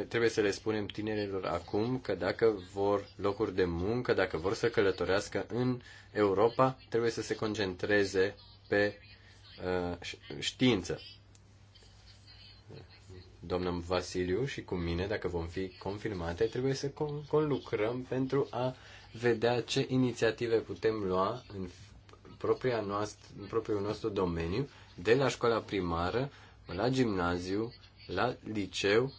Trebuie să le spunem tinerilor acum că dacă vor locuri de muncă, dacă vor să călătorească în Europa, trebuie să se concentreze pe uh, știință. Domnul Vasiliu și cu mine, dacă vom fi confirmate, trebuie să conlucrăm pentru a vedea ce inițiative putem lua în, propria noastră, în propriul nostru domeniu, de la școala primară, la gimnaziu, la liceu,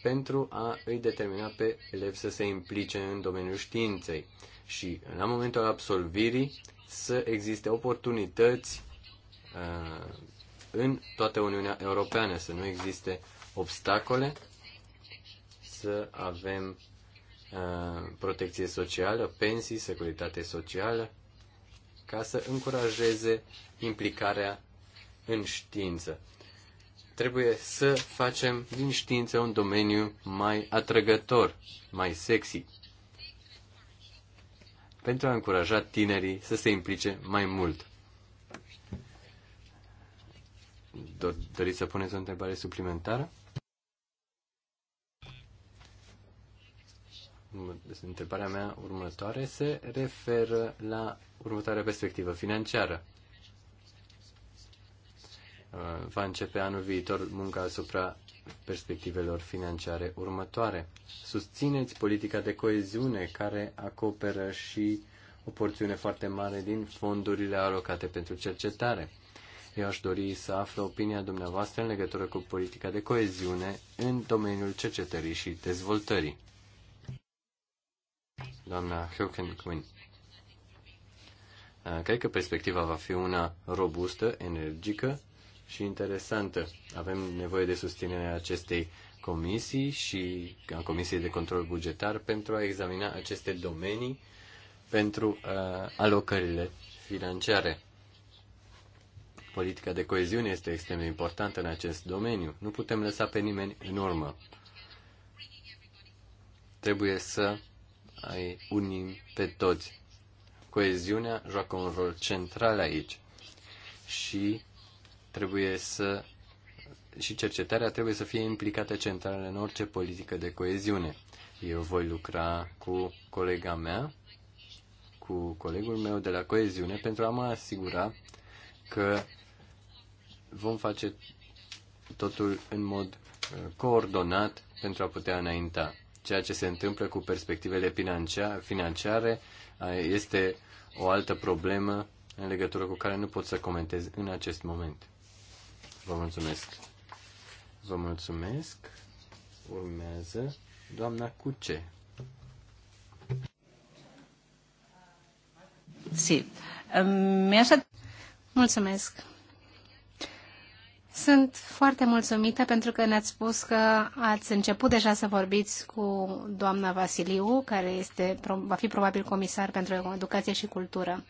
pentru a îi determina pe elev să se implice în domeniul științei și la momentul absolvirii să existe oportunități uh, în toată Uniunea Europeană, să nu existe obstacole, să avem uh, protecție socială, pensii, securitate socială, ca să încurajeze implicarea în știință trebuie să facem din știință un domeniu mai atrăgător, mai sexy, pentru a încuraja tinerii să se implice mai mult. Doriți să puneți o întrebare suplimentară? Deci întrebarea mea următoare se referă la următoarea perspectivă financiară. Uh, va începe anul viitor munca asupra perspectivelor financiare următoare. Susțineți politica de coeziune care acoperă și o porțiune foarte mare din fondurile alocate pentru cercetare. Eu aș dori să aflu opinia dumneavoastră în legătură cu politica de coeziune în domeniul cercetării și dezvoltării. Doamna Heuken-Quinn. Uh, cred că perspectiva va fi una robustă, energică și interesantă. Avem nevoie de susținerea acestei comisii și a Comisiei de Control Bugetar pentru a examina aceste domenii pentru uh, alocările financiare. Politica de coeziune este extrem de importantă în acest domeniu. Nu putem lăsa pe nimeni în urmă. Trebuie să ai unim pe toți. Coeziunea joacă un rol central aici și trebuie să și cercetarea trebuie să fie implicată central în orice politică de coeziune. Eu voi lucra cu colega mea, cu colegul meu de la coeziune, pentru a mă asigura că vom face totul în mod uh, coordonat pentru a putea înainta. Ceea ce se întâmplă cu perspectivele financiare uh, este o altă problemă în legătură cu care nu pot să comentez în acest moment. Vă mulțumesc. Vă mulțumesc. Urmează doamna Cuce. Si. Mulțumesc. Sunt foarte mulțumită pentru că ne-ați spus că ați început deja să vorbiți cu doamna Vasiliu, care este, va fi probabil comisar pentru educație și cultură.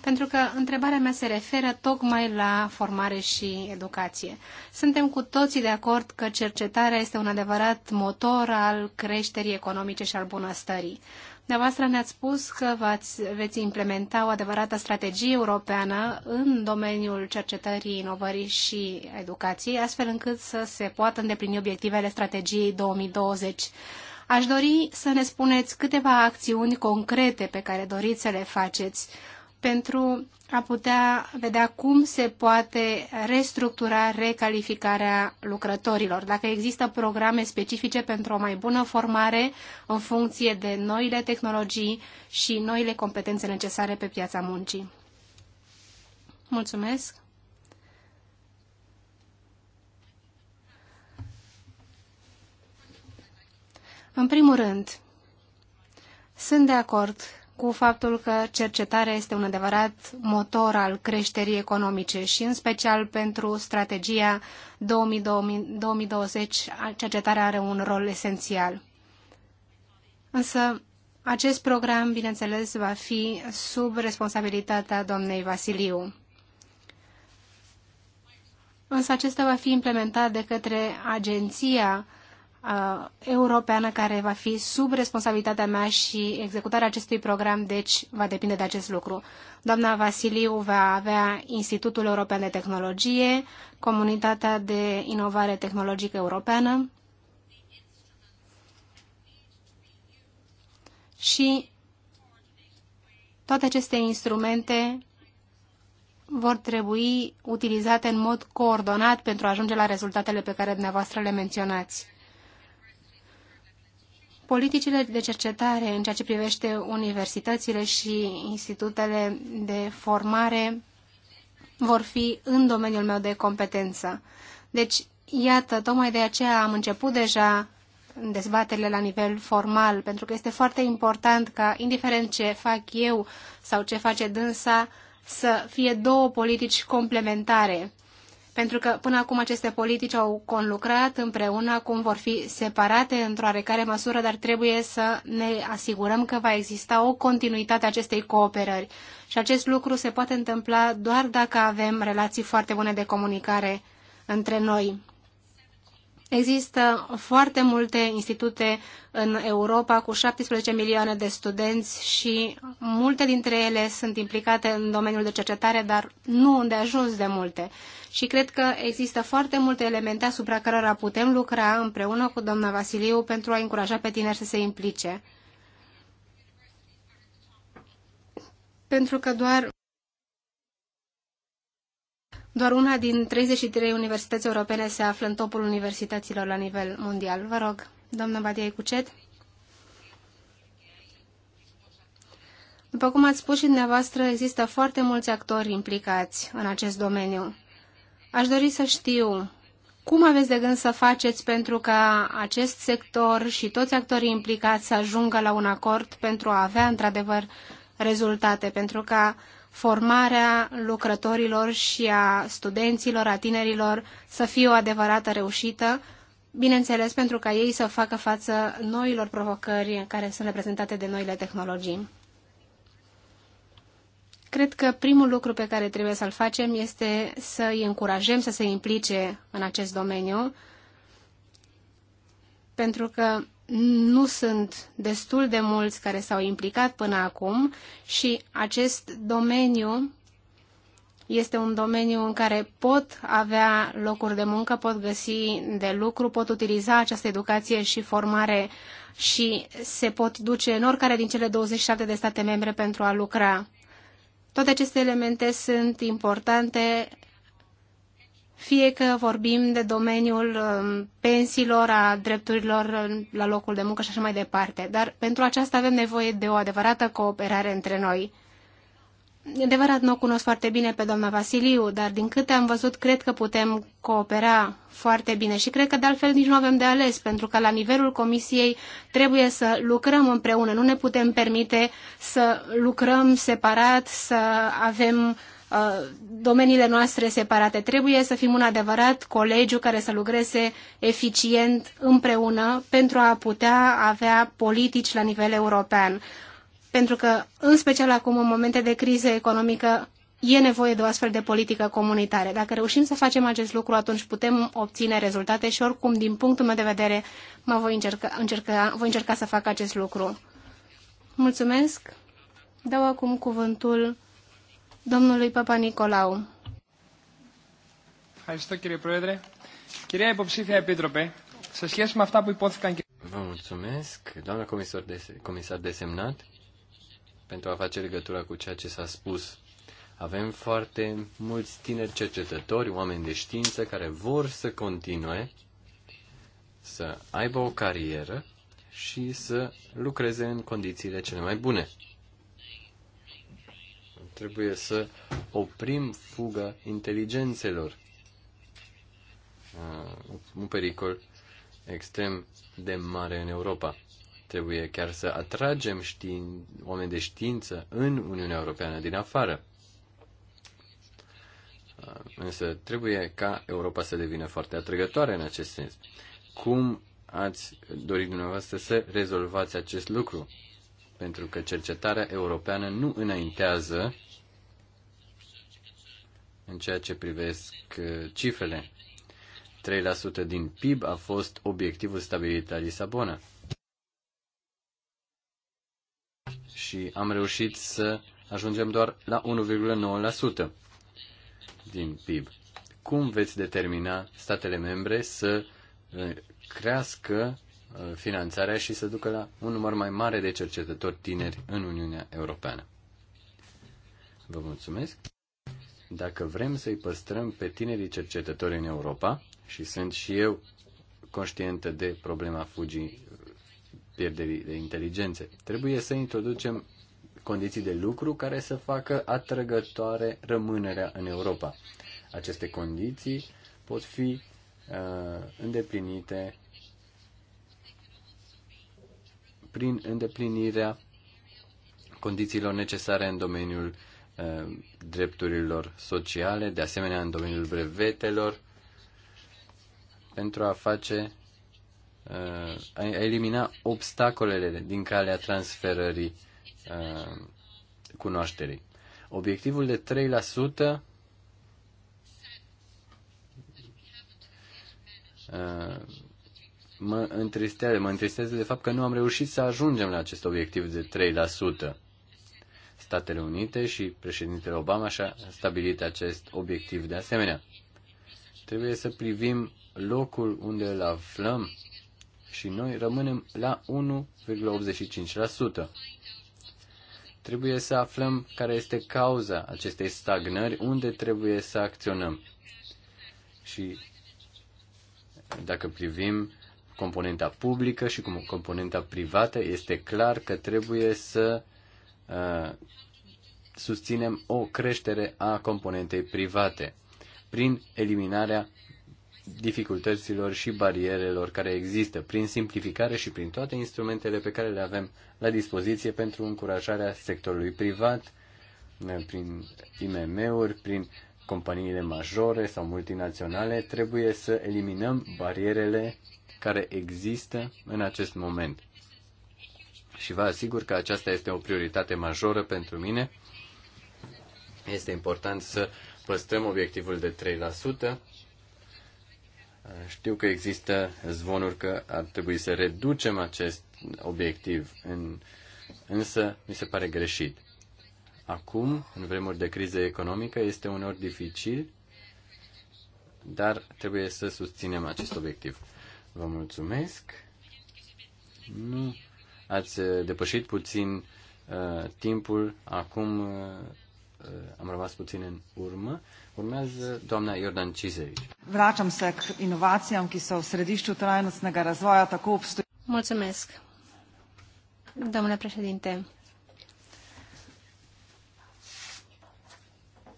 Pentru că întrebarea mea se referă tocmai la formare și educație. Suntem cu toții de acord că cercetarea este un adevărat motor al creșterii economice și al bunăstării. Dumneavoastră ne-ați spus că v-ați, veți implementa o adevărată strategie europeană în domeniul cercetării, inovării și educației, astfel încât să se poată îndeplini obiectivele strategiei 2020. Aș dori să ne spuneți câteva acțiuni concrete pe care doriți să le faceți pentru a putea vedea cum se poate restructura recalificarea lucrătorilor. Dacă există programe specifice pentru o mai bună formare în funcție de noile tehnologii și noile competențe necesare pe piața muncii. Mulțumesc! În primul rând, sunt de acord cu faptul că cercetarea este un adevărat motor al creșterii economice și în special pentru strategia 2020 cercetarea are un rol esențial. Însă acest program, bineînțeles, va fi sub responsabilitatea doamnei Vasiliu. Însă acesta va fi implementat de către Agenția uh, europeană care va fi sub responsabilitatea mea și executarea acestui program, deci va depinde de acest lucru. Doamna Vasiliu va avea Institutul European de Tehnologie, Comunitatea de Inovare Tehnologică Europeană și toate aceste instrumente vor trebui utilizate în mod coordonat pentru a ajunge la rezultatele pe care dumneavoastră le menționați. Politicile de cercetare în ceea ce privește universitățile și institutele de formare vor fi în domeniul meu de competență. Deci, iată, tocmai de aceea am început deja dezbaterile la nivel formal, pentru că este foarte important ca, indiferent ce fac eu sau ce face dânsa, să fie două politici complementare pentru că până acum aceste politici au conlucrat împreună, acum vor fi separate într-o oarecare măsură, dar trebuie să ne asigurăm că va exista o continuitate a acestei cooperări. Și acest lucru se poate întâmpla doar dacă avem relații foarte bune de comunicare între noi. Există foarte multe institute în Europa cu 17 milioane de studenți și multe dintre ele sunt implicate în domeniul de cercetare, dar nu unde ajuns de multe. Și cred că există foarte multe elemente asupra cărora putem lucra împreună cu doamna Vasiliu pentru a încuraja pe tineri să se implice. Pentru că doar doar una din 33 universități europene se află în topul universităților la nivel mondial. Vă rog, doamna Badiai Cucet. După cum ați spus și dumneavoastră, există foarte mulți actori implicați în acest domeniu. Aș dori să știu cum aveți de gând să faceți pentru ca acest sector și toți actorii implicați să ajungă la un acord pentru a avea într-adevăr rezultate, pentru ca formarea lucrătorilor și a studenților, a tinerilor să fie o adevărată reușită, bineînțeles pentru ca ei să facă față noilor provocări care sunt reprezentate de noile tehnologii. Cred că primul lucru pe care trebuie să-l facem este să îi încurajăm să se implice în acest domeniu, pentru că nu sunt destul de mulți care s-au implicat până acum și acest domeniu este un domeniu în care pot avea locuri de muncă, pot găsi de lucru, pot utiliza această educație și formare și se pot duce în oricare din cele 27 de state membre pentru a lucra. Toate aceste elemente sunt importante fie că vorbim de domeniul um, pensiilor, a drepturilor um, la locul de muncă și așa mai departe. Dar pentru aceasta avem nevoie de o adevărată cooperare între noi. Adevărat, nu o cunosc foarte bine pe doamna Vasiliu, dar din câte am văzut, cred că putem coopera foarte bine și cred că de altfel nici nu avem de ales, pentru că la nivelul comisiei trebuie să lucrăm împreună. Nu ne putem permite să lucrăm separat, să avem uh, Uh, domeniile noastre separate. Trebuie să fim un adevărat colegiu care să lucreze eficient împreună pentru a putea avea politici la nivel european. Pentru că, în special acum, în momente de criză economică, e nevoie de o astfel de politică comunitară. Dacă reușim să facem acest lucru, atunci putem obține rezultate și oricum, din punctul meu de vedere, mă voi încerca, încerca, voi încerca să fac acest lucru. Mulțumesc! Dau acum cuvântul domnului Papa Nicolau. Vă mulțumesc, doamna comisar, de, comisar desemnat, pentru a face legătura cu ceea ce s-a spus. Avem foarte mulți tineri cercetători, oameni de știință, care vor să continue să aibă o carieră și să lucreze în condițiile cele mai bune. Trebuie să oprim fuga inteligențelor. Uh, un pericol extrem de mare în Europa. Trebuie chiar să atragem știin, oameni de știință în Uniunea Europeană din afară. Uh, însă trebuie ca Europa să devină foarte atrăgătoare în acest sens. Cum ați dorit dumneavoastră să rezolvați acest lucru? Pentru că cercetarea europeană nu înaintează în ceea ce privesc uh, cifrele. 3% din PIB a fost obiectivul stabilit la Lisabona. Și am reușit să ajungem doar la 1,9% din PIB. Cum veți determina statele membre să uh, crească uh, finanțarea și să ducă la un număr mai mare de cercetători tineri în Uniunea Europeană? Vă mulțumesc! Dacă vrem să-i păstrăm pe tinerii cercetători în Europa, și sunt și eu conștientă de problema fugii pierderii de inteligențe, trebuie să introducem condiții de lucru care să facă atrăgătoare rămânerea în Europa. Aceste condiții pot fi uh, îndeplinite prin îndeplinirea condițiilor necesare în domeniul Uh, drepturilor sociale, de asemenea în domeniul brevetelor, pentru a face uh, a elimina obstacolele din calea transferării uh, cunoașterii. Obiectivul de 3% mă întristează, mă întristează de fapt că nu am reușit să ajungem la acest obiectiv de 3%. Statele Unite și președintele Obama și-a stabilit acest obiectiv de asemenea. Trebuie să privim locul unde îl aflăm și noi rămânem la 1,85%. Trebuie să aflăm care este cauza acestei stagnări, unde trebuie să acționăm. Și dacă privim componenta publică și componenta privată, este clar că trebuie să uh, Uh, susținem o creștere a componentei private prin eliminarea dificultăților și barierelor care există, prin simplificare și prin toate instrumentele pe care le avem la dispoziție pentru încurajarea sectorului privat, prin IMM-uri, prin companiile majore sau multinaționale, trebuie să eliminăm barierele care există în acest moment și vă asigur că aceasta este o prioritate majoră pentru mine. Este important să păstrăm obiectivul de 3%. Știu că există zvonuri că ar trebui să reducem acest obiectiv, în, însă mi se pare greșit. Acum, în vremuri de criză economică, este uneori dificil, dar trebuie să susținem acest obiectiv. Vă mulțumesc. Nu Ați uh, depășit puțin uh, timpul, acum uh, uh, am rămas puțin în urmă. Urmează doamna Jordan Cizevici. Vraćam se k inovacijam ki so v središču trajnostnega razvoja tako obstoji. Mulțumesc. Domnule președinte,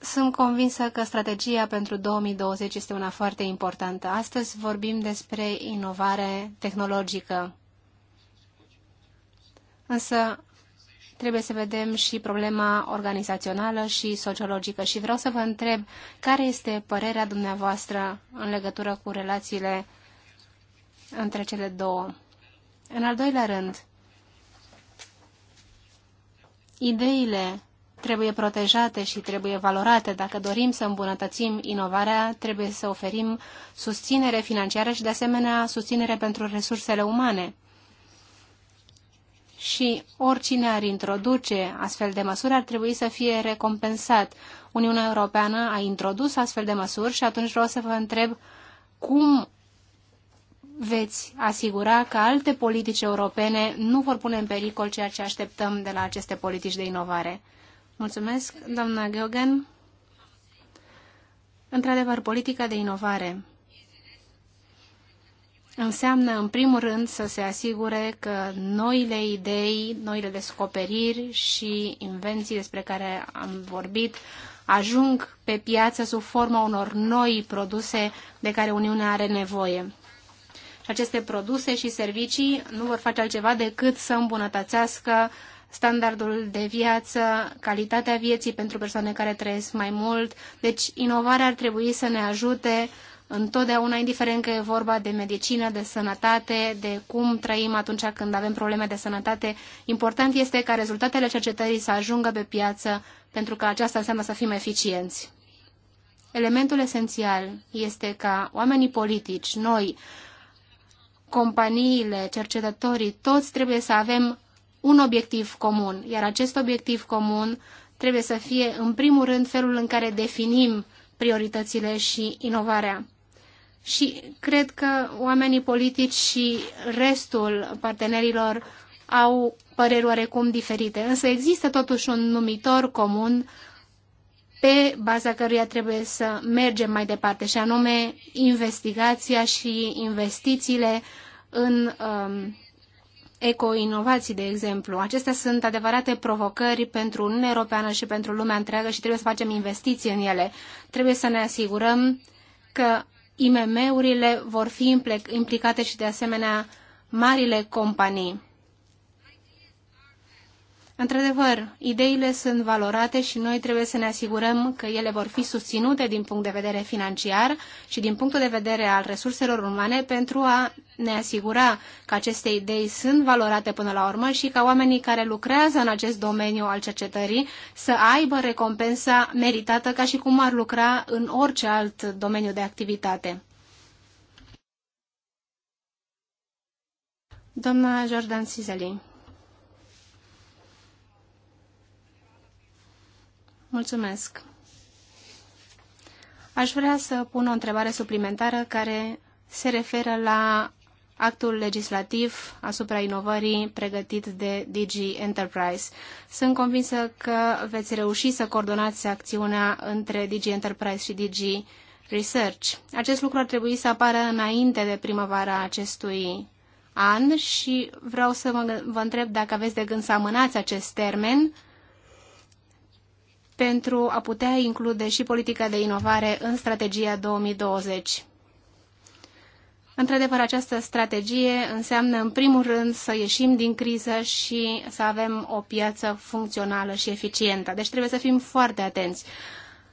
sunt convinsă că strategia pentru 2020 este una foarte importantă. Astăzi vorbim despre inovare tehnologică însă trebuie să vedem și problema organizațională și sociologică. Și vreau să vă întreb care este părerea dumneavoastră în legătură cu relațiile între cele două. În al doilea rând, ideile trebuie protejate și trebuie valorate. Dacă dorim să îmbunătățim inovarea, trebuie să oferim susținere financiară și, de asemenea, susținere pentru resursele umane și oricine ar introduce astfel de măsuri ar trebui să fie recompensat. Uniunea Europeană a introdus astfel de măsuri și atunci vreau să vă întreb cum veți asigura că alte politici europene nu vor pune în pericol ceea ce așteptăm de la aceste politici de inovare. Mulțumesc, doamna Gheogen. Într-adevăr, politica de inovare înseamnă, în primul rând, să se asigure că noile idei, noile descoperiri și invenții despre care am vorbit ajung pe piață sub forma unor noi produse de care Uniunea are nevoie. Și aceste produse și servicii nu vor face altceva decât să îmbunătățească standardul de viață, calitatea vieții pentru persoane care trăiesc mai mult. Deci, inovarea ar trebui să ne ajute întotdeauna, indiferent că e vorba de medicină, de sănătate, de cum trăim atunci când avem probleme de sănătate, important este ca rezultatele cercetării să ajungă pe piață, pentru că aceasta înseamnă să fim eficienți. Elementul esențial este ca oamenii politici, noi, companiile, cercetătorii, toți trebuie să avem un obiectiv comun, iar acest obiectiv comun trebuie să fie, în primul rând, felul în care definim prioritățile și inovarea și cred că oamenii politici și restul partenerilor au păreri oarecum diferite. Însă există totuși un numitor comun pe baza căruia trebuie să mergem mai departe, și anume investigația și investițiile în um, ecoinovații, de exemplu. Acestea sunt adevărate provocări pentru Uniunea Europeană și pentru lumea întreagă și trebuie să facem investiții în ele. Trebuie să ne asigurăm că IMM-urile vor fi implicate și de asemenea marile companii. Într-adevăr, ideile sunt valorate și noi trebuie să ne asigurăm că ele vor fi susținute din punct de vedere financiar și din punctul de vedere al resurselor umane pentru a ne asigura că aceste idei sunt valorate până la urmă și ca oamenii care lucrează în acest domeniu al cercetării să aibă recompensa meritată ca și cum ar lucra în orice alt domeniu de activitate. Doamna Jordan Sizeli Mulțumesc. Aș vrea să pun o întrebare suplimentară care se referă la actul legislativ asupra inovării pregătit de DG Enterprise. Sunt convinsă că veți reuși să coordonați acțiunea între DG Enterprise și DG Research. Acest lucru ar trebui să apară înainte de primăvara acestui an și vreau să vă, vă întreb dacă aveți de gând să amânați acest termen pentru a putea include și politica de inovare în strategia 2020. Într-adevăr, această strategie înseamnă, în primul rând, să ieșim din criză și să avem o piață funcțională și eficientă. Deci trebuie să fim foarte atenți.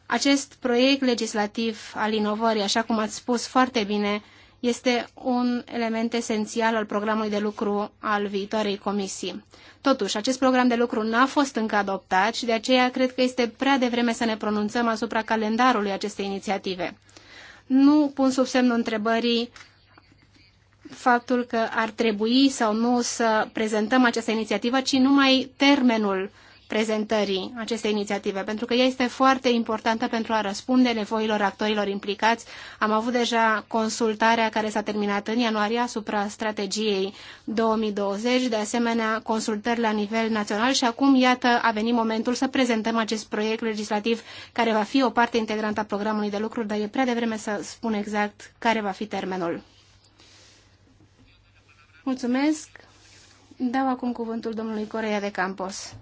Acest proiect legislativ al inovării, așa cum ați spus foarte bine, este un element esențial al programului de lucru al viitoarei comisii. Totuși, acest program de lucru n-a fost încă adoptat și de aceea cred că este prea devreme să ne pronunțăm asupra calendarului acestei inițiative. Nu pun sub semnul întrebării faptul că ar trebui sau nu să prezentăm această inițiativă, ci numai termenul prezentării acestei inițiative, pentru că ea este foarte importantă pentru a răspunde nevoilor actorilor implicați. Am avut deja consultarea care s-a terminat în ianuarie asupra strategiei 2020, de asemenea consultări la nivel național și acum, iată, a venit momentul să prezentăm acest proiect legislativ care va fi o parte integrantă a programului de lucru, dar e prea devreme să spun exact care va fi termenul. Mulțumesc! Dau acum cuvântul domnului Corea de Campos.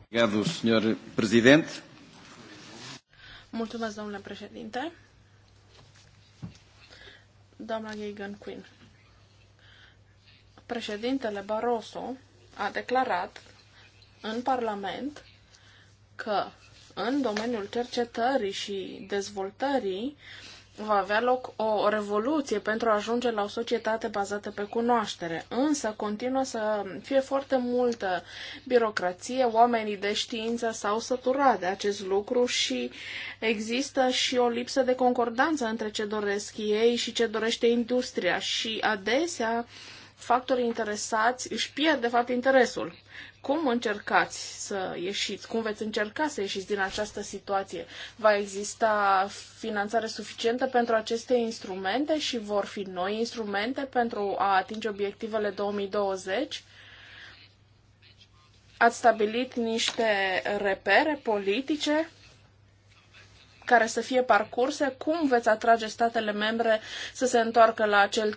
Mulțumesc, domnule președinte. Doamna Gagan Quinn. Președintele Barroso a declarat în Parlament că în domeniul cercetării și dezvoltării uh, va avea loc o revoluție pentru a ajunge la o societate bazată pe cunoaștere, însă continuă să fie foarte multă birocrație, oamenii de știință s-au săturat de acest lucru și există și o lipsă de concordanță între ce doresc ei și ce dorește industria și adesea factorii interesați își pierd de fapt interesul. Cum încercați să ieșiți? Cum veți încerca să ieșiți din această situație? Va exista finanțare suficientă pentru aceste instrumente și vor fi noi instrumente pentru a atinge obiectivele 2020? Ați stabilit niște repere politice care să fie parcurse, cum veți atrage statele membre să se întoarcă la acel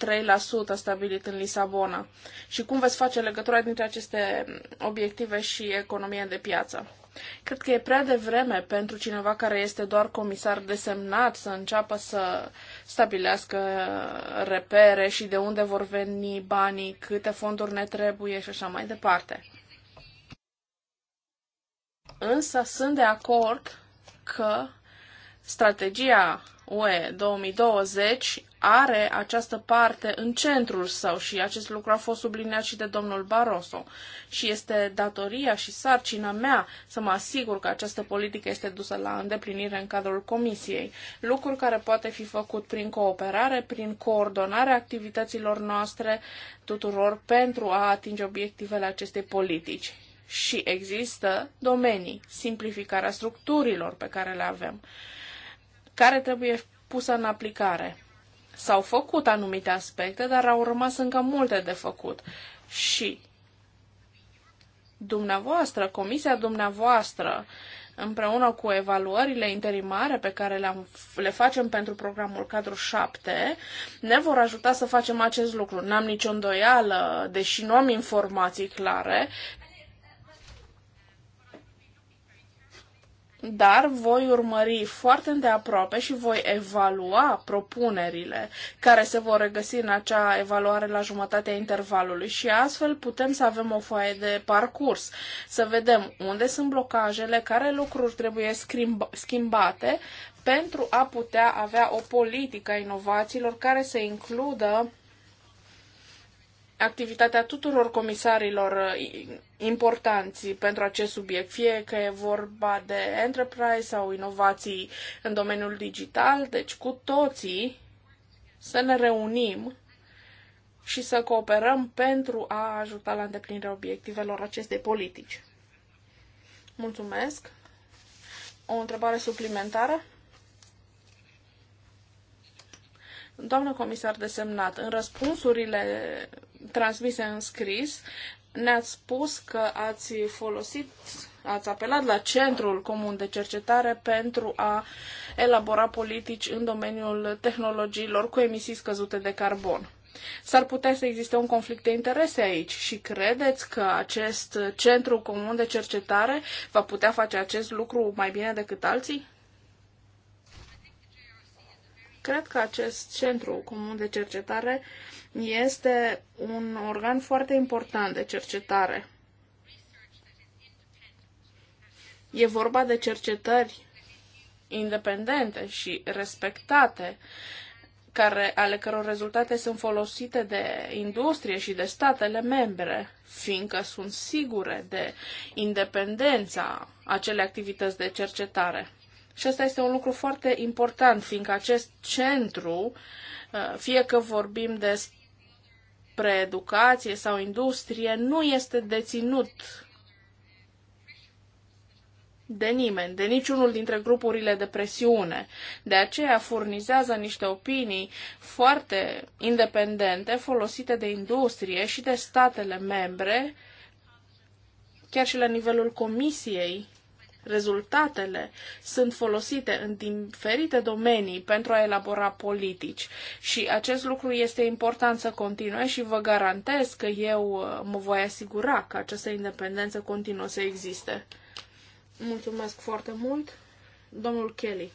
3% stabilit în Lisabona? Și cum veți face legătura dintre aceste obiective și economia de piață? Cred că e prea devreme pentru cineva care este doar comisar desemnat să înceapă să stabilească repere și de unde vor veni banii, câte fonduri ne trebuie și așa mai departe. Însă sunt de acord că strategia UE 2020 are această parte în centrul său și acest lucru a fost subliniat și de domnul Barroso. Și este datoria și sarcina mea să mă asigur că această politică este dusă la îndeplinire în cadrul Comisiei, lucru care poate fi făcut prin cooperare, prin coordonarea activităților noastre tuturor pentru a atinge obiectivele acestei politici. Și există domenii, simplificarea structurilor pe care le avem care trebuie pusă în aplicare. S-au făcut anumite aspecte, dar au rămas încă multe de făcut. Și dumneavoastră, comisia dumneavoastră, împreună cu evaluările interimare pe care le, le facem pentru programul cadru 7, ne vor ajuta să facem acest lucru. N-am nicio îndoială, deși nu am informații clare, dar voi urmări foarte îndeaproape și voi evalua propunerile care se vor regăsi în acea evaluare la jumătatea intervalului și astfel putem să avem o foaie de parcurs, să vedem unde sunt blocajele, care lucruri trebuie schimbate pentru a putea avea o politică a inovațiilor care să includă activitatea tuturor comisarilor uh, importanți pentru acest subiect, fie că e vorba de enterprise sau inovații în domeniul digital, deci cu toții să ne reunim și să cooperăm pentru a ajuta la îndeplinirea obiectivelor acestei politici. Mulțumesc. O întrebare suplimentară? Doamnă comisar desemnat, în răspunsurile transmise în scris, ne-ați spus că ați folosit, ați apelat la Centrul Comun de Cercetare pentru a elabora politici în domeniul tehnologiilor cu emisii scăzute de carbon. S-ar putea să existe un conflict de interese aici și credeți că acest centru comun de cercetare va putea face acest lucru mai bine decât alții? Cred că acest centru comun de cercetare este un organ foarte important de cercetare. E vorba de cercetări independente și respectate, care, ale căror rezultate sunt folosite de industrie și de statele membre, fiindcă sunt sigure de independența acelei activități de cercetare. Și asta este un lucru foarte important, fiindcă acest centru, uh, fie că vorbim despre educație sau industrie, nu este deținut de nimeni, de niciunul dintre grupurile de presiune. De aceea furnizează niște opinii foarte independente, folosite de industrie și de statele membre, chiar și la nivelul comisiei rezultatele sunt folosite în diferite domenii pentru a elabora politici. Și acest lucru este important să continue și vă garantez că eu uh, mă voi asigura că această independență continuă să existe. Mulțumesc foarte mult, domnul Kelly.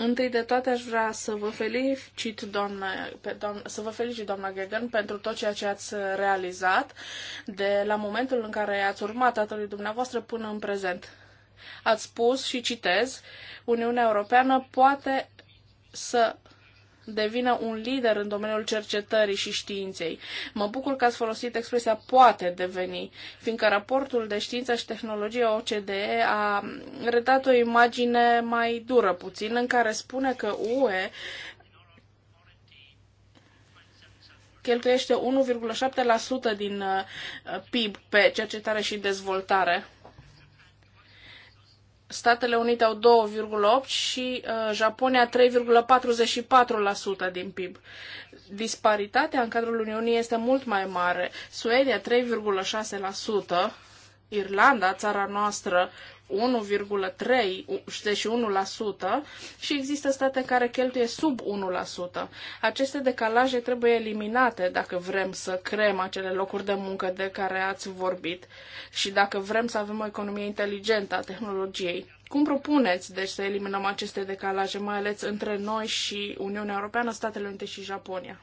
Întâi de toate aș vrea să vă felicit, doamna, pe doamna, să vă felicit, doamna Gegan, pentru tot ceea ce ați realizat de la momentul în care ați urmat tatălui dumneavoastră până în prezent. Ați spus și citez, Uniunea Europeană poate să devină un lider în domeniul cercetării și științei. Mă bucur că ați folosit expresia poate deveni, fiindcă raportul de știință și tehnologie OCDE a redat o imagine mai dură puțin în care spune că UE cheltuiește 1,7% din uh, PIB pe cercetare și dezvoltare. Statele Unite au 2,8 și uh, Japonia 3,44% din PIB. Disparitatea în cadrul Uniunii este mult mai mare. Suedia 3,6%, Irlanda, țara noastră, 1,31% și există state care cheltuie sub 1%. Aceste decalaje trebuie eliminate dacă vrem să creăm acele locuri de muncă de care ați vorbit și dacă vrem să avem o economie inteligentă a tehnologiei. Cum propuneți, deci, să eliminăm aceste decalaje, mai ales între noi și Uniunea Europeană, Statele Unite și Japonia?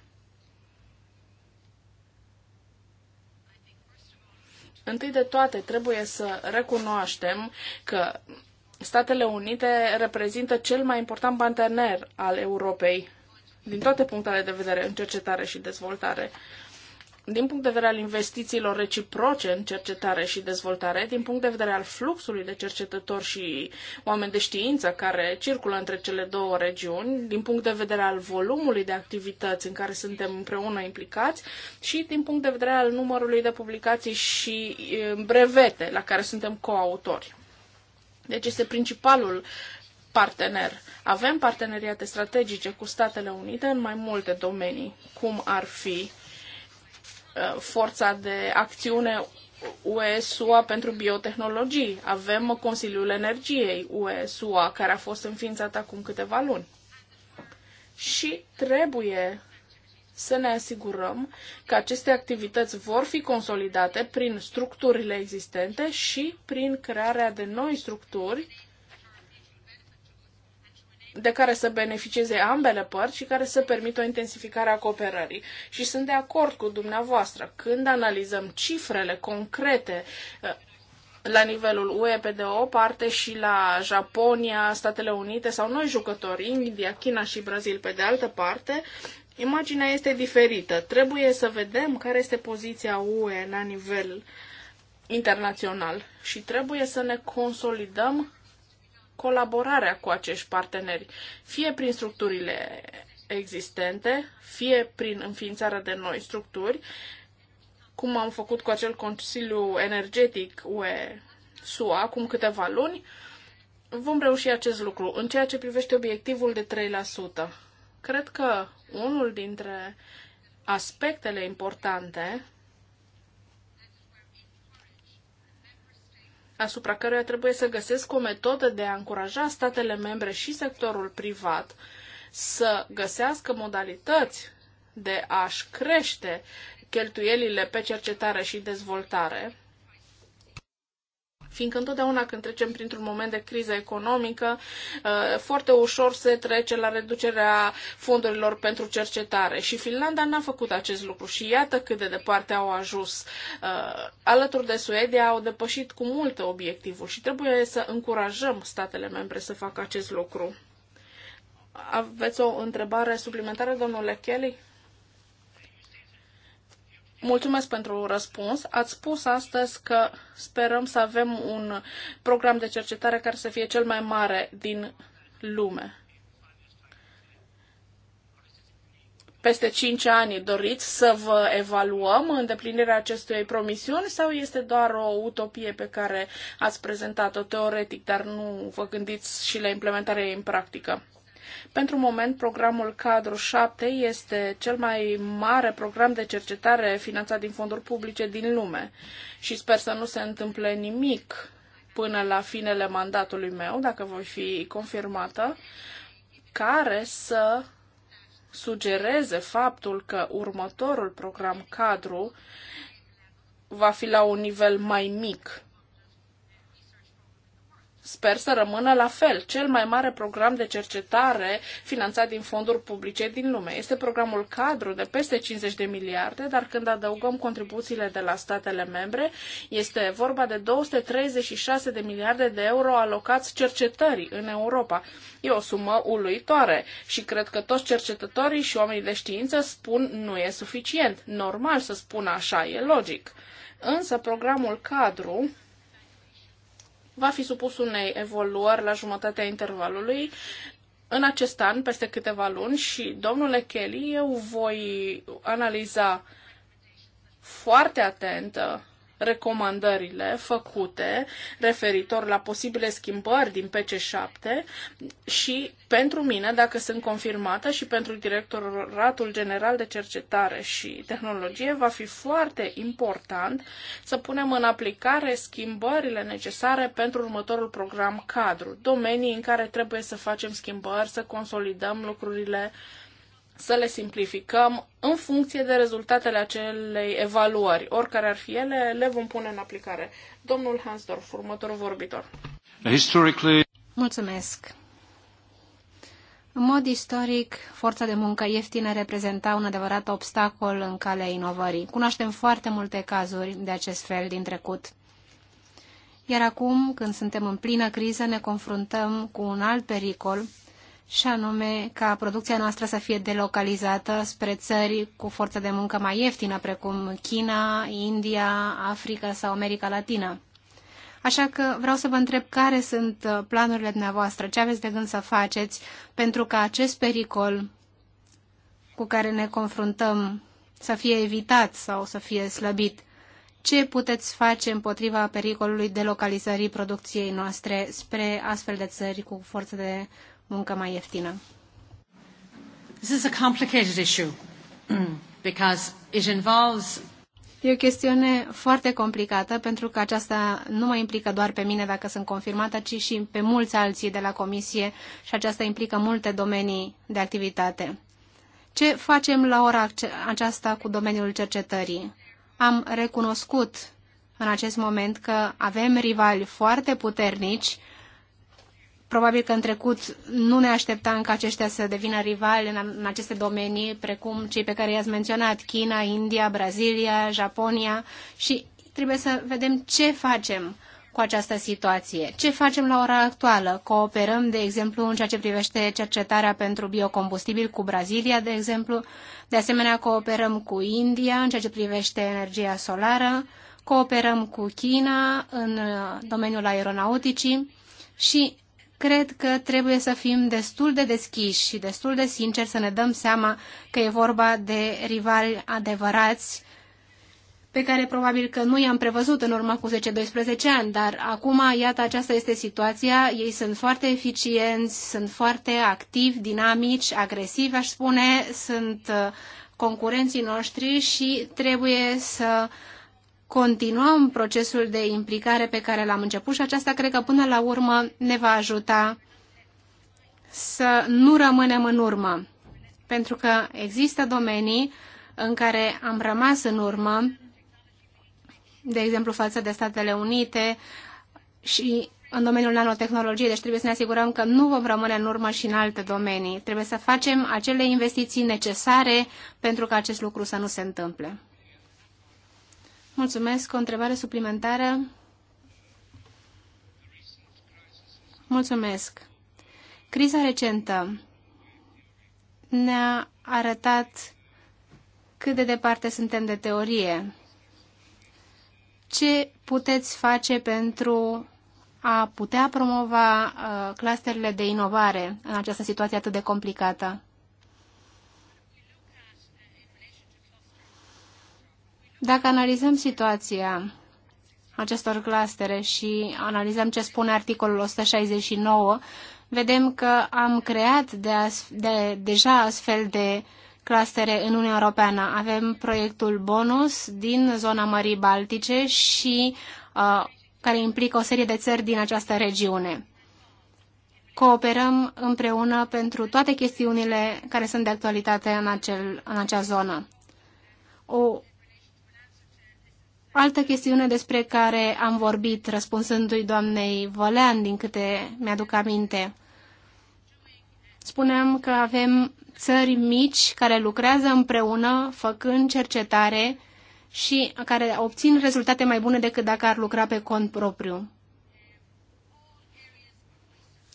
Întâi de toate, trebuie să recunoaștem că Statele Unite reprezintă cel mai important partener al Europei din toate punctele de vedere în cercetare și dezvoltare din punct de vedere al investițiilor reciproce în cercetare și dezvoltare, din punct de vedere al fluxului de cercetători și oameni de știință care circulă între cele două regiuni, din punct de vedere al volumului de activități în care suntem împreună implicați și din punct de vedere al numărului de publicații și brevete la care suntem coautori. Deci este principalul partener. Avem parteneriate strategice cu Statele Unite în mai multe domenii, cum ar fi Uh, forța de acțiune UE-SUA pentru biotehnologii. Avem Consiliul Energiei UE-SUA, care a fost înființat acum câteva luni. Și trebuie să ne asigurăm că aceste activități vor fi consolidate prin structurile existente și prin crearea de noi structuri de care să beneficieze ambele părți și care să permită o intensificare a cooperării. Și sunt de acord cu dumneavoastră. Când analizăm cifrele concrete eh, la nivelul UE pe de o parte și la Japonia, Statele Unite sau noi jucători, India, China și Brazil pe de altă parte, imaginea este diferită. Trebuie să vedem care este poziția UE la nivel internațional și trebuie să ne consolidăm colaborarea cu acești parteneri, fie prin structurile existente, fie prin înființarea de noi structuri, cum am făcut cu acel Consiliu Energetic UE SUA acum câteva luni, vom reuși acest lucru în ceea ce privește obiectivul de 3%. Cred că unul dintre aspectele importante asupra căruia trebuie să găsesc o metodă de a încuraja statele membre și sectorul privat să găsească modalități de a-și crește cheltuielile pe cercetare și dezvoltare, Fiindcă întotdeauna când trecem printr-un moment de criză economică, uh, foarte ușor se trece la reducerea fondurilor pentru cercetare. Și Finlanda n-a făcut acest lucru și iată cât de departe au ajuns. Uh, alături de Suedia au depășit cu mult obiectivul și trebuie să încurajăm statele membre să facă acest lucru. Aveți o întrebare suplimentară, domnule Kelly? Mulțumesc pentru răspuns. Ați spus astăzi că sperăm să avem un program de cercetare care să fie cel mai mare din lume. Peste 5 ani doriți să vă evaluăm îndeplinirea acestui promisiuni sau este doar o utopie pe care ați prezentat-o teoretic, dar nu vă gândiți și la implementarea ei în practică? Pentru moment, programul Cadru 7 este cel mai mare program de cercetare finanțat din fonduri publice din lume și sper să nu se întâmple nimic până la finele mandatului meu, dacă voi fi confirmată, care să sugereze faptul că următorul program cadru va fi la un nivel mai mic sper să rămână la fel, cel mai mare program de cercetare finanțat din fonduri publice din lume. Este programul cadru de peste 50 de miliarde, dar când adăugăm contribuțiile de la statele membre, este vorba de 236 de miliarde de euro alocați cercetării în Europa. E o sumă uluitoare și cred că toți cercetătorii și oamenii de știință spun nu e suficient. Normal să spună așa, e logic. Însă programul cadru va fi supus unei evoluări la jumătatea intervalului în acest an, peste câteva luni, și, domnule Kelly, eu voi analiza foarte atent recomandările făcute referitor la posibile schimbări din PC7 și pentru mine, dacă sunt confirmată și pentru Directoratul General de Cercetare și Tehnologie, va fi foarte important să punem în aplicare schimbările necesare pentru următorul program cadru, domenii în care trebuie să facem schimbări, să consolidăm lucrurile, să le simplificăm în funcție de rezultatele acelei evaluări. Oricare ar fi ele, le vom pune în aplicare. Domnul Hansdorf, următorul vorbitor. Historically... Mulțumesc. În mod istoric, forța de muncă ieftină reprezenta un adevărat obstacol în calea inovării. Cunoaștem foarte multe cazuri de acest fel din trecut. Iar acum, când suntem în plină criză, ne confruntăm cu un alt pericol, și anume ca producția noastră să fie delocalizată spre țări cu forță de muncă mai ieftină, precum China, India, Africa sau America Latină. Așa că vreau să vă întreb care sunt uh, planurile dumneavoastră, ce aveți de gând să faceți pentru ca acest pericol cu care ne confruntăm să fie evitat sau să fie slăbit. Ce puteți face împotriva pericolului delocalizării producției noastre spre astfel de țări cu forță de muncă mai ieftină. This is a complicated issue because it involves E o chestiune foarte complicată pentru că aceasta nu mă implică doar pe mine dacă sunt confirmată, ci și pe mulți alții de la comisie și aceasta implică multe domenii de activitate. Ce facem la ora aceasta cu domeniul cercetării? Am recunoscut în acest moment că avem rivali foarte puternici Probabil că în trecut nu ne așteptam ca aceștia să devină rivali în, în aceste domenii, precum cei pe care i-ați menționat, China, India, Brazilia, Japonia și trebuie să vedem ce facem cu această situație. Ce facem la ora actuală? Cooperăm, de exemplu, în ceea ce privește cercetarea pentru biocombustibil cu Brazilia, de exemplu. De asemenea, cooperăm cu India în ceea ce privește energia solară. Cooperăm cu China în uh, domeniul aeronauticii și cred că trebuie să fim destul de deschiși și destul de sinceri să ne dăm seama că e vorba de rivali adevărați pe care probabil că nu i-am prevăzut în urmă cu 10-12 ani, dar acum, iată, aceasta este situația. Ei sunt foarte eficienți, sunt foarte activi, dinamici, agresivi, aș spune, sunt uh, concurenții noștri și trebuie să uh, continuăm procesul de implicare pe care l-am început și aceasta cred că până la urmă ne va ajuta să nu rămânem în urmă. Pentru că există domenii în care am rămas în urmă, de exemplu față de Statele Unite și în domeniul nanotehnologiei, deci trebuie să ne asigurăm că nu vom rămâne în urmă și în alte domenii. Trebuie să facem acele investiții necesare pentru ca acest lucru să nu se întâmple. Mulțumesc. O întrebare suplimentară? Mulțumesc. Criza recentă ne-a arătat cât de departe suntem de teorie. Ce puteți face pentru a putea promova uh, clusterele de inovare în această situație atât de complicată? Dacă analizăm situația acestor clastere și analizăm ce spune articolul 169, vedem că am creat de, as, de deja astfel de clastere în Uniunea Europeană. Avem proiectul bonus din zona Mării Baltice și uh, care implică o serie de țări din această regiune. Cooperăm împreună pentru toate chestiunile care sunt de actualitate în, acel, în acea zonă. O Altă chestiune despre care am vorbit răspunsându-i doamnei Volean, din câte mi-aduc aminte. Spuneam că avem țări mici care lucrează împreună, făcând cercetare și care obțin rezultate mai bune decât dacă ar lucra pe cont propriu.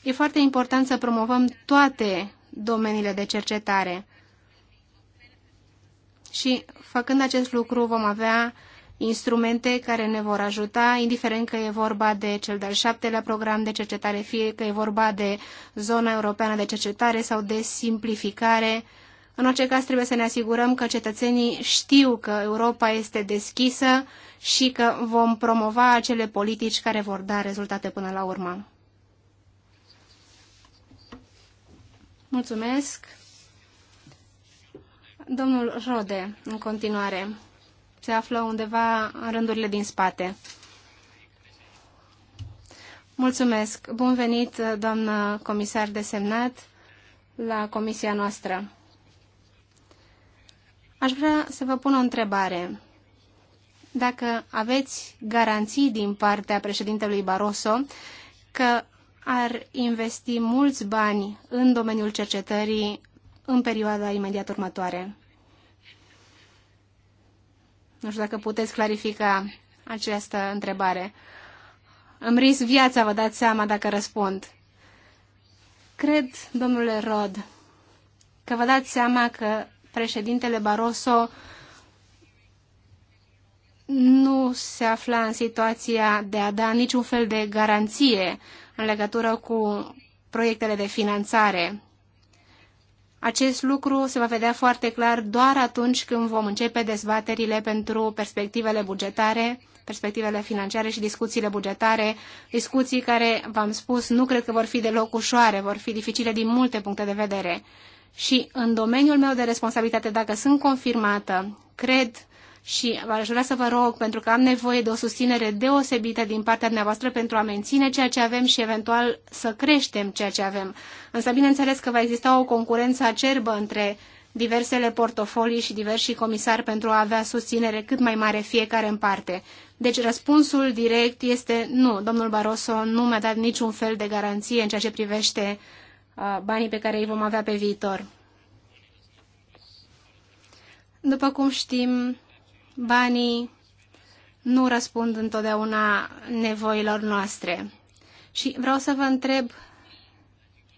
E foarte important să promovăm toate domeniile de cercetare. Și făcând acest lucru vom avea instrumente care ne vor ajuta, indiferent că e vorba de cel de-al șaptelea program de cercetare, fie că e vorba de zona europeană de cercetare sau de simplificare. În orice caz, trebuie să ne asigurăm că cetățenii știu că Europa este deschisă și că vom promova acele politici care vor da rezultate până la urmă. Mulțumesc. Domnul Rode, în continuare se află undeva în rândurile din spate. Mulțumesc. Bun venit, doamnă comisar desemnat, la comisia noastră. Aș vrea să vă pun o întrebare. Dacă aveți garanții din partea președintelui Barroso că ar investi mulți bani în domeniul cercetării în perioada imediat următoare. Nu știu dacă puteți clarifica această întrebare. Îmi risc viața, vă dați seama dacă răspund. Cred, domnule Rod, că vă dați seama că președintele Barroso nu se afla în situația de a da niciun fel de garanție în legătură cu proiectele de finanțare acest lucru se va vedea foarte clar doar atunci când vom începe dezbaterile pentru perspectivele bugetare, perspectivele financiare și discuțiile bugetare, discuții care, v-am spus, nu cred că vor fi deloc ușoare, vor fi dificile din multe puncte de vedere. Și în domeniul meu de responsabilitate, dacă sunt confirmată, cred și aș vrea să vă rog, pentru că am nevoie de o susținere deosebită din partea dumneavoastră pentru a menține ceea ce avem și eventual să creștem ceea ce avem. Însă, bineînțeles că va exista o concurență acerbă între diversele portofolii și diversi comisari pentru a avea susținere cât mai mare fiecare în parte. Deci răspunsul direct este nu, domnul Barroso nu mi-a dat niciun fel de garanție în ceea ce privește uh, banii pe care îi vom avea pe viitor. După cum știm, banii nu răspund întotdeauna nevoilor noastre. Și vreau să vă întreb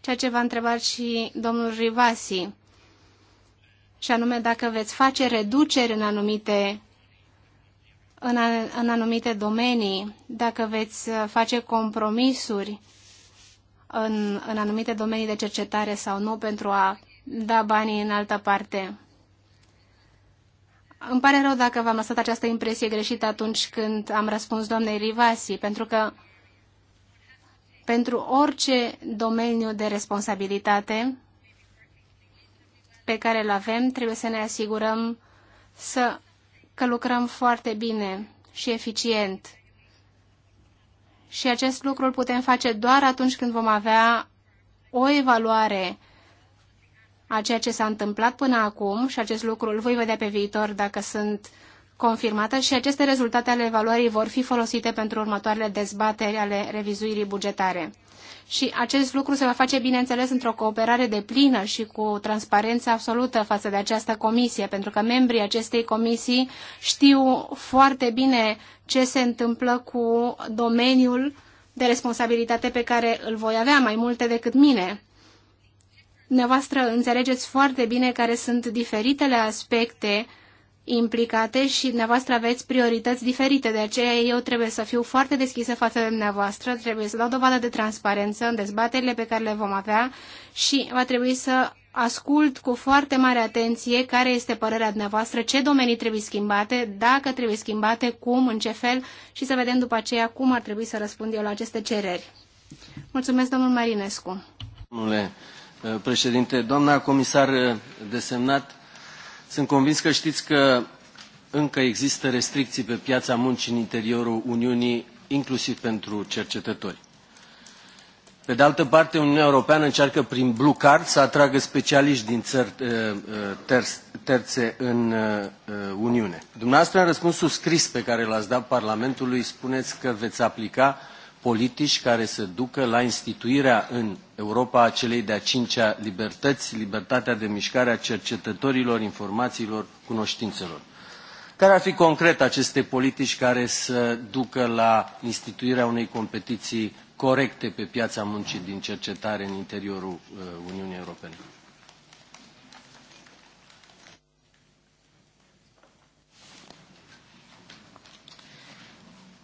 ceea ce v-a întrebat și domnul Rivasi, și anume dacă veți face reduceri în anumite, în, a, în anumite domenii, dacă veți face compromisuri în, în anumite domenii de cercetare sau nu pentru a da banii în altă parte. Îmi pare rău dacă v-am lăsat această impresie greșită atunci când am răspuns doamnei Rivasi, pentru că pentru orice domeniu de responsabilitate pe care îl avem, trebuie să ne asigurăm să, că lucrăm foarte bine și eficient. Și acest lucru îl putem face doar atunci când vom avea o evaluare a ceea ce s-a întâmplat până acum și acest lucru îl voi vedea pe viitor dacă sunt confirmată și aceste rezultate ale evaluării vor fi folosite pentru următoarele dezbateri ale revizuirii bugetare. Și acest lucru se va face, bineînțeles, într-o cooperare de plină și cu transparență absolută față de această comisie, pentru că membrii acestei comisii știu foarte bine ce se întâmplă cu domeniul de responsabilitate pe care îl voi avea mai multe decât mine. Dumneavoastră înțelegeți foarte bine care sunt diferitele aspecte implicate și dumneavoastră aveți priorități diferite, de aceea eu trebuie să fiu foarte deschisă față de dumneavoastră, trebuie să dau dovadă de transparență în dezbaterile pe care le vom avea și va trebui să ascult cu foarte mare atenție care este părerea dumneavoastră, ce domenii trebuie schimbate, dacă trebuie schimbate, cum, în ce fel și să vedem după aceea cum ar trebui să răspund eu la aceste cereri. Mulțumesc, domnul Marinescu. Mulțumesc. Eh, președinte. Doamna comisar eh, desemnat, sunt convins că știți că încă există restricții pe piața muncii în interiorul Uniunii, inclusiv pentru cercetători. Pe de altă parte, Uniunea Europeană încearcă prin Blue Card să atragă specialiști din țări eh, terțe în Uniune. Dumneavoastră, în răspunsul scris pe care l-ați dat Parlamentului, spuneți că veți aplica politici care să ducă la instituirea în Europa a celei de-a cincea libertăți, libertatea de mișcare a cercetătorilor, informațiilor, cunoștințelor. Care ar fi concret aceste politici care să ducă la instituirea unei competiții corecte pe piața muncii din cercetare în interiorul uh, Uniunii Europene?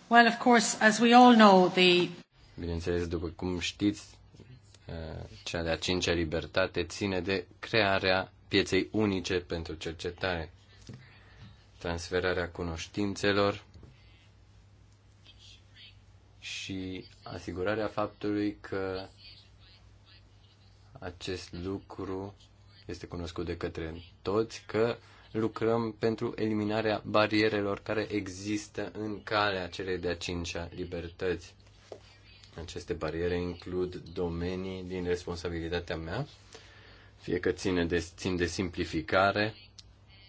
Well, of course, as we all know, the Bineînțeles, după cum știți, Eh, cea de-a cincea libertate ține de crearea pieței unice pentru cercetare, transferarea cunoștințelor și asigurarea faptului că acest lucru este cunoscut de către toți, că lucrăm pentru eliminarea barierelor care există în calea celei de-a cincea libertăți. Aceste bariere includ domenii din responsabilitatea mea, fie că ține de, țin de simplificare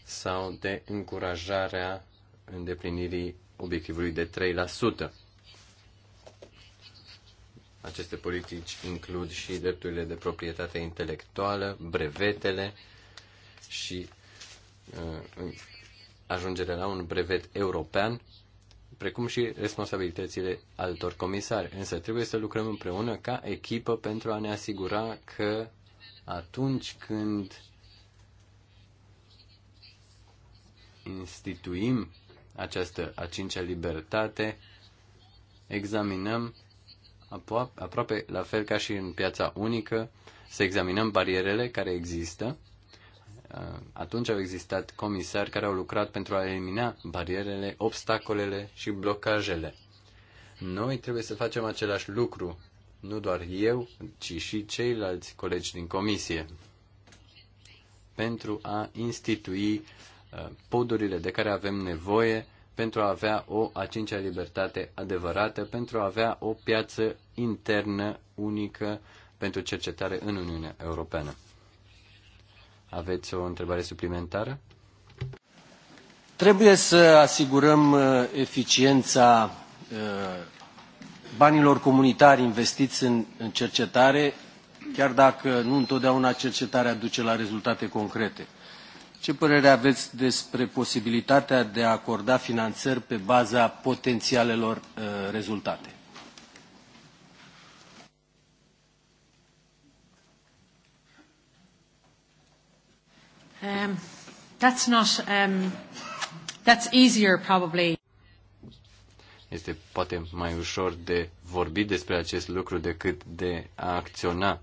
sau de încurajarea îndeplinirii obiectivului de 3%. Aceste politici includ și drepturile de proprietate intelectuală, brevetele și uh, ajungerea la un brevet european precum și responsabilitățile altor comisari. Însă trebuie să lucrăm împreună ca echipă pentru a ne asigura că atunci când instituim această a cincea libertate, examinăm aproape la fel ca și în piața unică, să examinăm barierele care există Uh, atunci au existat comisari care au lucrat pentru a elimina barierele, obstacolele și blocajele. Noi trebuie să facem același lucru, nu doar eu, ci și ceilalți colegi din comisie, pentru a institui uh, podurile de care avem nevoie pentru a avea o a cincea libertate adevărată, pentru a avea o piață internă unică pentru cercetare în Uniunea Europeană. Aveți o întrebare suplimentară? Trebuie să asigurăm uh, eficiența uh, banilor comunitari investiți în, în cercetare, chiar dacă nu întotdeauna cercetarea duce la rezultate concrete. Ce părere aveți despre posibilitatea de a acorda finanțări pe baza potențialelor uh, rezultate? Um, that's not, um, that's easier probably. Este poate mai ușor de vorbit despre acest lucru decât de a acționa.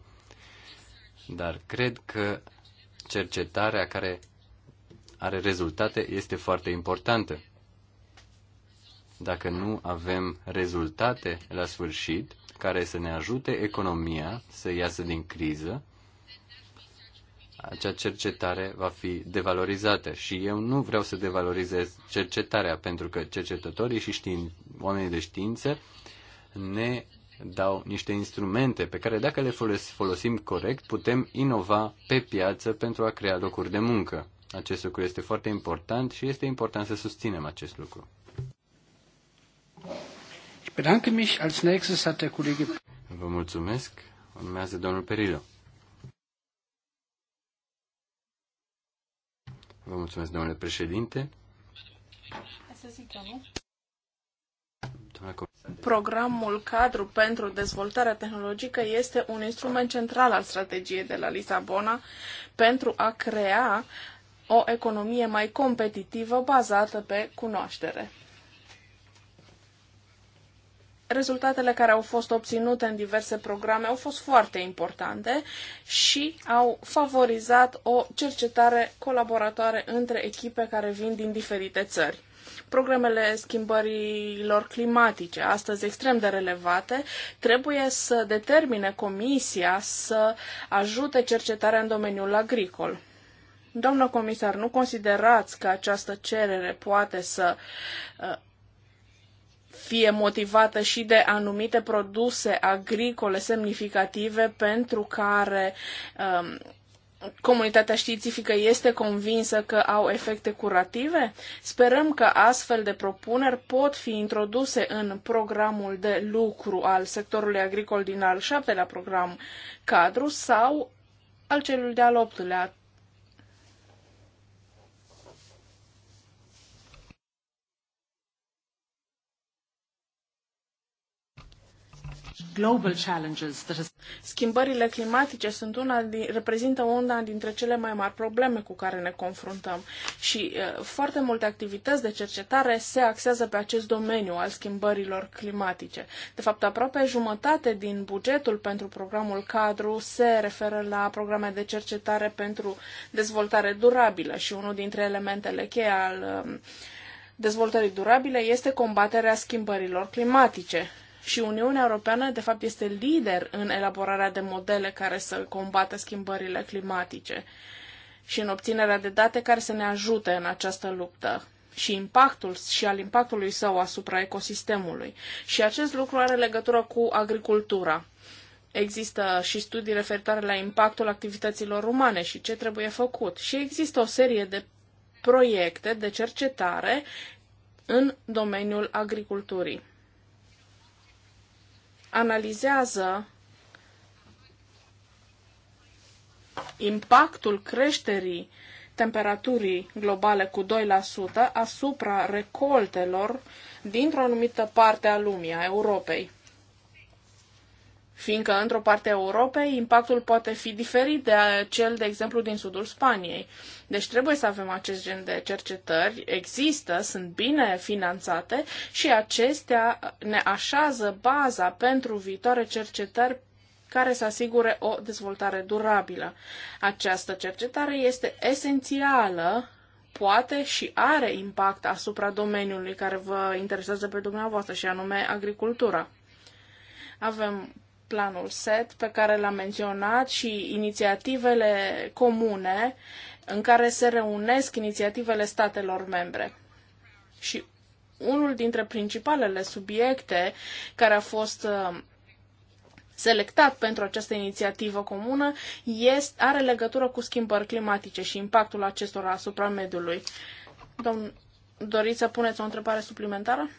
Dar cred că cercetarea care are rezultate este foarte importantă. Dacă nu avem rezultate la sfârșit care să ne ajute economia să iasă din criză, acea cercetare va fi devalorizată și eu nu vreau să devalorizez cercetarea pentru că cercetătorii și știin, oamenii de știință ne dau niște instrumente pe care dacă le folosim corect putem inova pe piață pentru a crea locuri de muncă. Acest lucru este foarte important și este important să susținem acest lucru. Vă mulțumesc. Urmează domnul Perilo. Vă mulțumesc, domnule președinte. Programul cadru pentru dezvoltarea tehnologică este un instrument central al strategiei de la Lisabona pentru a crea o economie mai competitivă bazată pe cunoaștere rezultatele care au fost obținute în diverse programe au fost foarte importante și au favorizat o cercetare colaboratoare între echipe care vin din diferite țări. Programele schimbărilor climatice, astăzi extrem de relevate, trebuie să determine Comisia să ajute cercetarea în domeniul agricol. Doamnă comisar, nu considerați că această cerere poate să uh, fie motivată și de anumite produse agricole semnificative pentru care um, comunitatea științifică este convinsă că au efecte curative? Sperăm că astfel de propuneri pot fi introduse în programul de lucru al sectorului agricol din al șaptelea program cadru sau al celui de-al optulea global challenges that has... Schimbările climatice sunt una din, reprezintă una dintre cele mai mari probleme cu care ne confruntăm și uh, foarte multe activități de cercetare se axează pe acest domeniu al schimbărilor climatice. De fapt, aproape jumătate din bugetul pentru programul cadru se referă la programe de cercetare pentru dezvoltare durabilă și unul dintre elementele cheie al uh, dezvoltării durabile este combaterea schimbărilor climatice și Uniunea Europeană, de fapt, este lider în elaborarea de modele care să combată schimbările climatice și în obținerea de date care să ne ajute în această luptă și impactul și al impactului său asupra ecosistemului. Și acest lucru are legătură cu agricultura. Există și studii referitoare la impactul activităților umane și ce trebuie făcut. Și există o serie de proiecte de cercetare în domeniul agriculturii analizează impactul creșterii temperaturii globale cu 2% asupra recoltelor dintr-o anumită parte a lumii, a Europei fiindcă într-o parte a Europei impactul poate fi diferit de cel, de exemplu, din sudul Spaniei. Deci trebuie să avem acest gen de cercetări, există, sunt bine finanțate și acestea ne așează baza pentru viitoare cercetări care să asigure o dezvoltare durabilă. Această cercetare este esențială poate și are impact asupra domeniului care vă interesează pe dumneavoastră și anume agricultura avem planul SET pe care l-am menționat și inițiativele comune în care se reunesc inițiativele statelor membre. Și unul dintre principalele subiecte care a fost uh, selectat pentru această inițiativă comună este, are legătură cu schimbări climatice și impactul acestora asupra mediului. Domn, doriți să puneți o întrebare suplimentară?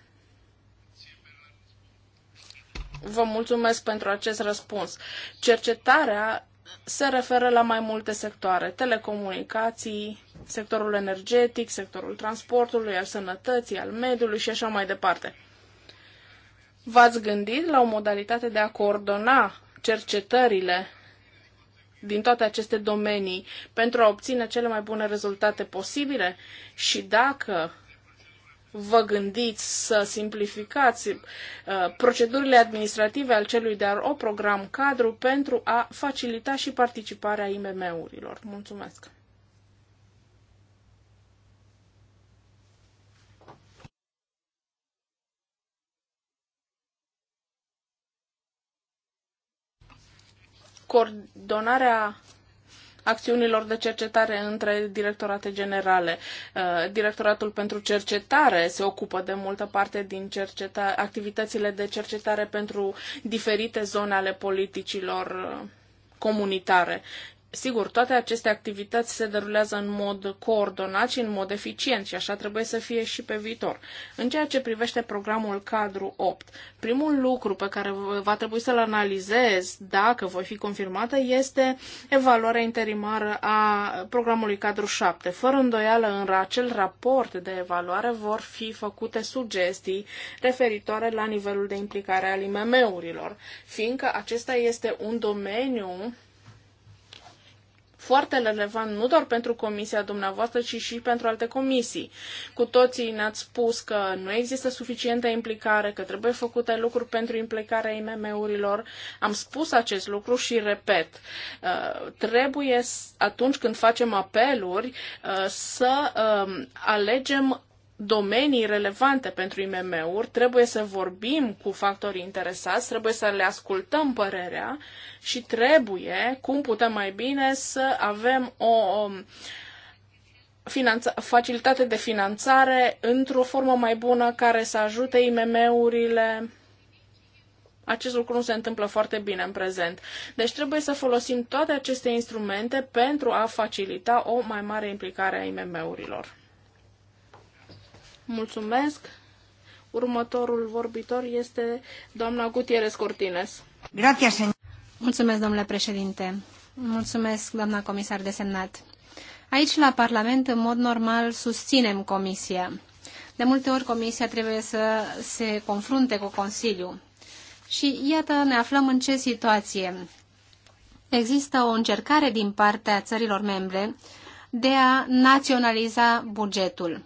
Vă mulțumesc pentru acest răspuns. Cercetarea se referă la mai multe sectoare, telecomunicații, sectorul energetic, sectorul transportului, al sănătății, al mediului și așa mai departe. V-ați gândit la o modalitate de a coordona cercetările din toate aceste domenii pentru a obține cele mai bune rezultate posibile? Și dacă vă gândiți să simplificați uh, procedurile administrative al celui de o program cadru pentru a facilita și participarea IMM-urilor. Mulțumesc! Coordonarea acțiunilor de cercetare între directorate generale. Uh, directoratul pentru cercetare se ocupă de multă parte din cerceta- activitățile de cercetare pentru diferite zone ale politicilor uh, comunitare. Sigur, toate aceste activități se derulează în mod coordonat și în mod eficient și așa trebuie să fie și pe viitor. În ceea ce privește programul cadru 8, primul lucru pe care va trebui să-l analizez dacă voi fi confirmată este evaluarea interimară a programului cadru 7. Fără îndoială, în acel raport de evaluare vor fi făcute sugestii referitoare la nivelul de implicare al IMM-urilor, fiindcă acesta este un domeniu foarte relevant nu doar pentru comisia dumneavoastră, ci și pentru alte comisii. Cu toții ne-ați spus că nu există suficientă implicare, că trebuie făcute lucruri pentru implicarea IMM-urilor. Am spus acest lucru și repet. Uh, trebuie atunci când facem apeluri uh, să um, alegem domenii relevante pentru IMM-uri, trebuie să vorbim cu factorii interesați, trebuie să le ascultăm părerea și trebuie, cum putem mai bine, să avem o, o finanța- facilitate de finanțare într-o formă mai bună care să ajute IMM-urile. Acest lucru nu se întâmplă foarte bine în prezent. Deci trebuie să folosim toate aceste instrumente pentru a facilita o mai mare implicare a IMM-urilor. Mulțumesc. Următorul vorbitor este doamna Gutierrez Cortines. Gracias, Mulțumesc, domnule președinte. Mulțumesc, doamna comisar desemnat. Aici, la Parlament, în mod normal, susținem Comisia. De multe ori, Comisia trebuie să se confrunte cu Consiliul. Și iată, ne aflăm în ce situație. Există o încercare din partea țărilor membre de a naționaliza bugetul.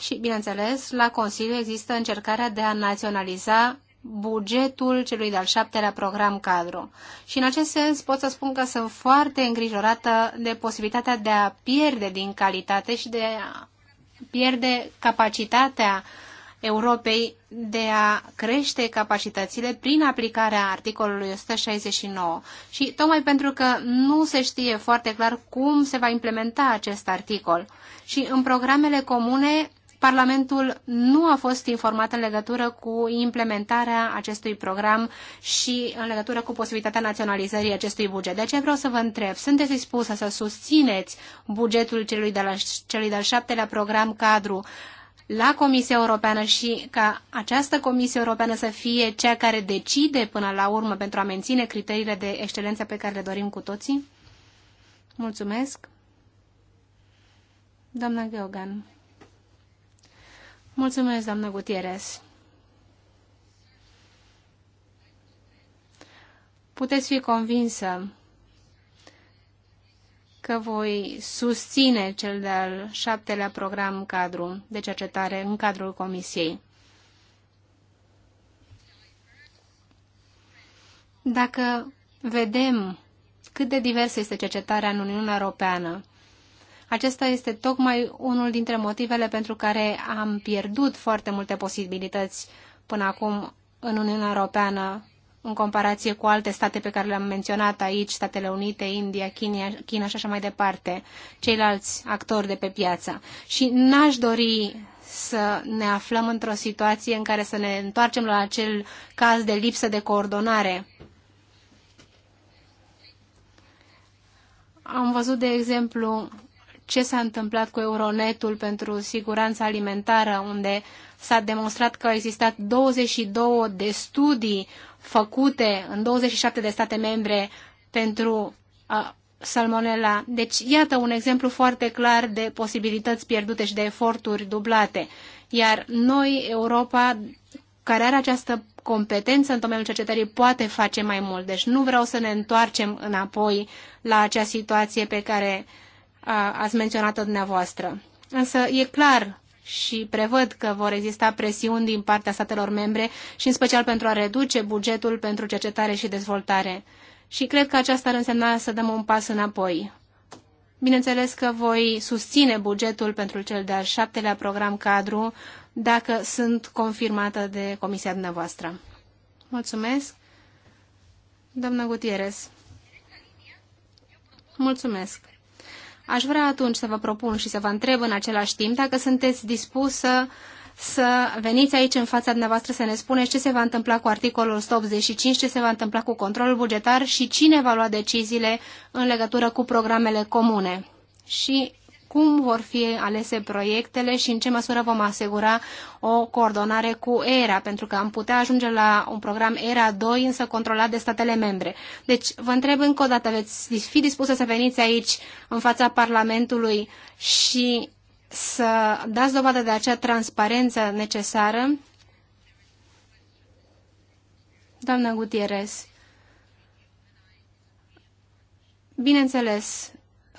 Și, bineînțeles, la Consiliu există încercarea de a naționaliza bugetul celui de-al șaptelea program cadru. Și în acest sens pot să spun că sunt foarte îngrijorată de posibilitatea de a pierde din calitate și de a pierde capacitatea Europei de a crește capacitățile prin aplicarea articolului 169. Și tocmai pentru că nu se știe foarte clar cum se va implementa acest articol. Și în programele comune Parlamentul nu a fost informat în legătură cu implementarea acestui program și în legătură cu posibilitatea naționalizării acestui buget. De aceea vreau să vă întreb, sunteți dispusă să susțineți bugetul celui de-al celui de șaptelea program cadru la Comisia Europeană și ca această Comisie Europeană să fie cea care decide până la urmă pentru a menține criteriile de excelență pe care le dorim cu toții? Mulțumesc. Doamna Geogan. Mulțumesc, doamnă Gutierrez. Puteți fi convinsă că voi susține cel de-al șaptelea program cadru de cercetare în cadrul Comisiei. Dacă vedem cât de diversă este cercetarea în Uniunea Europeană acesta este tocmai unul dintre motivele pentru care am pierdut foarte multe posibilități până acum în Uniunea Europeană în comparație cu alte state pe care le-am menționat aici, Statele Unite, India, China, China și așa mai departe, ceilalți actori de pe piață. Și n-aș dori să ne aflăm într-o situație în care să ne întoarcem la acel caz de lipsă de coordonare. Am văzut, de exemplu, ce s-a întâmplat cu Euronetul pentru siguranța alimentară, unde s-a demonstrat că au existat 22 de studii făcute în 27 de state membre pentru uh, salmonella. Deci, iată un exemplu foarte clar de posibilități pierdute și de eforturi dublate. Iar noi, Europa, care are această competență în domeniul cercetării, poate face mai mult. Deci nu vreau să ne întoarcem înapoi la acea situație pe care uh, ați menționat-o dumneavoastră. Însă e clar și prevăd că vor exista presiuni din partea statelor membre și în special pentru a reduce bugetul pentru cercetare și dezvoltare. Și cred că aceasta ar însemna să dăm un pas înapoi. Bineînțeles că voi susține bugetul pentru cel de-al șaptelea program cadru dacă sunt confirmată de comisia dumneavoastră. Mulțumesc. Doamna Gutierrez. Mulțumesc. Aș vrea atunci să vă propun și să vă întreb în același timp dacă sunteți dispusă să veniți aici în fața dumneavoastră să ne spuneți ce se va întâmpla cu articolul 185, ce se va întâmpla cu controlul bugetar și cine va lua deciziile în legătură cu programele comune. Și cum vor fi alese proiectele și în ce măsură vom asigura o coordonare cu ERA, pentru că am putea ajunge la un program ERA 2, însă controlat de statele membre. Deci, vă întreb încă o dată, veți fi dispusă să veniți aici, în fața Parlamentului și să dați dovadă de acea transparență necesară? Doamna Gutierrez, bineînțeles,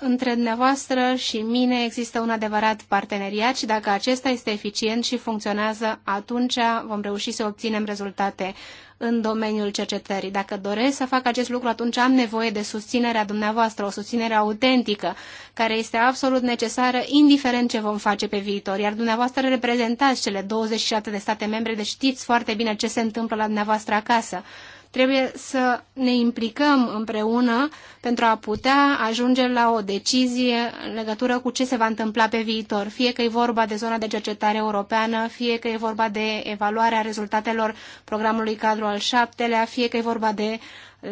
între dumneavoastră și mine există un adevărat parteneriat și dacă acesta este eficient și funcționează, atunci vom reuși să obținem rezultate în domeniul cercetării. Dacă doresc să fac acest lucru, atunci am nevoie de susținerea dumneavoastră, o susținere autentică, care este absolut necesară, indiferent ce vom face pe viitor. Iar dumneavoastră reprezentați cele 27 de state membre, deci știți foarte bine ce se întâmplă la dumneavoastră acasă. Trebuie să ne implicăm împreună pentru a putea ajunge la o decizie în legătură cu ce se va întâmpla pe viitor, fie că e vorba de zona de cercetare europeană, fie că e vorba de evaluarea rezultatelor programului cadru al șaptelea, fie că e vorba de eh,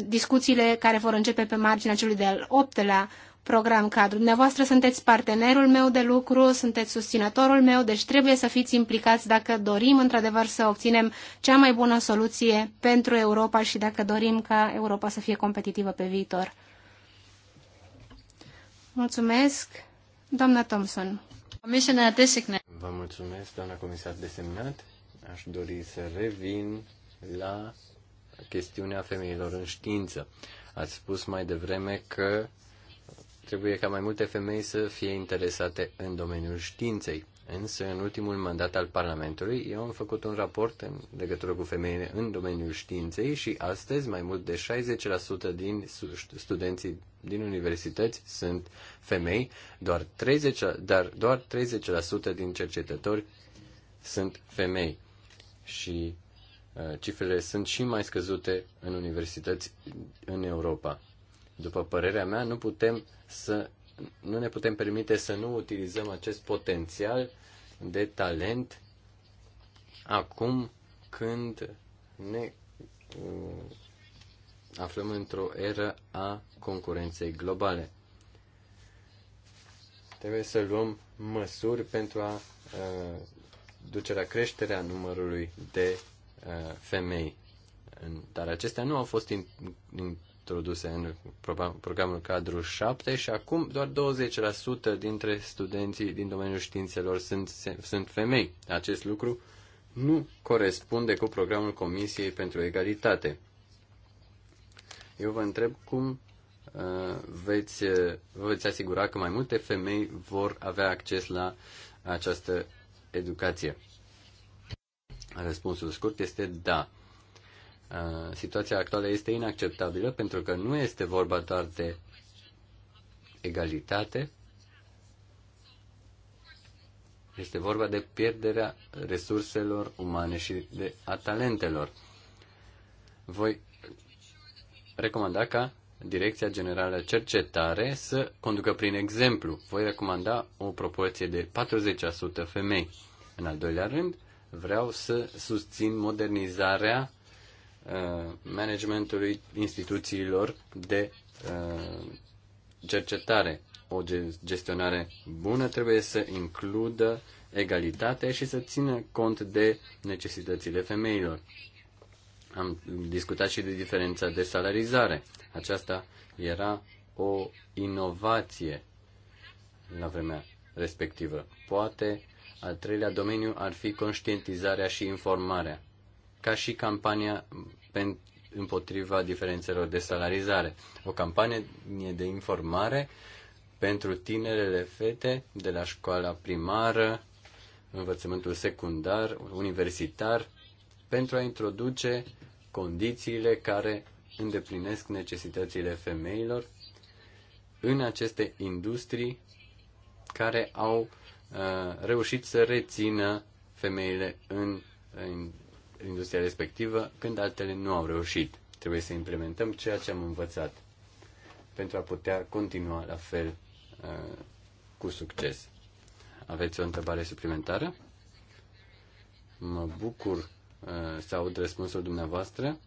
discuțiile care vor începe pe marginea celui de-al optelea program cadru. Dumneavoastră sunteți partenerul meu de lucru, sunteți susținătorul meu, deci trebuie să fiți implicați dacă dorim într-adevăr să obținem cea mai bună soluție pentru Europa și dacă dorim ca Europa să fie competitivă pe viitor. Mulțumesc, doamna Thompson. Vă mulțumesc, doamna comisar desemnat. Aș dori să revin la chestiunea femeilor în știință. Ați spus mai devreme că Trebuie ca mai multe femei să fie interesate în domeniul științei. Însă, în ultimul mandat al Parlamentului, eu am făcut un raport în legătură cu femeile în domeniul științei și astăzi mai mult de 60% din studenții din universități sunt femei, doar 30, dar doar 30% din cercetători sunt femei. Și uh, cifrele sunt și mai scăzute în universități în Europa. După părerea mea, nu putem să nu ne putem permite să nu utilizăm acest potențial de talent acum când ne uh, aflăm într-o eră a concurenței globale. Trebuie să luăm măsuri pentru a uh, duce la creșterea numărului de uh, femei. Dar acestea nu au fost in, in, introduse în programul cadru 7 și acum doar 20% dintre studenții din domeniul științelor sunt, sunt femei. Acest lucru nu corespunde cu programul Comisiei pentru Egalitate. Eu vă întreb cum uh, veți, uh, vă veți asigura că mai multe femei vor avea acces la această educație. Răspunsul scurt este da situația actuală este inacceptabilă pentru că nu este vorba doar de egalitate, este vorba de pierderea resurselor umane și de a talentelor. Voi recomanda ca Direcția Generală Cercetare să conducă prin exemplu. Voi recomanda o proporție de 40% femei. În al doilea rând, vreau să susțin modernizarea Uh, managementului instituțiilor de uh, cercetare. O gestionare bună trebuie să includă egalitate și să țină cont de necesitățile femeilor. Am discutat și de diferența de salarizare. Aceasta era o inovație la vremea respectivă. Poate al treilea domeniu ar fi conștientizarea și informarea ca și campania împotriva diferențelor de salarizare. O campanie de informare pentru tinerele fete de la școala primară, învățământul secundar, universitar, pentru a introduce condițiile care îndeplinesc necesitățile femeilor în aceste industrii care au uh, reușit să rețină femeile în, în industria respectivă când altele nu au reușit. Trebuie să implementăm ceea ce am învățat pentru a putea continua la fel uh, cu succes. Aveți o întrebare suplimentară? Mă bucur uh, să aud răspunsul dumneavoastră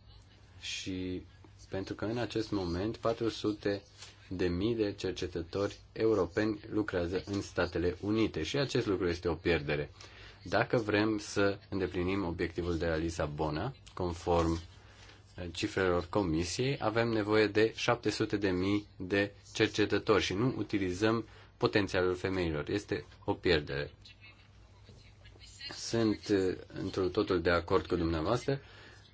și pentru că în acest moment 400 de mii de cercetători europeni lucrează în Statele Unite și acest lucru este o pierdere dacă vrem să îndeplinim obiectivul de la Lisabona, conform eh, cifrelor comisiei, avem nevoie de 700 de mii de cercetători și nu utilizăm potențialul femeilor. Este o pierdere. Sunt eh, într totul de acord cu dumneavoastră.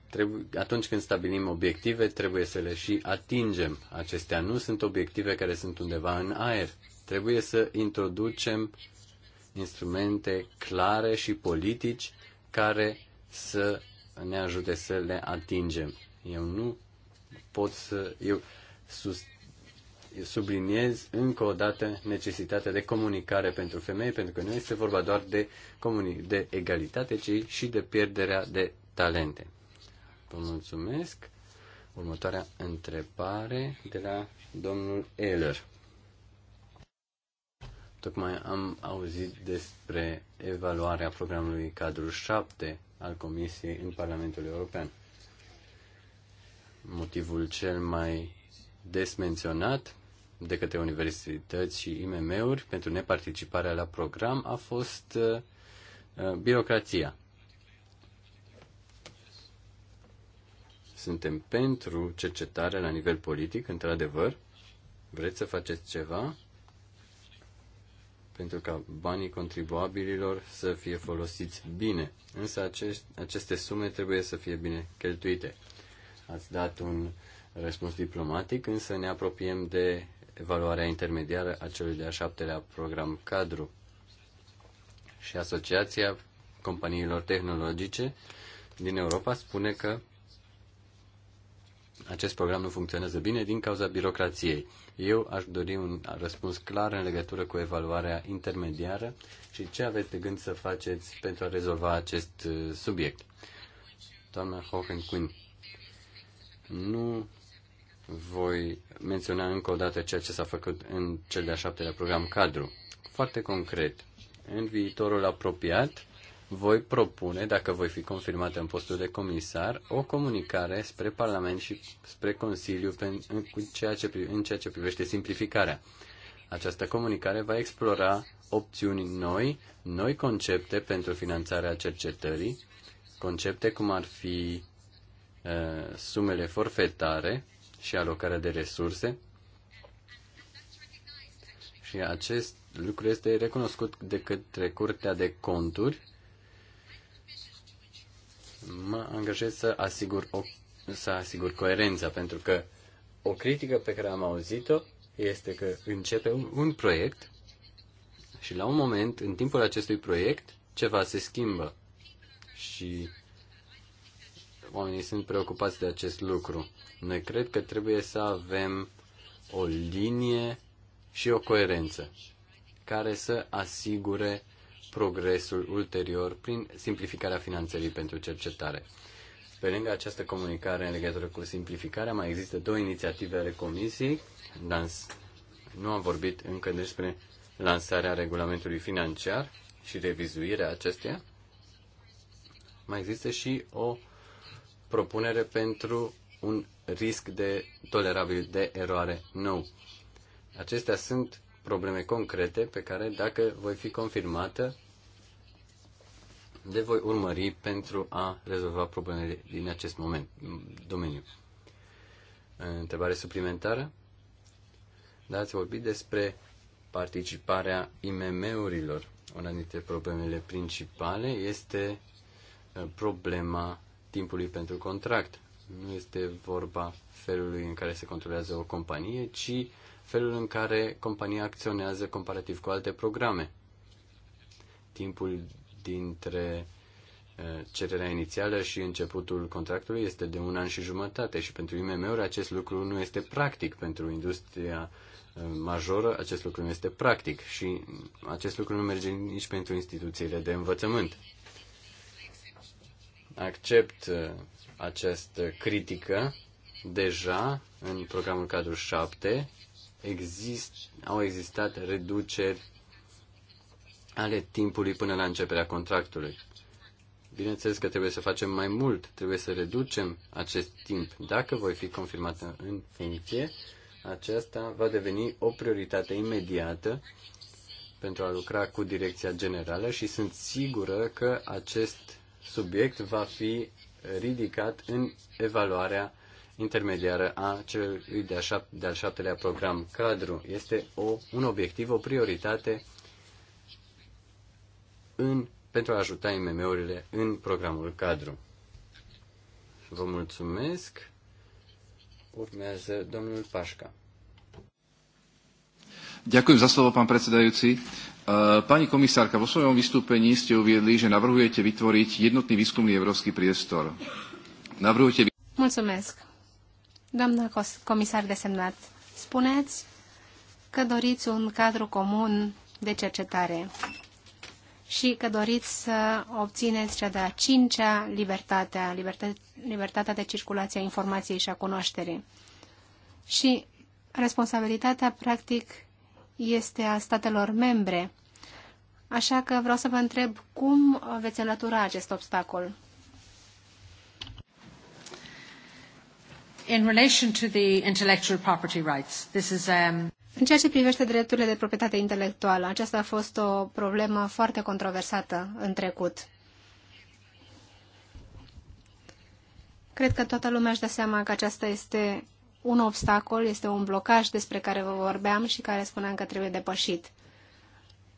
Trebuie, atunci când stabilim obiective, trebuie să le și atingem. Acestea nu sunt obiective care sunt undeva în aer. Trebuie să introducem uh, instrumente clare și politici care să ne ajute să le atingem. Eu nu pot să. Eu sus, subliniez încă o dată necesitatea de comunicare pentru femei, pentru că nu este vorba doar de, comuni- de egalitate, ci și de pierderea de talente. Vă mulțumesc. Următoarea întrebare de la domnul Eller. Tocmai am auzit despre evaluarea programului cadru 7 al Comisiei în Parlamentul European. Motivul cel mai des menționat de către universități și IMM-uri pentru neparticiparea la program a fost uh, uh, birocrația. Suntem pentru cercetare la nivel politic, într-adevăr. Vreți să faceți ceva? pentru ca banii contribuabililor să fie folosiți bine. Însă acești, aceste sume trebuie să fie bine cheltuite. Ați dat un răspuns diplomatic, însă ne apropiem de evaluarea intermediară a celui de-a șaptelea program cadru și Asociația Companiilor Tehnologice din Europa spune că acest program nu funcționează bine din cauza birocrației. Eu aș dori un răspuns clar în legătură cu evaluarea intermediară și ce aveți de gând să faceți pentru a rezolva acest uh, subiect. Doamna Hohenquin, nu voi menționa încă o dată ceea ce s-a făcut în cel de-a șaptelea program cadru. Foarte concret, în viitorul apropiat, voi propune, dacă voi fi confirmat în postul de comisar, o comunicare spre Parlament și spre Consiliu în, ceea ce, în ceea ce privește simplificarea. Această comunicare va explora opțiuni noi, noi concepte pentru finanțarea cercetării, concepte cum ar fi uh, sumele forfetare și alocarea de resurse. Și acest lucru este recunoscut de către Curtea de Conturi mă angajez să asigur, o, să asigur coerența, pentru că o critică pe care am auzit-o este că începe un, un proiect și la un moment, în timpul acestui proiect, ceva se schimbă și oamenii sunt preocupați de acest lucru. Noi cred că trebuie să avem o linie și o coerență care să asigure uh, progresul ulterior prin simplificarea finanțării pentru cercetare. Pe lângă această comunicare în legătură cu simplificarea, mai există două inițiative ale Comisiei. Dans... Nu am vorbit încă despre lansarea regulamentului financiar și revizuirea acesteia. Mai există și o propunere pentru un risc de tolerabil de eroare nou. Acestea sunt probleme concrete pe care, dacă voi fi confirmată, le voi urmări pentru a rezolva problemele din acest moment, domeniu. Întrebare suplimentară? Da, ați vorbit despre participarea IMM-urilor. Una dintre problemele principale este uh, problema timpului pentru contract. Nu este vorba felului în care se controlează o companie, ci felul în care compania acționează comparativ cu alte programe. Timpul dintre uh, cererea inițială și începutul contractului este de un an și jumătate și pentru IMM-uri acest lucru nu este practic, pentru industria uh, majoră acest lucru nu este practic și acest lucru nu merge nici pentru instituțiile de învățământ. Accept uh, această critică deja în programul cadru 7 exist, au existat reduceri ale timpului până la începerea contractului. Bineînțeles că trebuie să facem mai mult, trebuie să reducem acest timp. Dacă voi fi confirmată în funcție, aceasta va deveni o prioritate imediată pentru a lucra cu direcția generală și sunt sigură că acest subiect va fi ridicat în evaluarea intermediară a celui de-al șap- de șaptelea program cadru. Este o, un obiectiv, o prioritate în, pentru a ajuta IMM-urile în programul cadru. Vă mulțumesc. Urmează domnul Pașca. Ďakujem za slovo, pán predsedajúci. Pani komisárka, vo svojom vystúpení ste uviedli, že navrhujete vytvoriť jednotný výskumný európsky priestor. Navrhujete... Mulțumesc. Doamna comisar desemnat, spuneți că doriți un cadru comun de cercetare și că doriți să obțineți cea de-a cincea libertatea, libertatea de circulație a informației și a cunoașterii. Și responsabilitatea, practic, este a statelor membre. Așa că vreau să vă întreb cum veți înlătura acest obstacol. in relation to the intellectual property rights, this is um... În ceea ce privește drepturile de proprietate intelectuală, aceasta a fost o problemă foarte controversată în trecut. Cred că toată lumea își dă seama că aceasta este un obstacol, este un blocaj despre care vă vorbeam și care spuneam că trebuie depășit.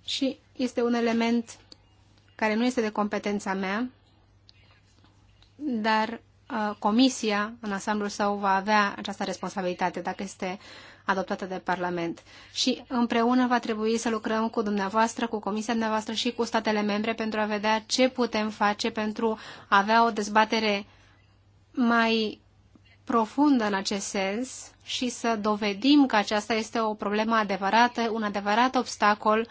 Și este un element care nu este de competența mea, dar Comisia, în ansamblul său, va avea această responsabilitate dacă este adoptată de Parlament. Și împreună va trebui să lucrăm cu dumneavoastră, cu Comisia dumneavoastră și cu statele membre pentru a vedea ce putem face pentru a avea o dezbatere mai profundă în acest sens și să dovedim că aceasta este o problemă adevărată, un adevărat obstacol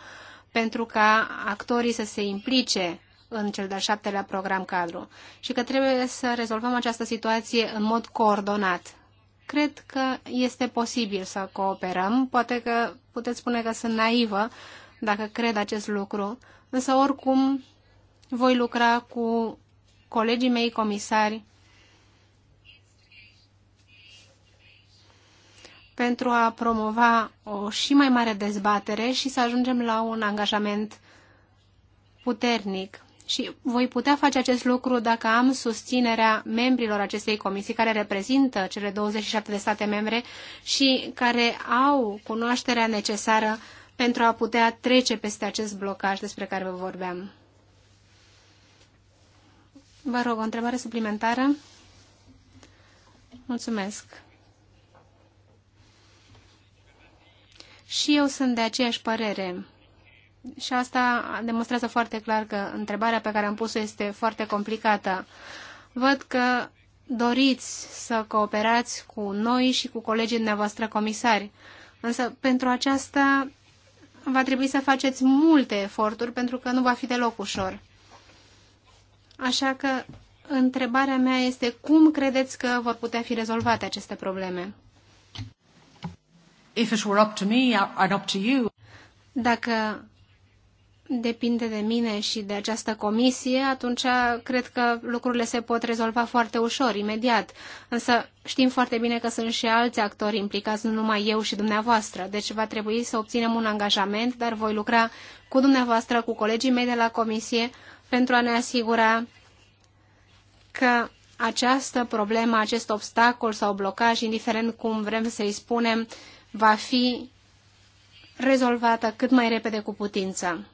pentru ca actorii să se implice în cel de-al șaptelea program cadru și că trebuie să rezolvăm această situație în mod coordonat. Cred că este posibil să cooperăm, poate că puteți spune că sunt naivă dacă cred acest lucru, însă oricum voi lucra cu colegii mei comisari pentru a promova o și mai mare dezbatere și să ajungem la un angajament puternic și voi putea face acest lucru dacă am susținerea membrilor acestei comisii care reprezintă cele 27 de state membre și care au cunoașterea necesară pentru a putea trece peste acest blocaj despre care vă vorbeam. Vă rog, o întrebare suplimentară? Mulțumesc. Și eu sunt de aceeași părere. Și asta demonstrează foarte clar că întrebarea pe care am pus-o este foarte complicată. Văd că doriți să cooperați cu noi și cu colegii dumneavoastră comisari, însă pentru aceasta va trebui să faceți multe eforturi pentru că nu va fi deloc ușor. Așa că întrebarea mea este cum credeți că vor putea fi rezolvate aceste probleme? If it were up to me, up to you. Dacă depinde de mine și de această comisie, atunci cred că lucrurile se pot rezolva foarte ușor, imediat. Însă știm foarte bine că sunt și alți actori implicați, nu numai eu și dumneavoastră. Deci va trebui să obținem un angajament, dar voi lucra cu dumneavoastră, cu colegii mei de la comisie, pentru a ne asigura că această problemă, acest obstacol sau blocaj, indiferent cum vrem să-i spunem, va fi rezolvată cât mai repede cu putință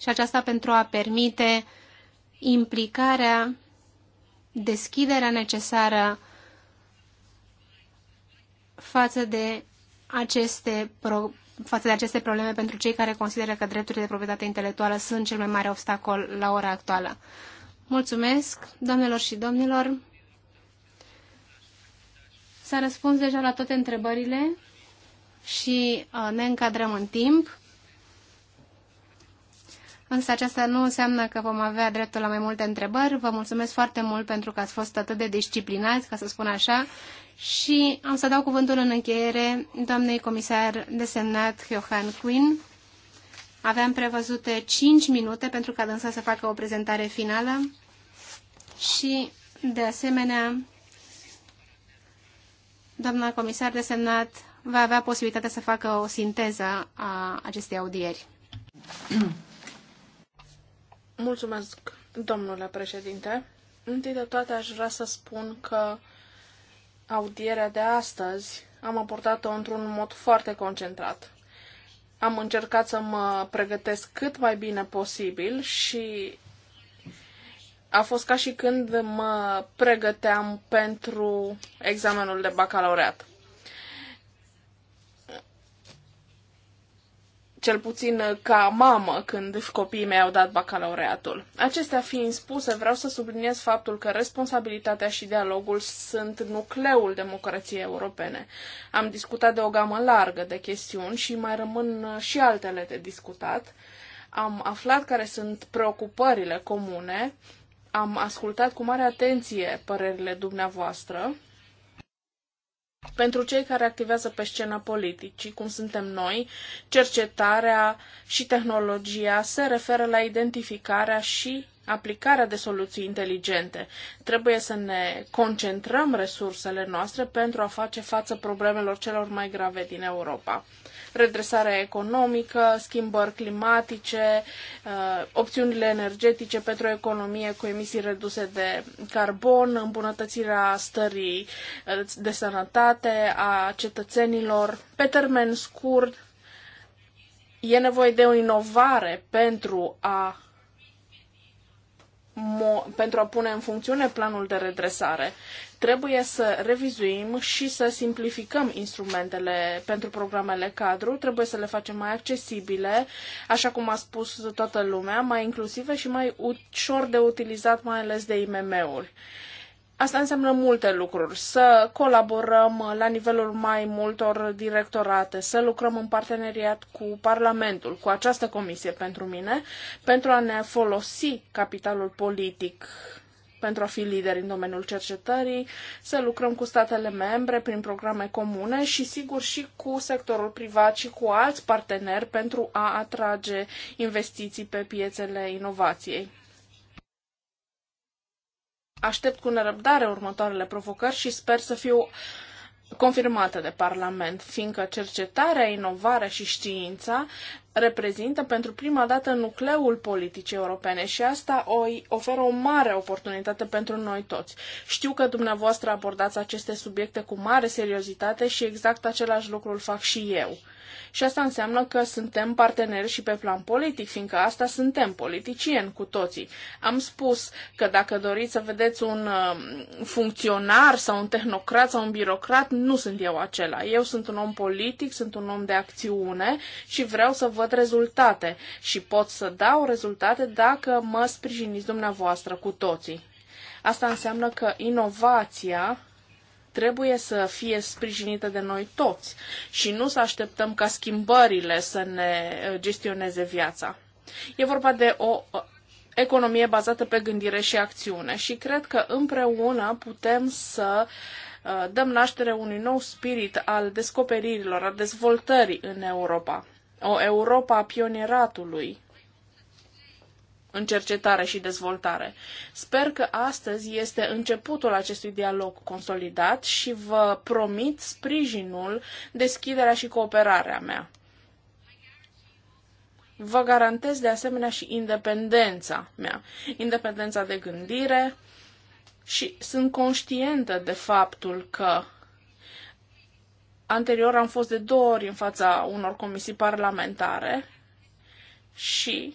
și aceasta pentru a permite implicarea, deschiderea necesară față de aceste pro față de aceste probleme pentru cei care consideră că drepturile de proprietate intelectuală sunt cel mai mare obstacol la ora actuală. Mulțumesc, doamnelor și domnilor. S-a răspuns deja la toate întrebările și uh, ne încadrăm în timp însă aceasta nu înseamnă că vom avea dreptul la mai multe întrebări. Vă mulțumesc foarte mult pentru că ați fost atât de disciplinați, ca să spun așa, și am să dau cuvântul în încheiere doamnei comisar desemnat Johan Quinn. Aveam prevăzute 5 minute pentru ca dânsa să facă o prezentare finală și, de asemenea, doamna comisar desemnat va avea posibilitatea să facă o sinteză a acestei audieri. Mulțumesc, domnule președinte. Întâi de toate aș vrea să spun că audierea de astăzi am abordat-o într-un mod foarte concentrat. Am încercat să mă pregătesc cât mai bine posibil și a fost ca și când mă pregăteam pentru examenul de bacalaureat. cel puțin ca mamă când copiii mei au dat bacalaureatul. Acestea fiind spuse, vreau să subliniez faptul că responsabilitatea și dialogul sunt nucleul democrației europene. Am discutat de o gamă largă de chestiuni și mai rămân și altele de discutat. Am aflat care sunt preocupările comune, am ascultat cu mare atenție părerile dumneavoastră pentru cei care activează pe scena politicii, cum suntem noi, cercetarea și tehnologia se referă la identificarea și aplicarea de soluții inteligente. Trebuie să ne concentrăm resursele noastre pentru a face față problemelor celor mai grave din Europa. Redresarea economică, schimbări climatice, uh, opțiunile energetice pentru o economie cu emisii reduse de carbon, îmbunătățirea stării uh, de sănătate a cetățenilor, pe termen scurt, E nevoie de o inovare pentru a pentru a pune în funcțiune planul de redresare, trebuie să revizuim și să simplificăm instrumentele pentru programele cadru, trebuie să le facem mai accesibile, așa cum a spus toată lumea, mai inclusive și mai ușor de utilizat, mai ales de IMM-uri. Asta înseamnă multe lucruri. Să colaborăm la nivelul mai multor directorate, să lucrăm în parteneriat cu Parlamentul, cu această comisie pentru mine, pentru a ne folosi capitalul politic pentru a fi lideri în domeniul cercetării, să lucrăm cu statele membre prin programe comune și, sigur, și cu sectorul privat și cu alți parteneri pentru a atrage investiții pe piețele inovației aștept cu nerăbdare următoarele provocări și sper să fiu confirmată de Parlament, fiindcă cercetarea, inovarea și știința reprezintă pentru prima dată nucleul politicii europene și asta o oferă o mare oportunitate pentru noi toți. Știu că dumneavoastră abordați aceste subiecte cu mare seriozitate și exact același lucru îl fac și eu. Și asta înseamnă că suntem parteneri și pe plan politic, fiindcă asta suntem, politicieni cu toții. Am spus că dacă doriți să vedeți un um, funcționar sau un tehnocrat sau un birocrat, nu sunt eu acela. Eu sunt un om politic, sunt un om de acțiune și vreau să văd rezultate. Și pot să dau rezultate dacă mă sprijiniți dumneavoastră cu toții. Asta înseamnă că inovația trebuie să fie sprijinită de noi toți și nu să așteptăm ca schimbările să ne uh, gestioneze viața. E vorba de o uh, economie bazată pe gândire și acțiune și cred că împreună putem să uh, dăm naștere unui nou spirit al descoperirilor, al dezvoltării în Europa. O Europa a pionieratului, în cercetare și dezvoltare. Sper că astăzi este începutul acestui dialog consolidat și vă promit sprijinul, deschiderea și cooperarea mea. Vă garantez de asemenea și independența mea, independența de gândire și sunt conștientă de faptul că anterior am fost de două ori în fața unor comisii parlamentare și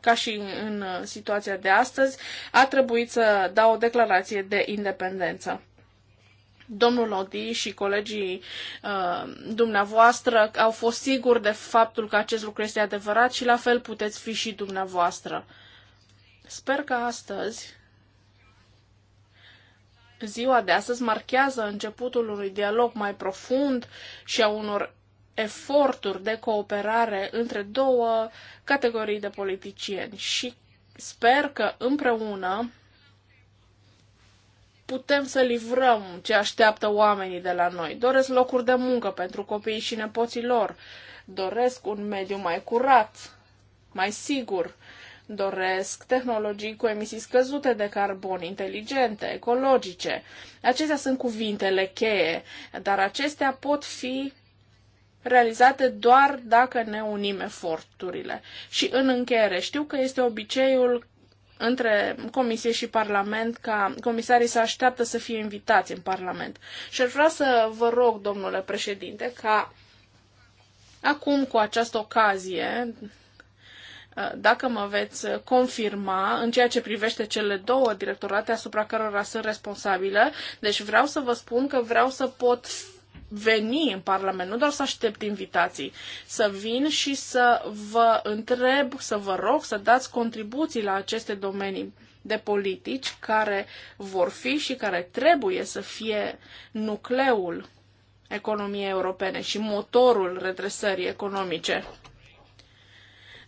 ca și în uh, situația de astăzi, a trebuit să dau o declarație de independență domnul Odi și colegii uh, dumneavoastră au fost siguri de faptul că acest lucru este adevărat și la fel puteți fi și dumneavoastră. Sper că astăzi, ziua de astăzi, marchează începutul unui dialog mai profund și a unor eforturi de cooperare între două categorii de politicieni și sper că împreună putem să livrăm ce așteaptă oamenii de la noi. Doresc locuri de muncă pentru copiii și nepoții lor. Doresc un mediu mai curat, mai sigur. Doresc tehnologii cu emisii scăzute de carbon, inteligente, ecologice. Acestea sunt cuvintele cheie, dar acestea pot fi realizate doar dacă ne unim eforturile. Și în încheiere, știu că este obiceiul între Comisie și Parlament ca comisarii să așteaptă să fie invitați în Parlament. Și aș vrea să vă rog, domnule președinte, ca acum cu această ocazie, dacă mă veți confirma în ceea ce privește cele două directorate asupra cărora sunt responsabile, deci vreau să vă spun că vreau să pot veni în Parlament, nu doar să aștept invitații, să vin și să vă întreb, să vă rog să dați contribuții la aceste domenii de politici care vor fi și care trebuie să fie nucleul economiei europene și motorul redresării economice.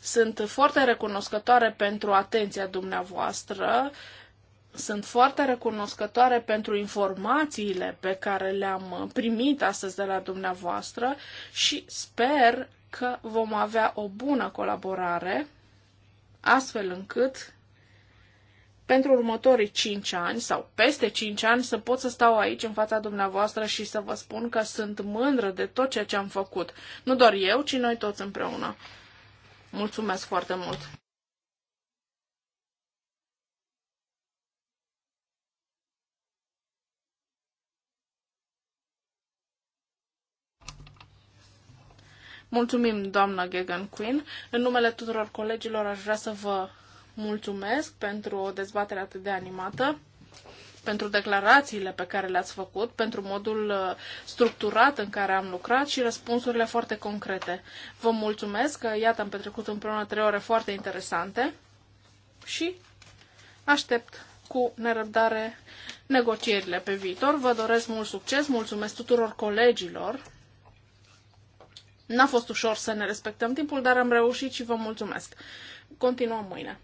Sunt foarte recunoscătoare pentru atenția dumneavoastră sunt foarte recunoscătoare pentru informațiile pe care le-am uh, primit astăzi de la dumneavoastră și sper că vom avea o bună colaborare, astfel încât pentru următorii 5 ani sau peste 5 ani să pot să stau aici în fața dumneavoastră și să vă spun că sunt mândră de tot ceea ce am făcut. Nu doar eu, ci noi toți împreună. Mulțumesc foarte mult! Mulțumim, doamna Gegan Queen. În numele tuturor colegilor aș vrea să vă mulțumesc pentru o dezbatere atât de animată pentru declarațiile pe care le-ați făcut, pentru modul uh, structurat în care am lucrat și răspunsurile foarte concrete. Vă mulțumesc că, iată, am petrecut împreună trei ore foarte interesante și aștept cu nerăbdare negocierile pe viitor. Vă doresc mult succes, mulțumesc tuturor colegilor N-a fost ușor să ne respectăm timpul, dar am reușit și vă mulțumesc. Continuăm mâine.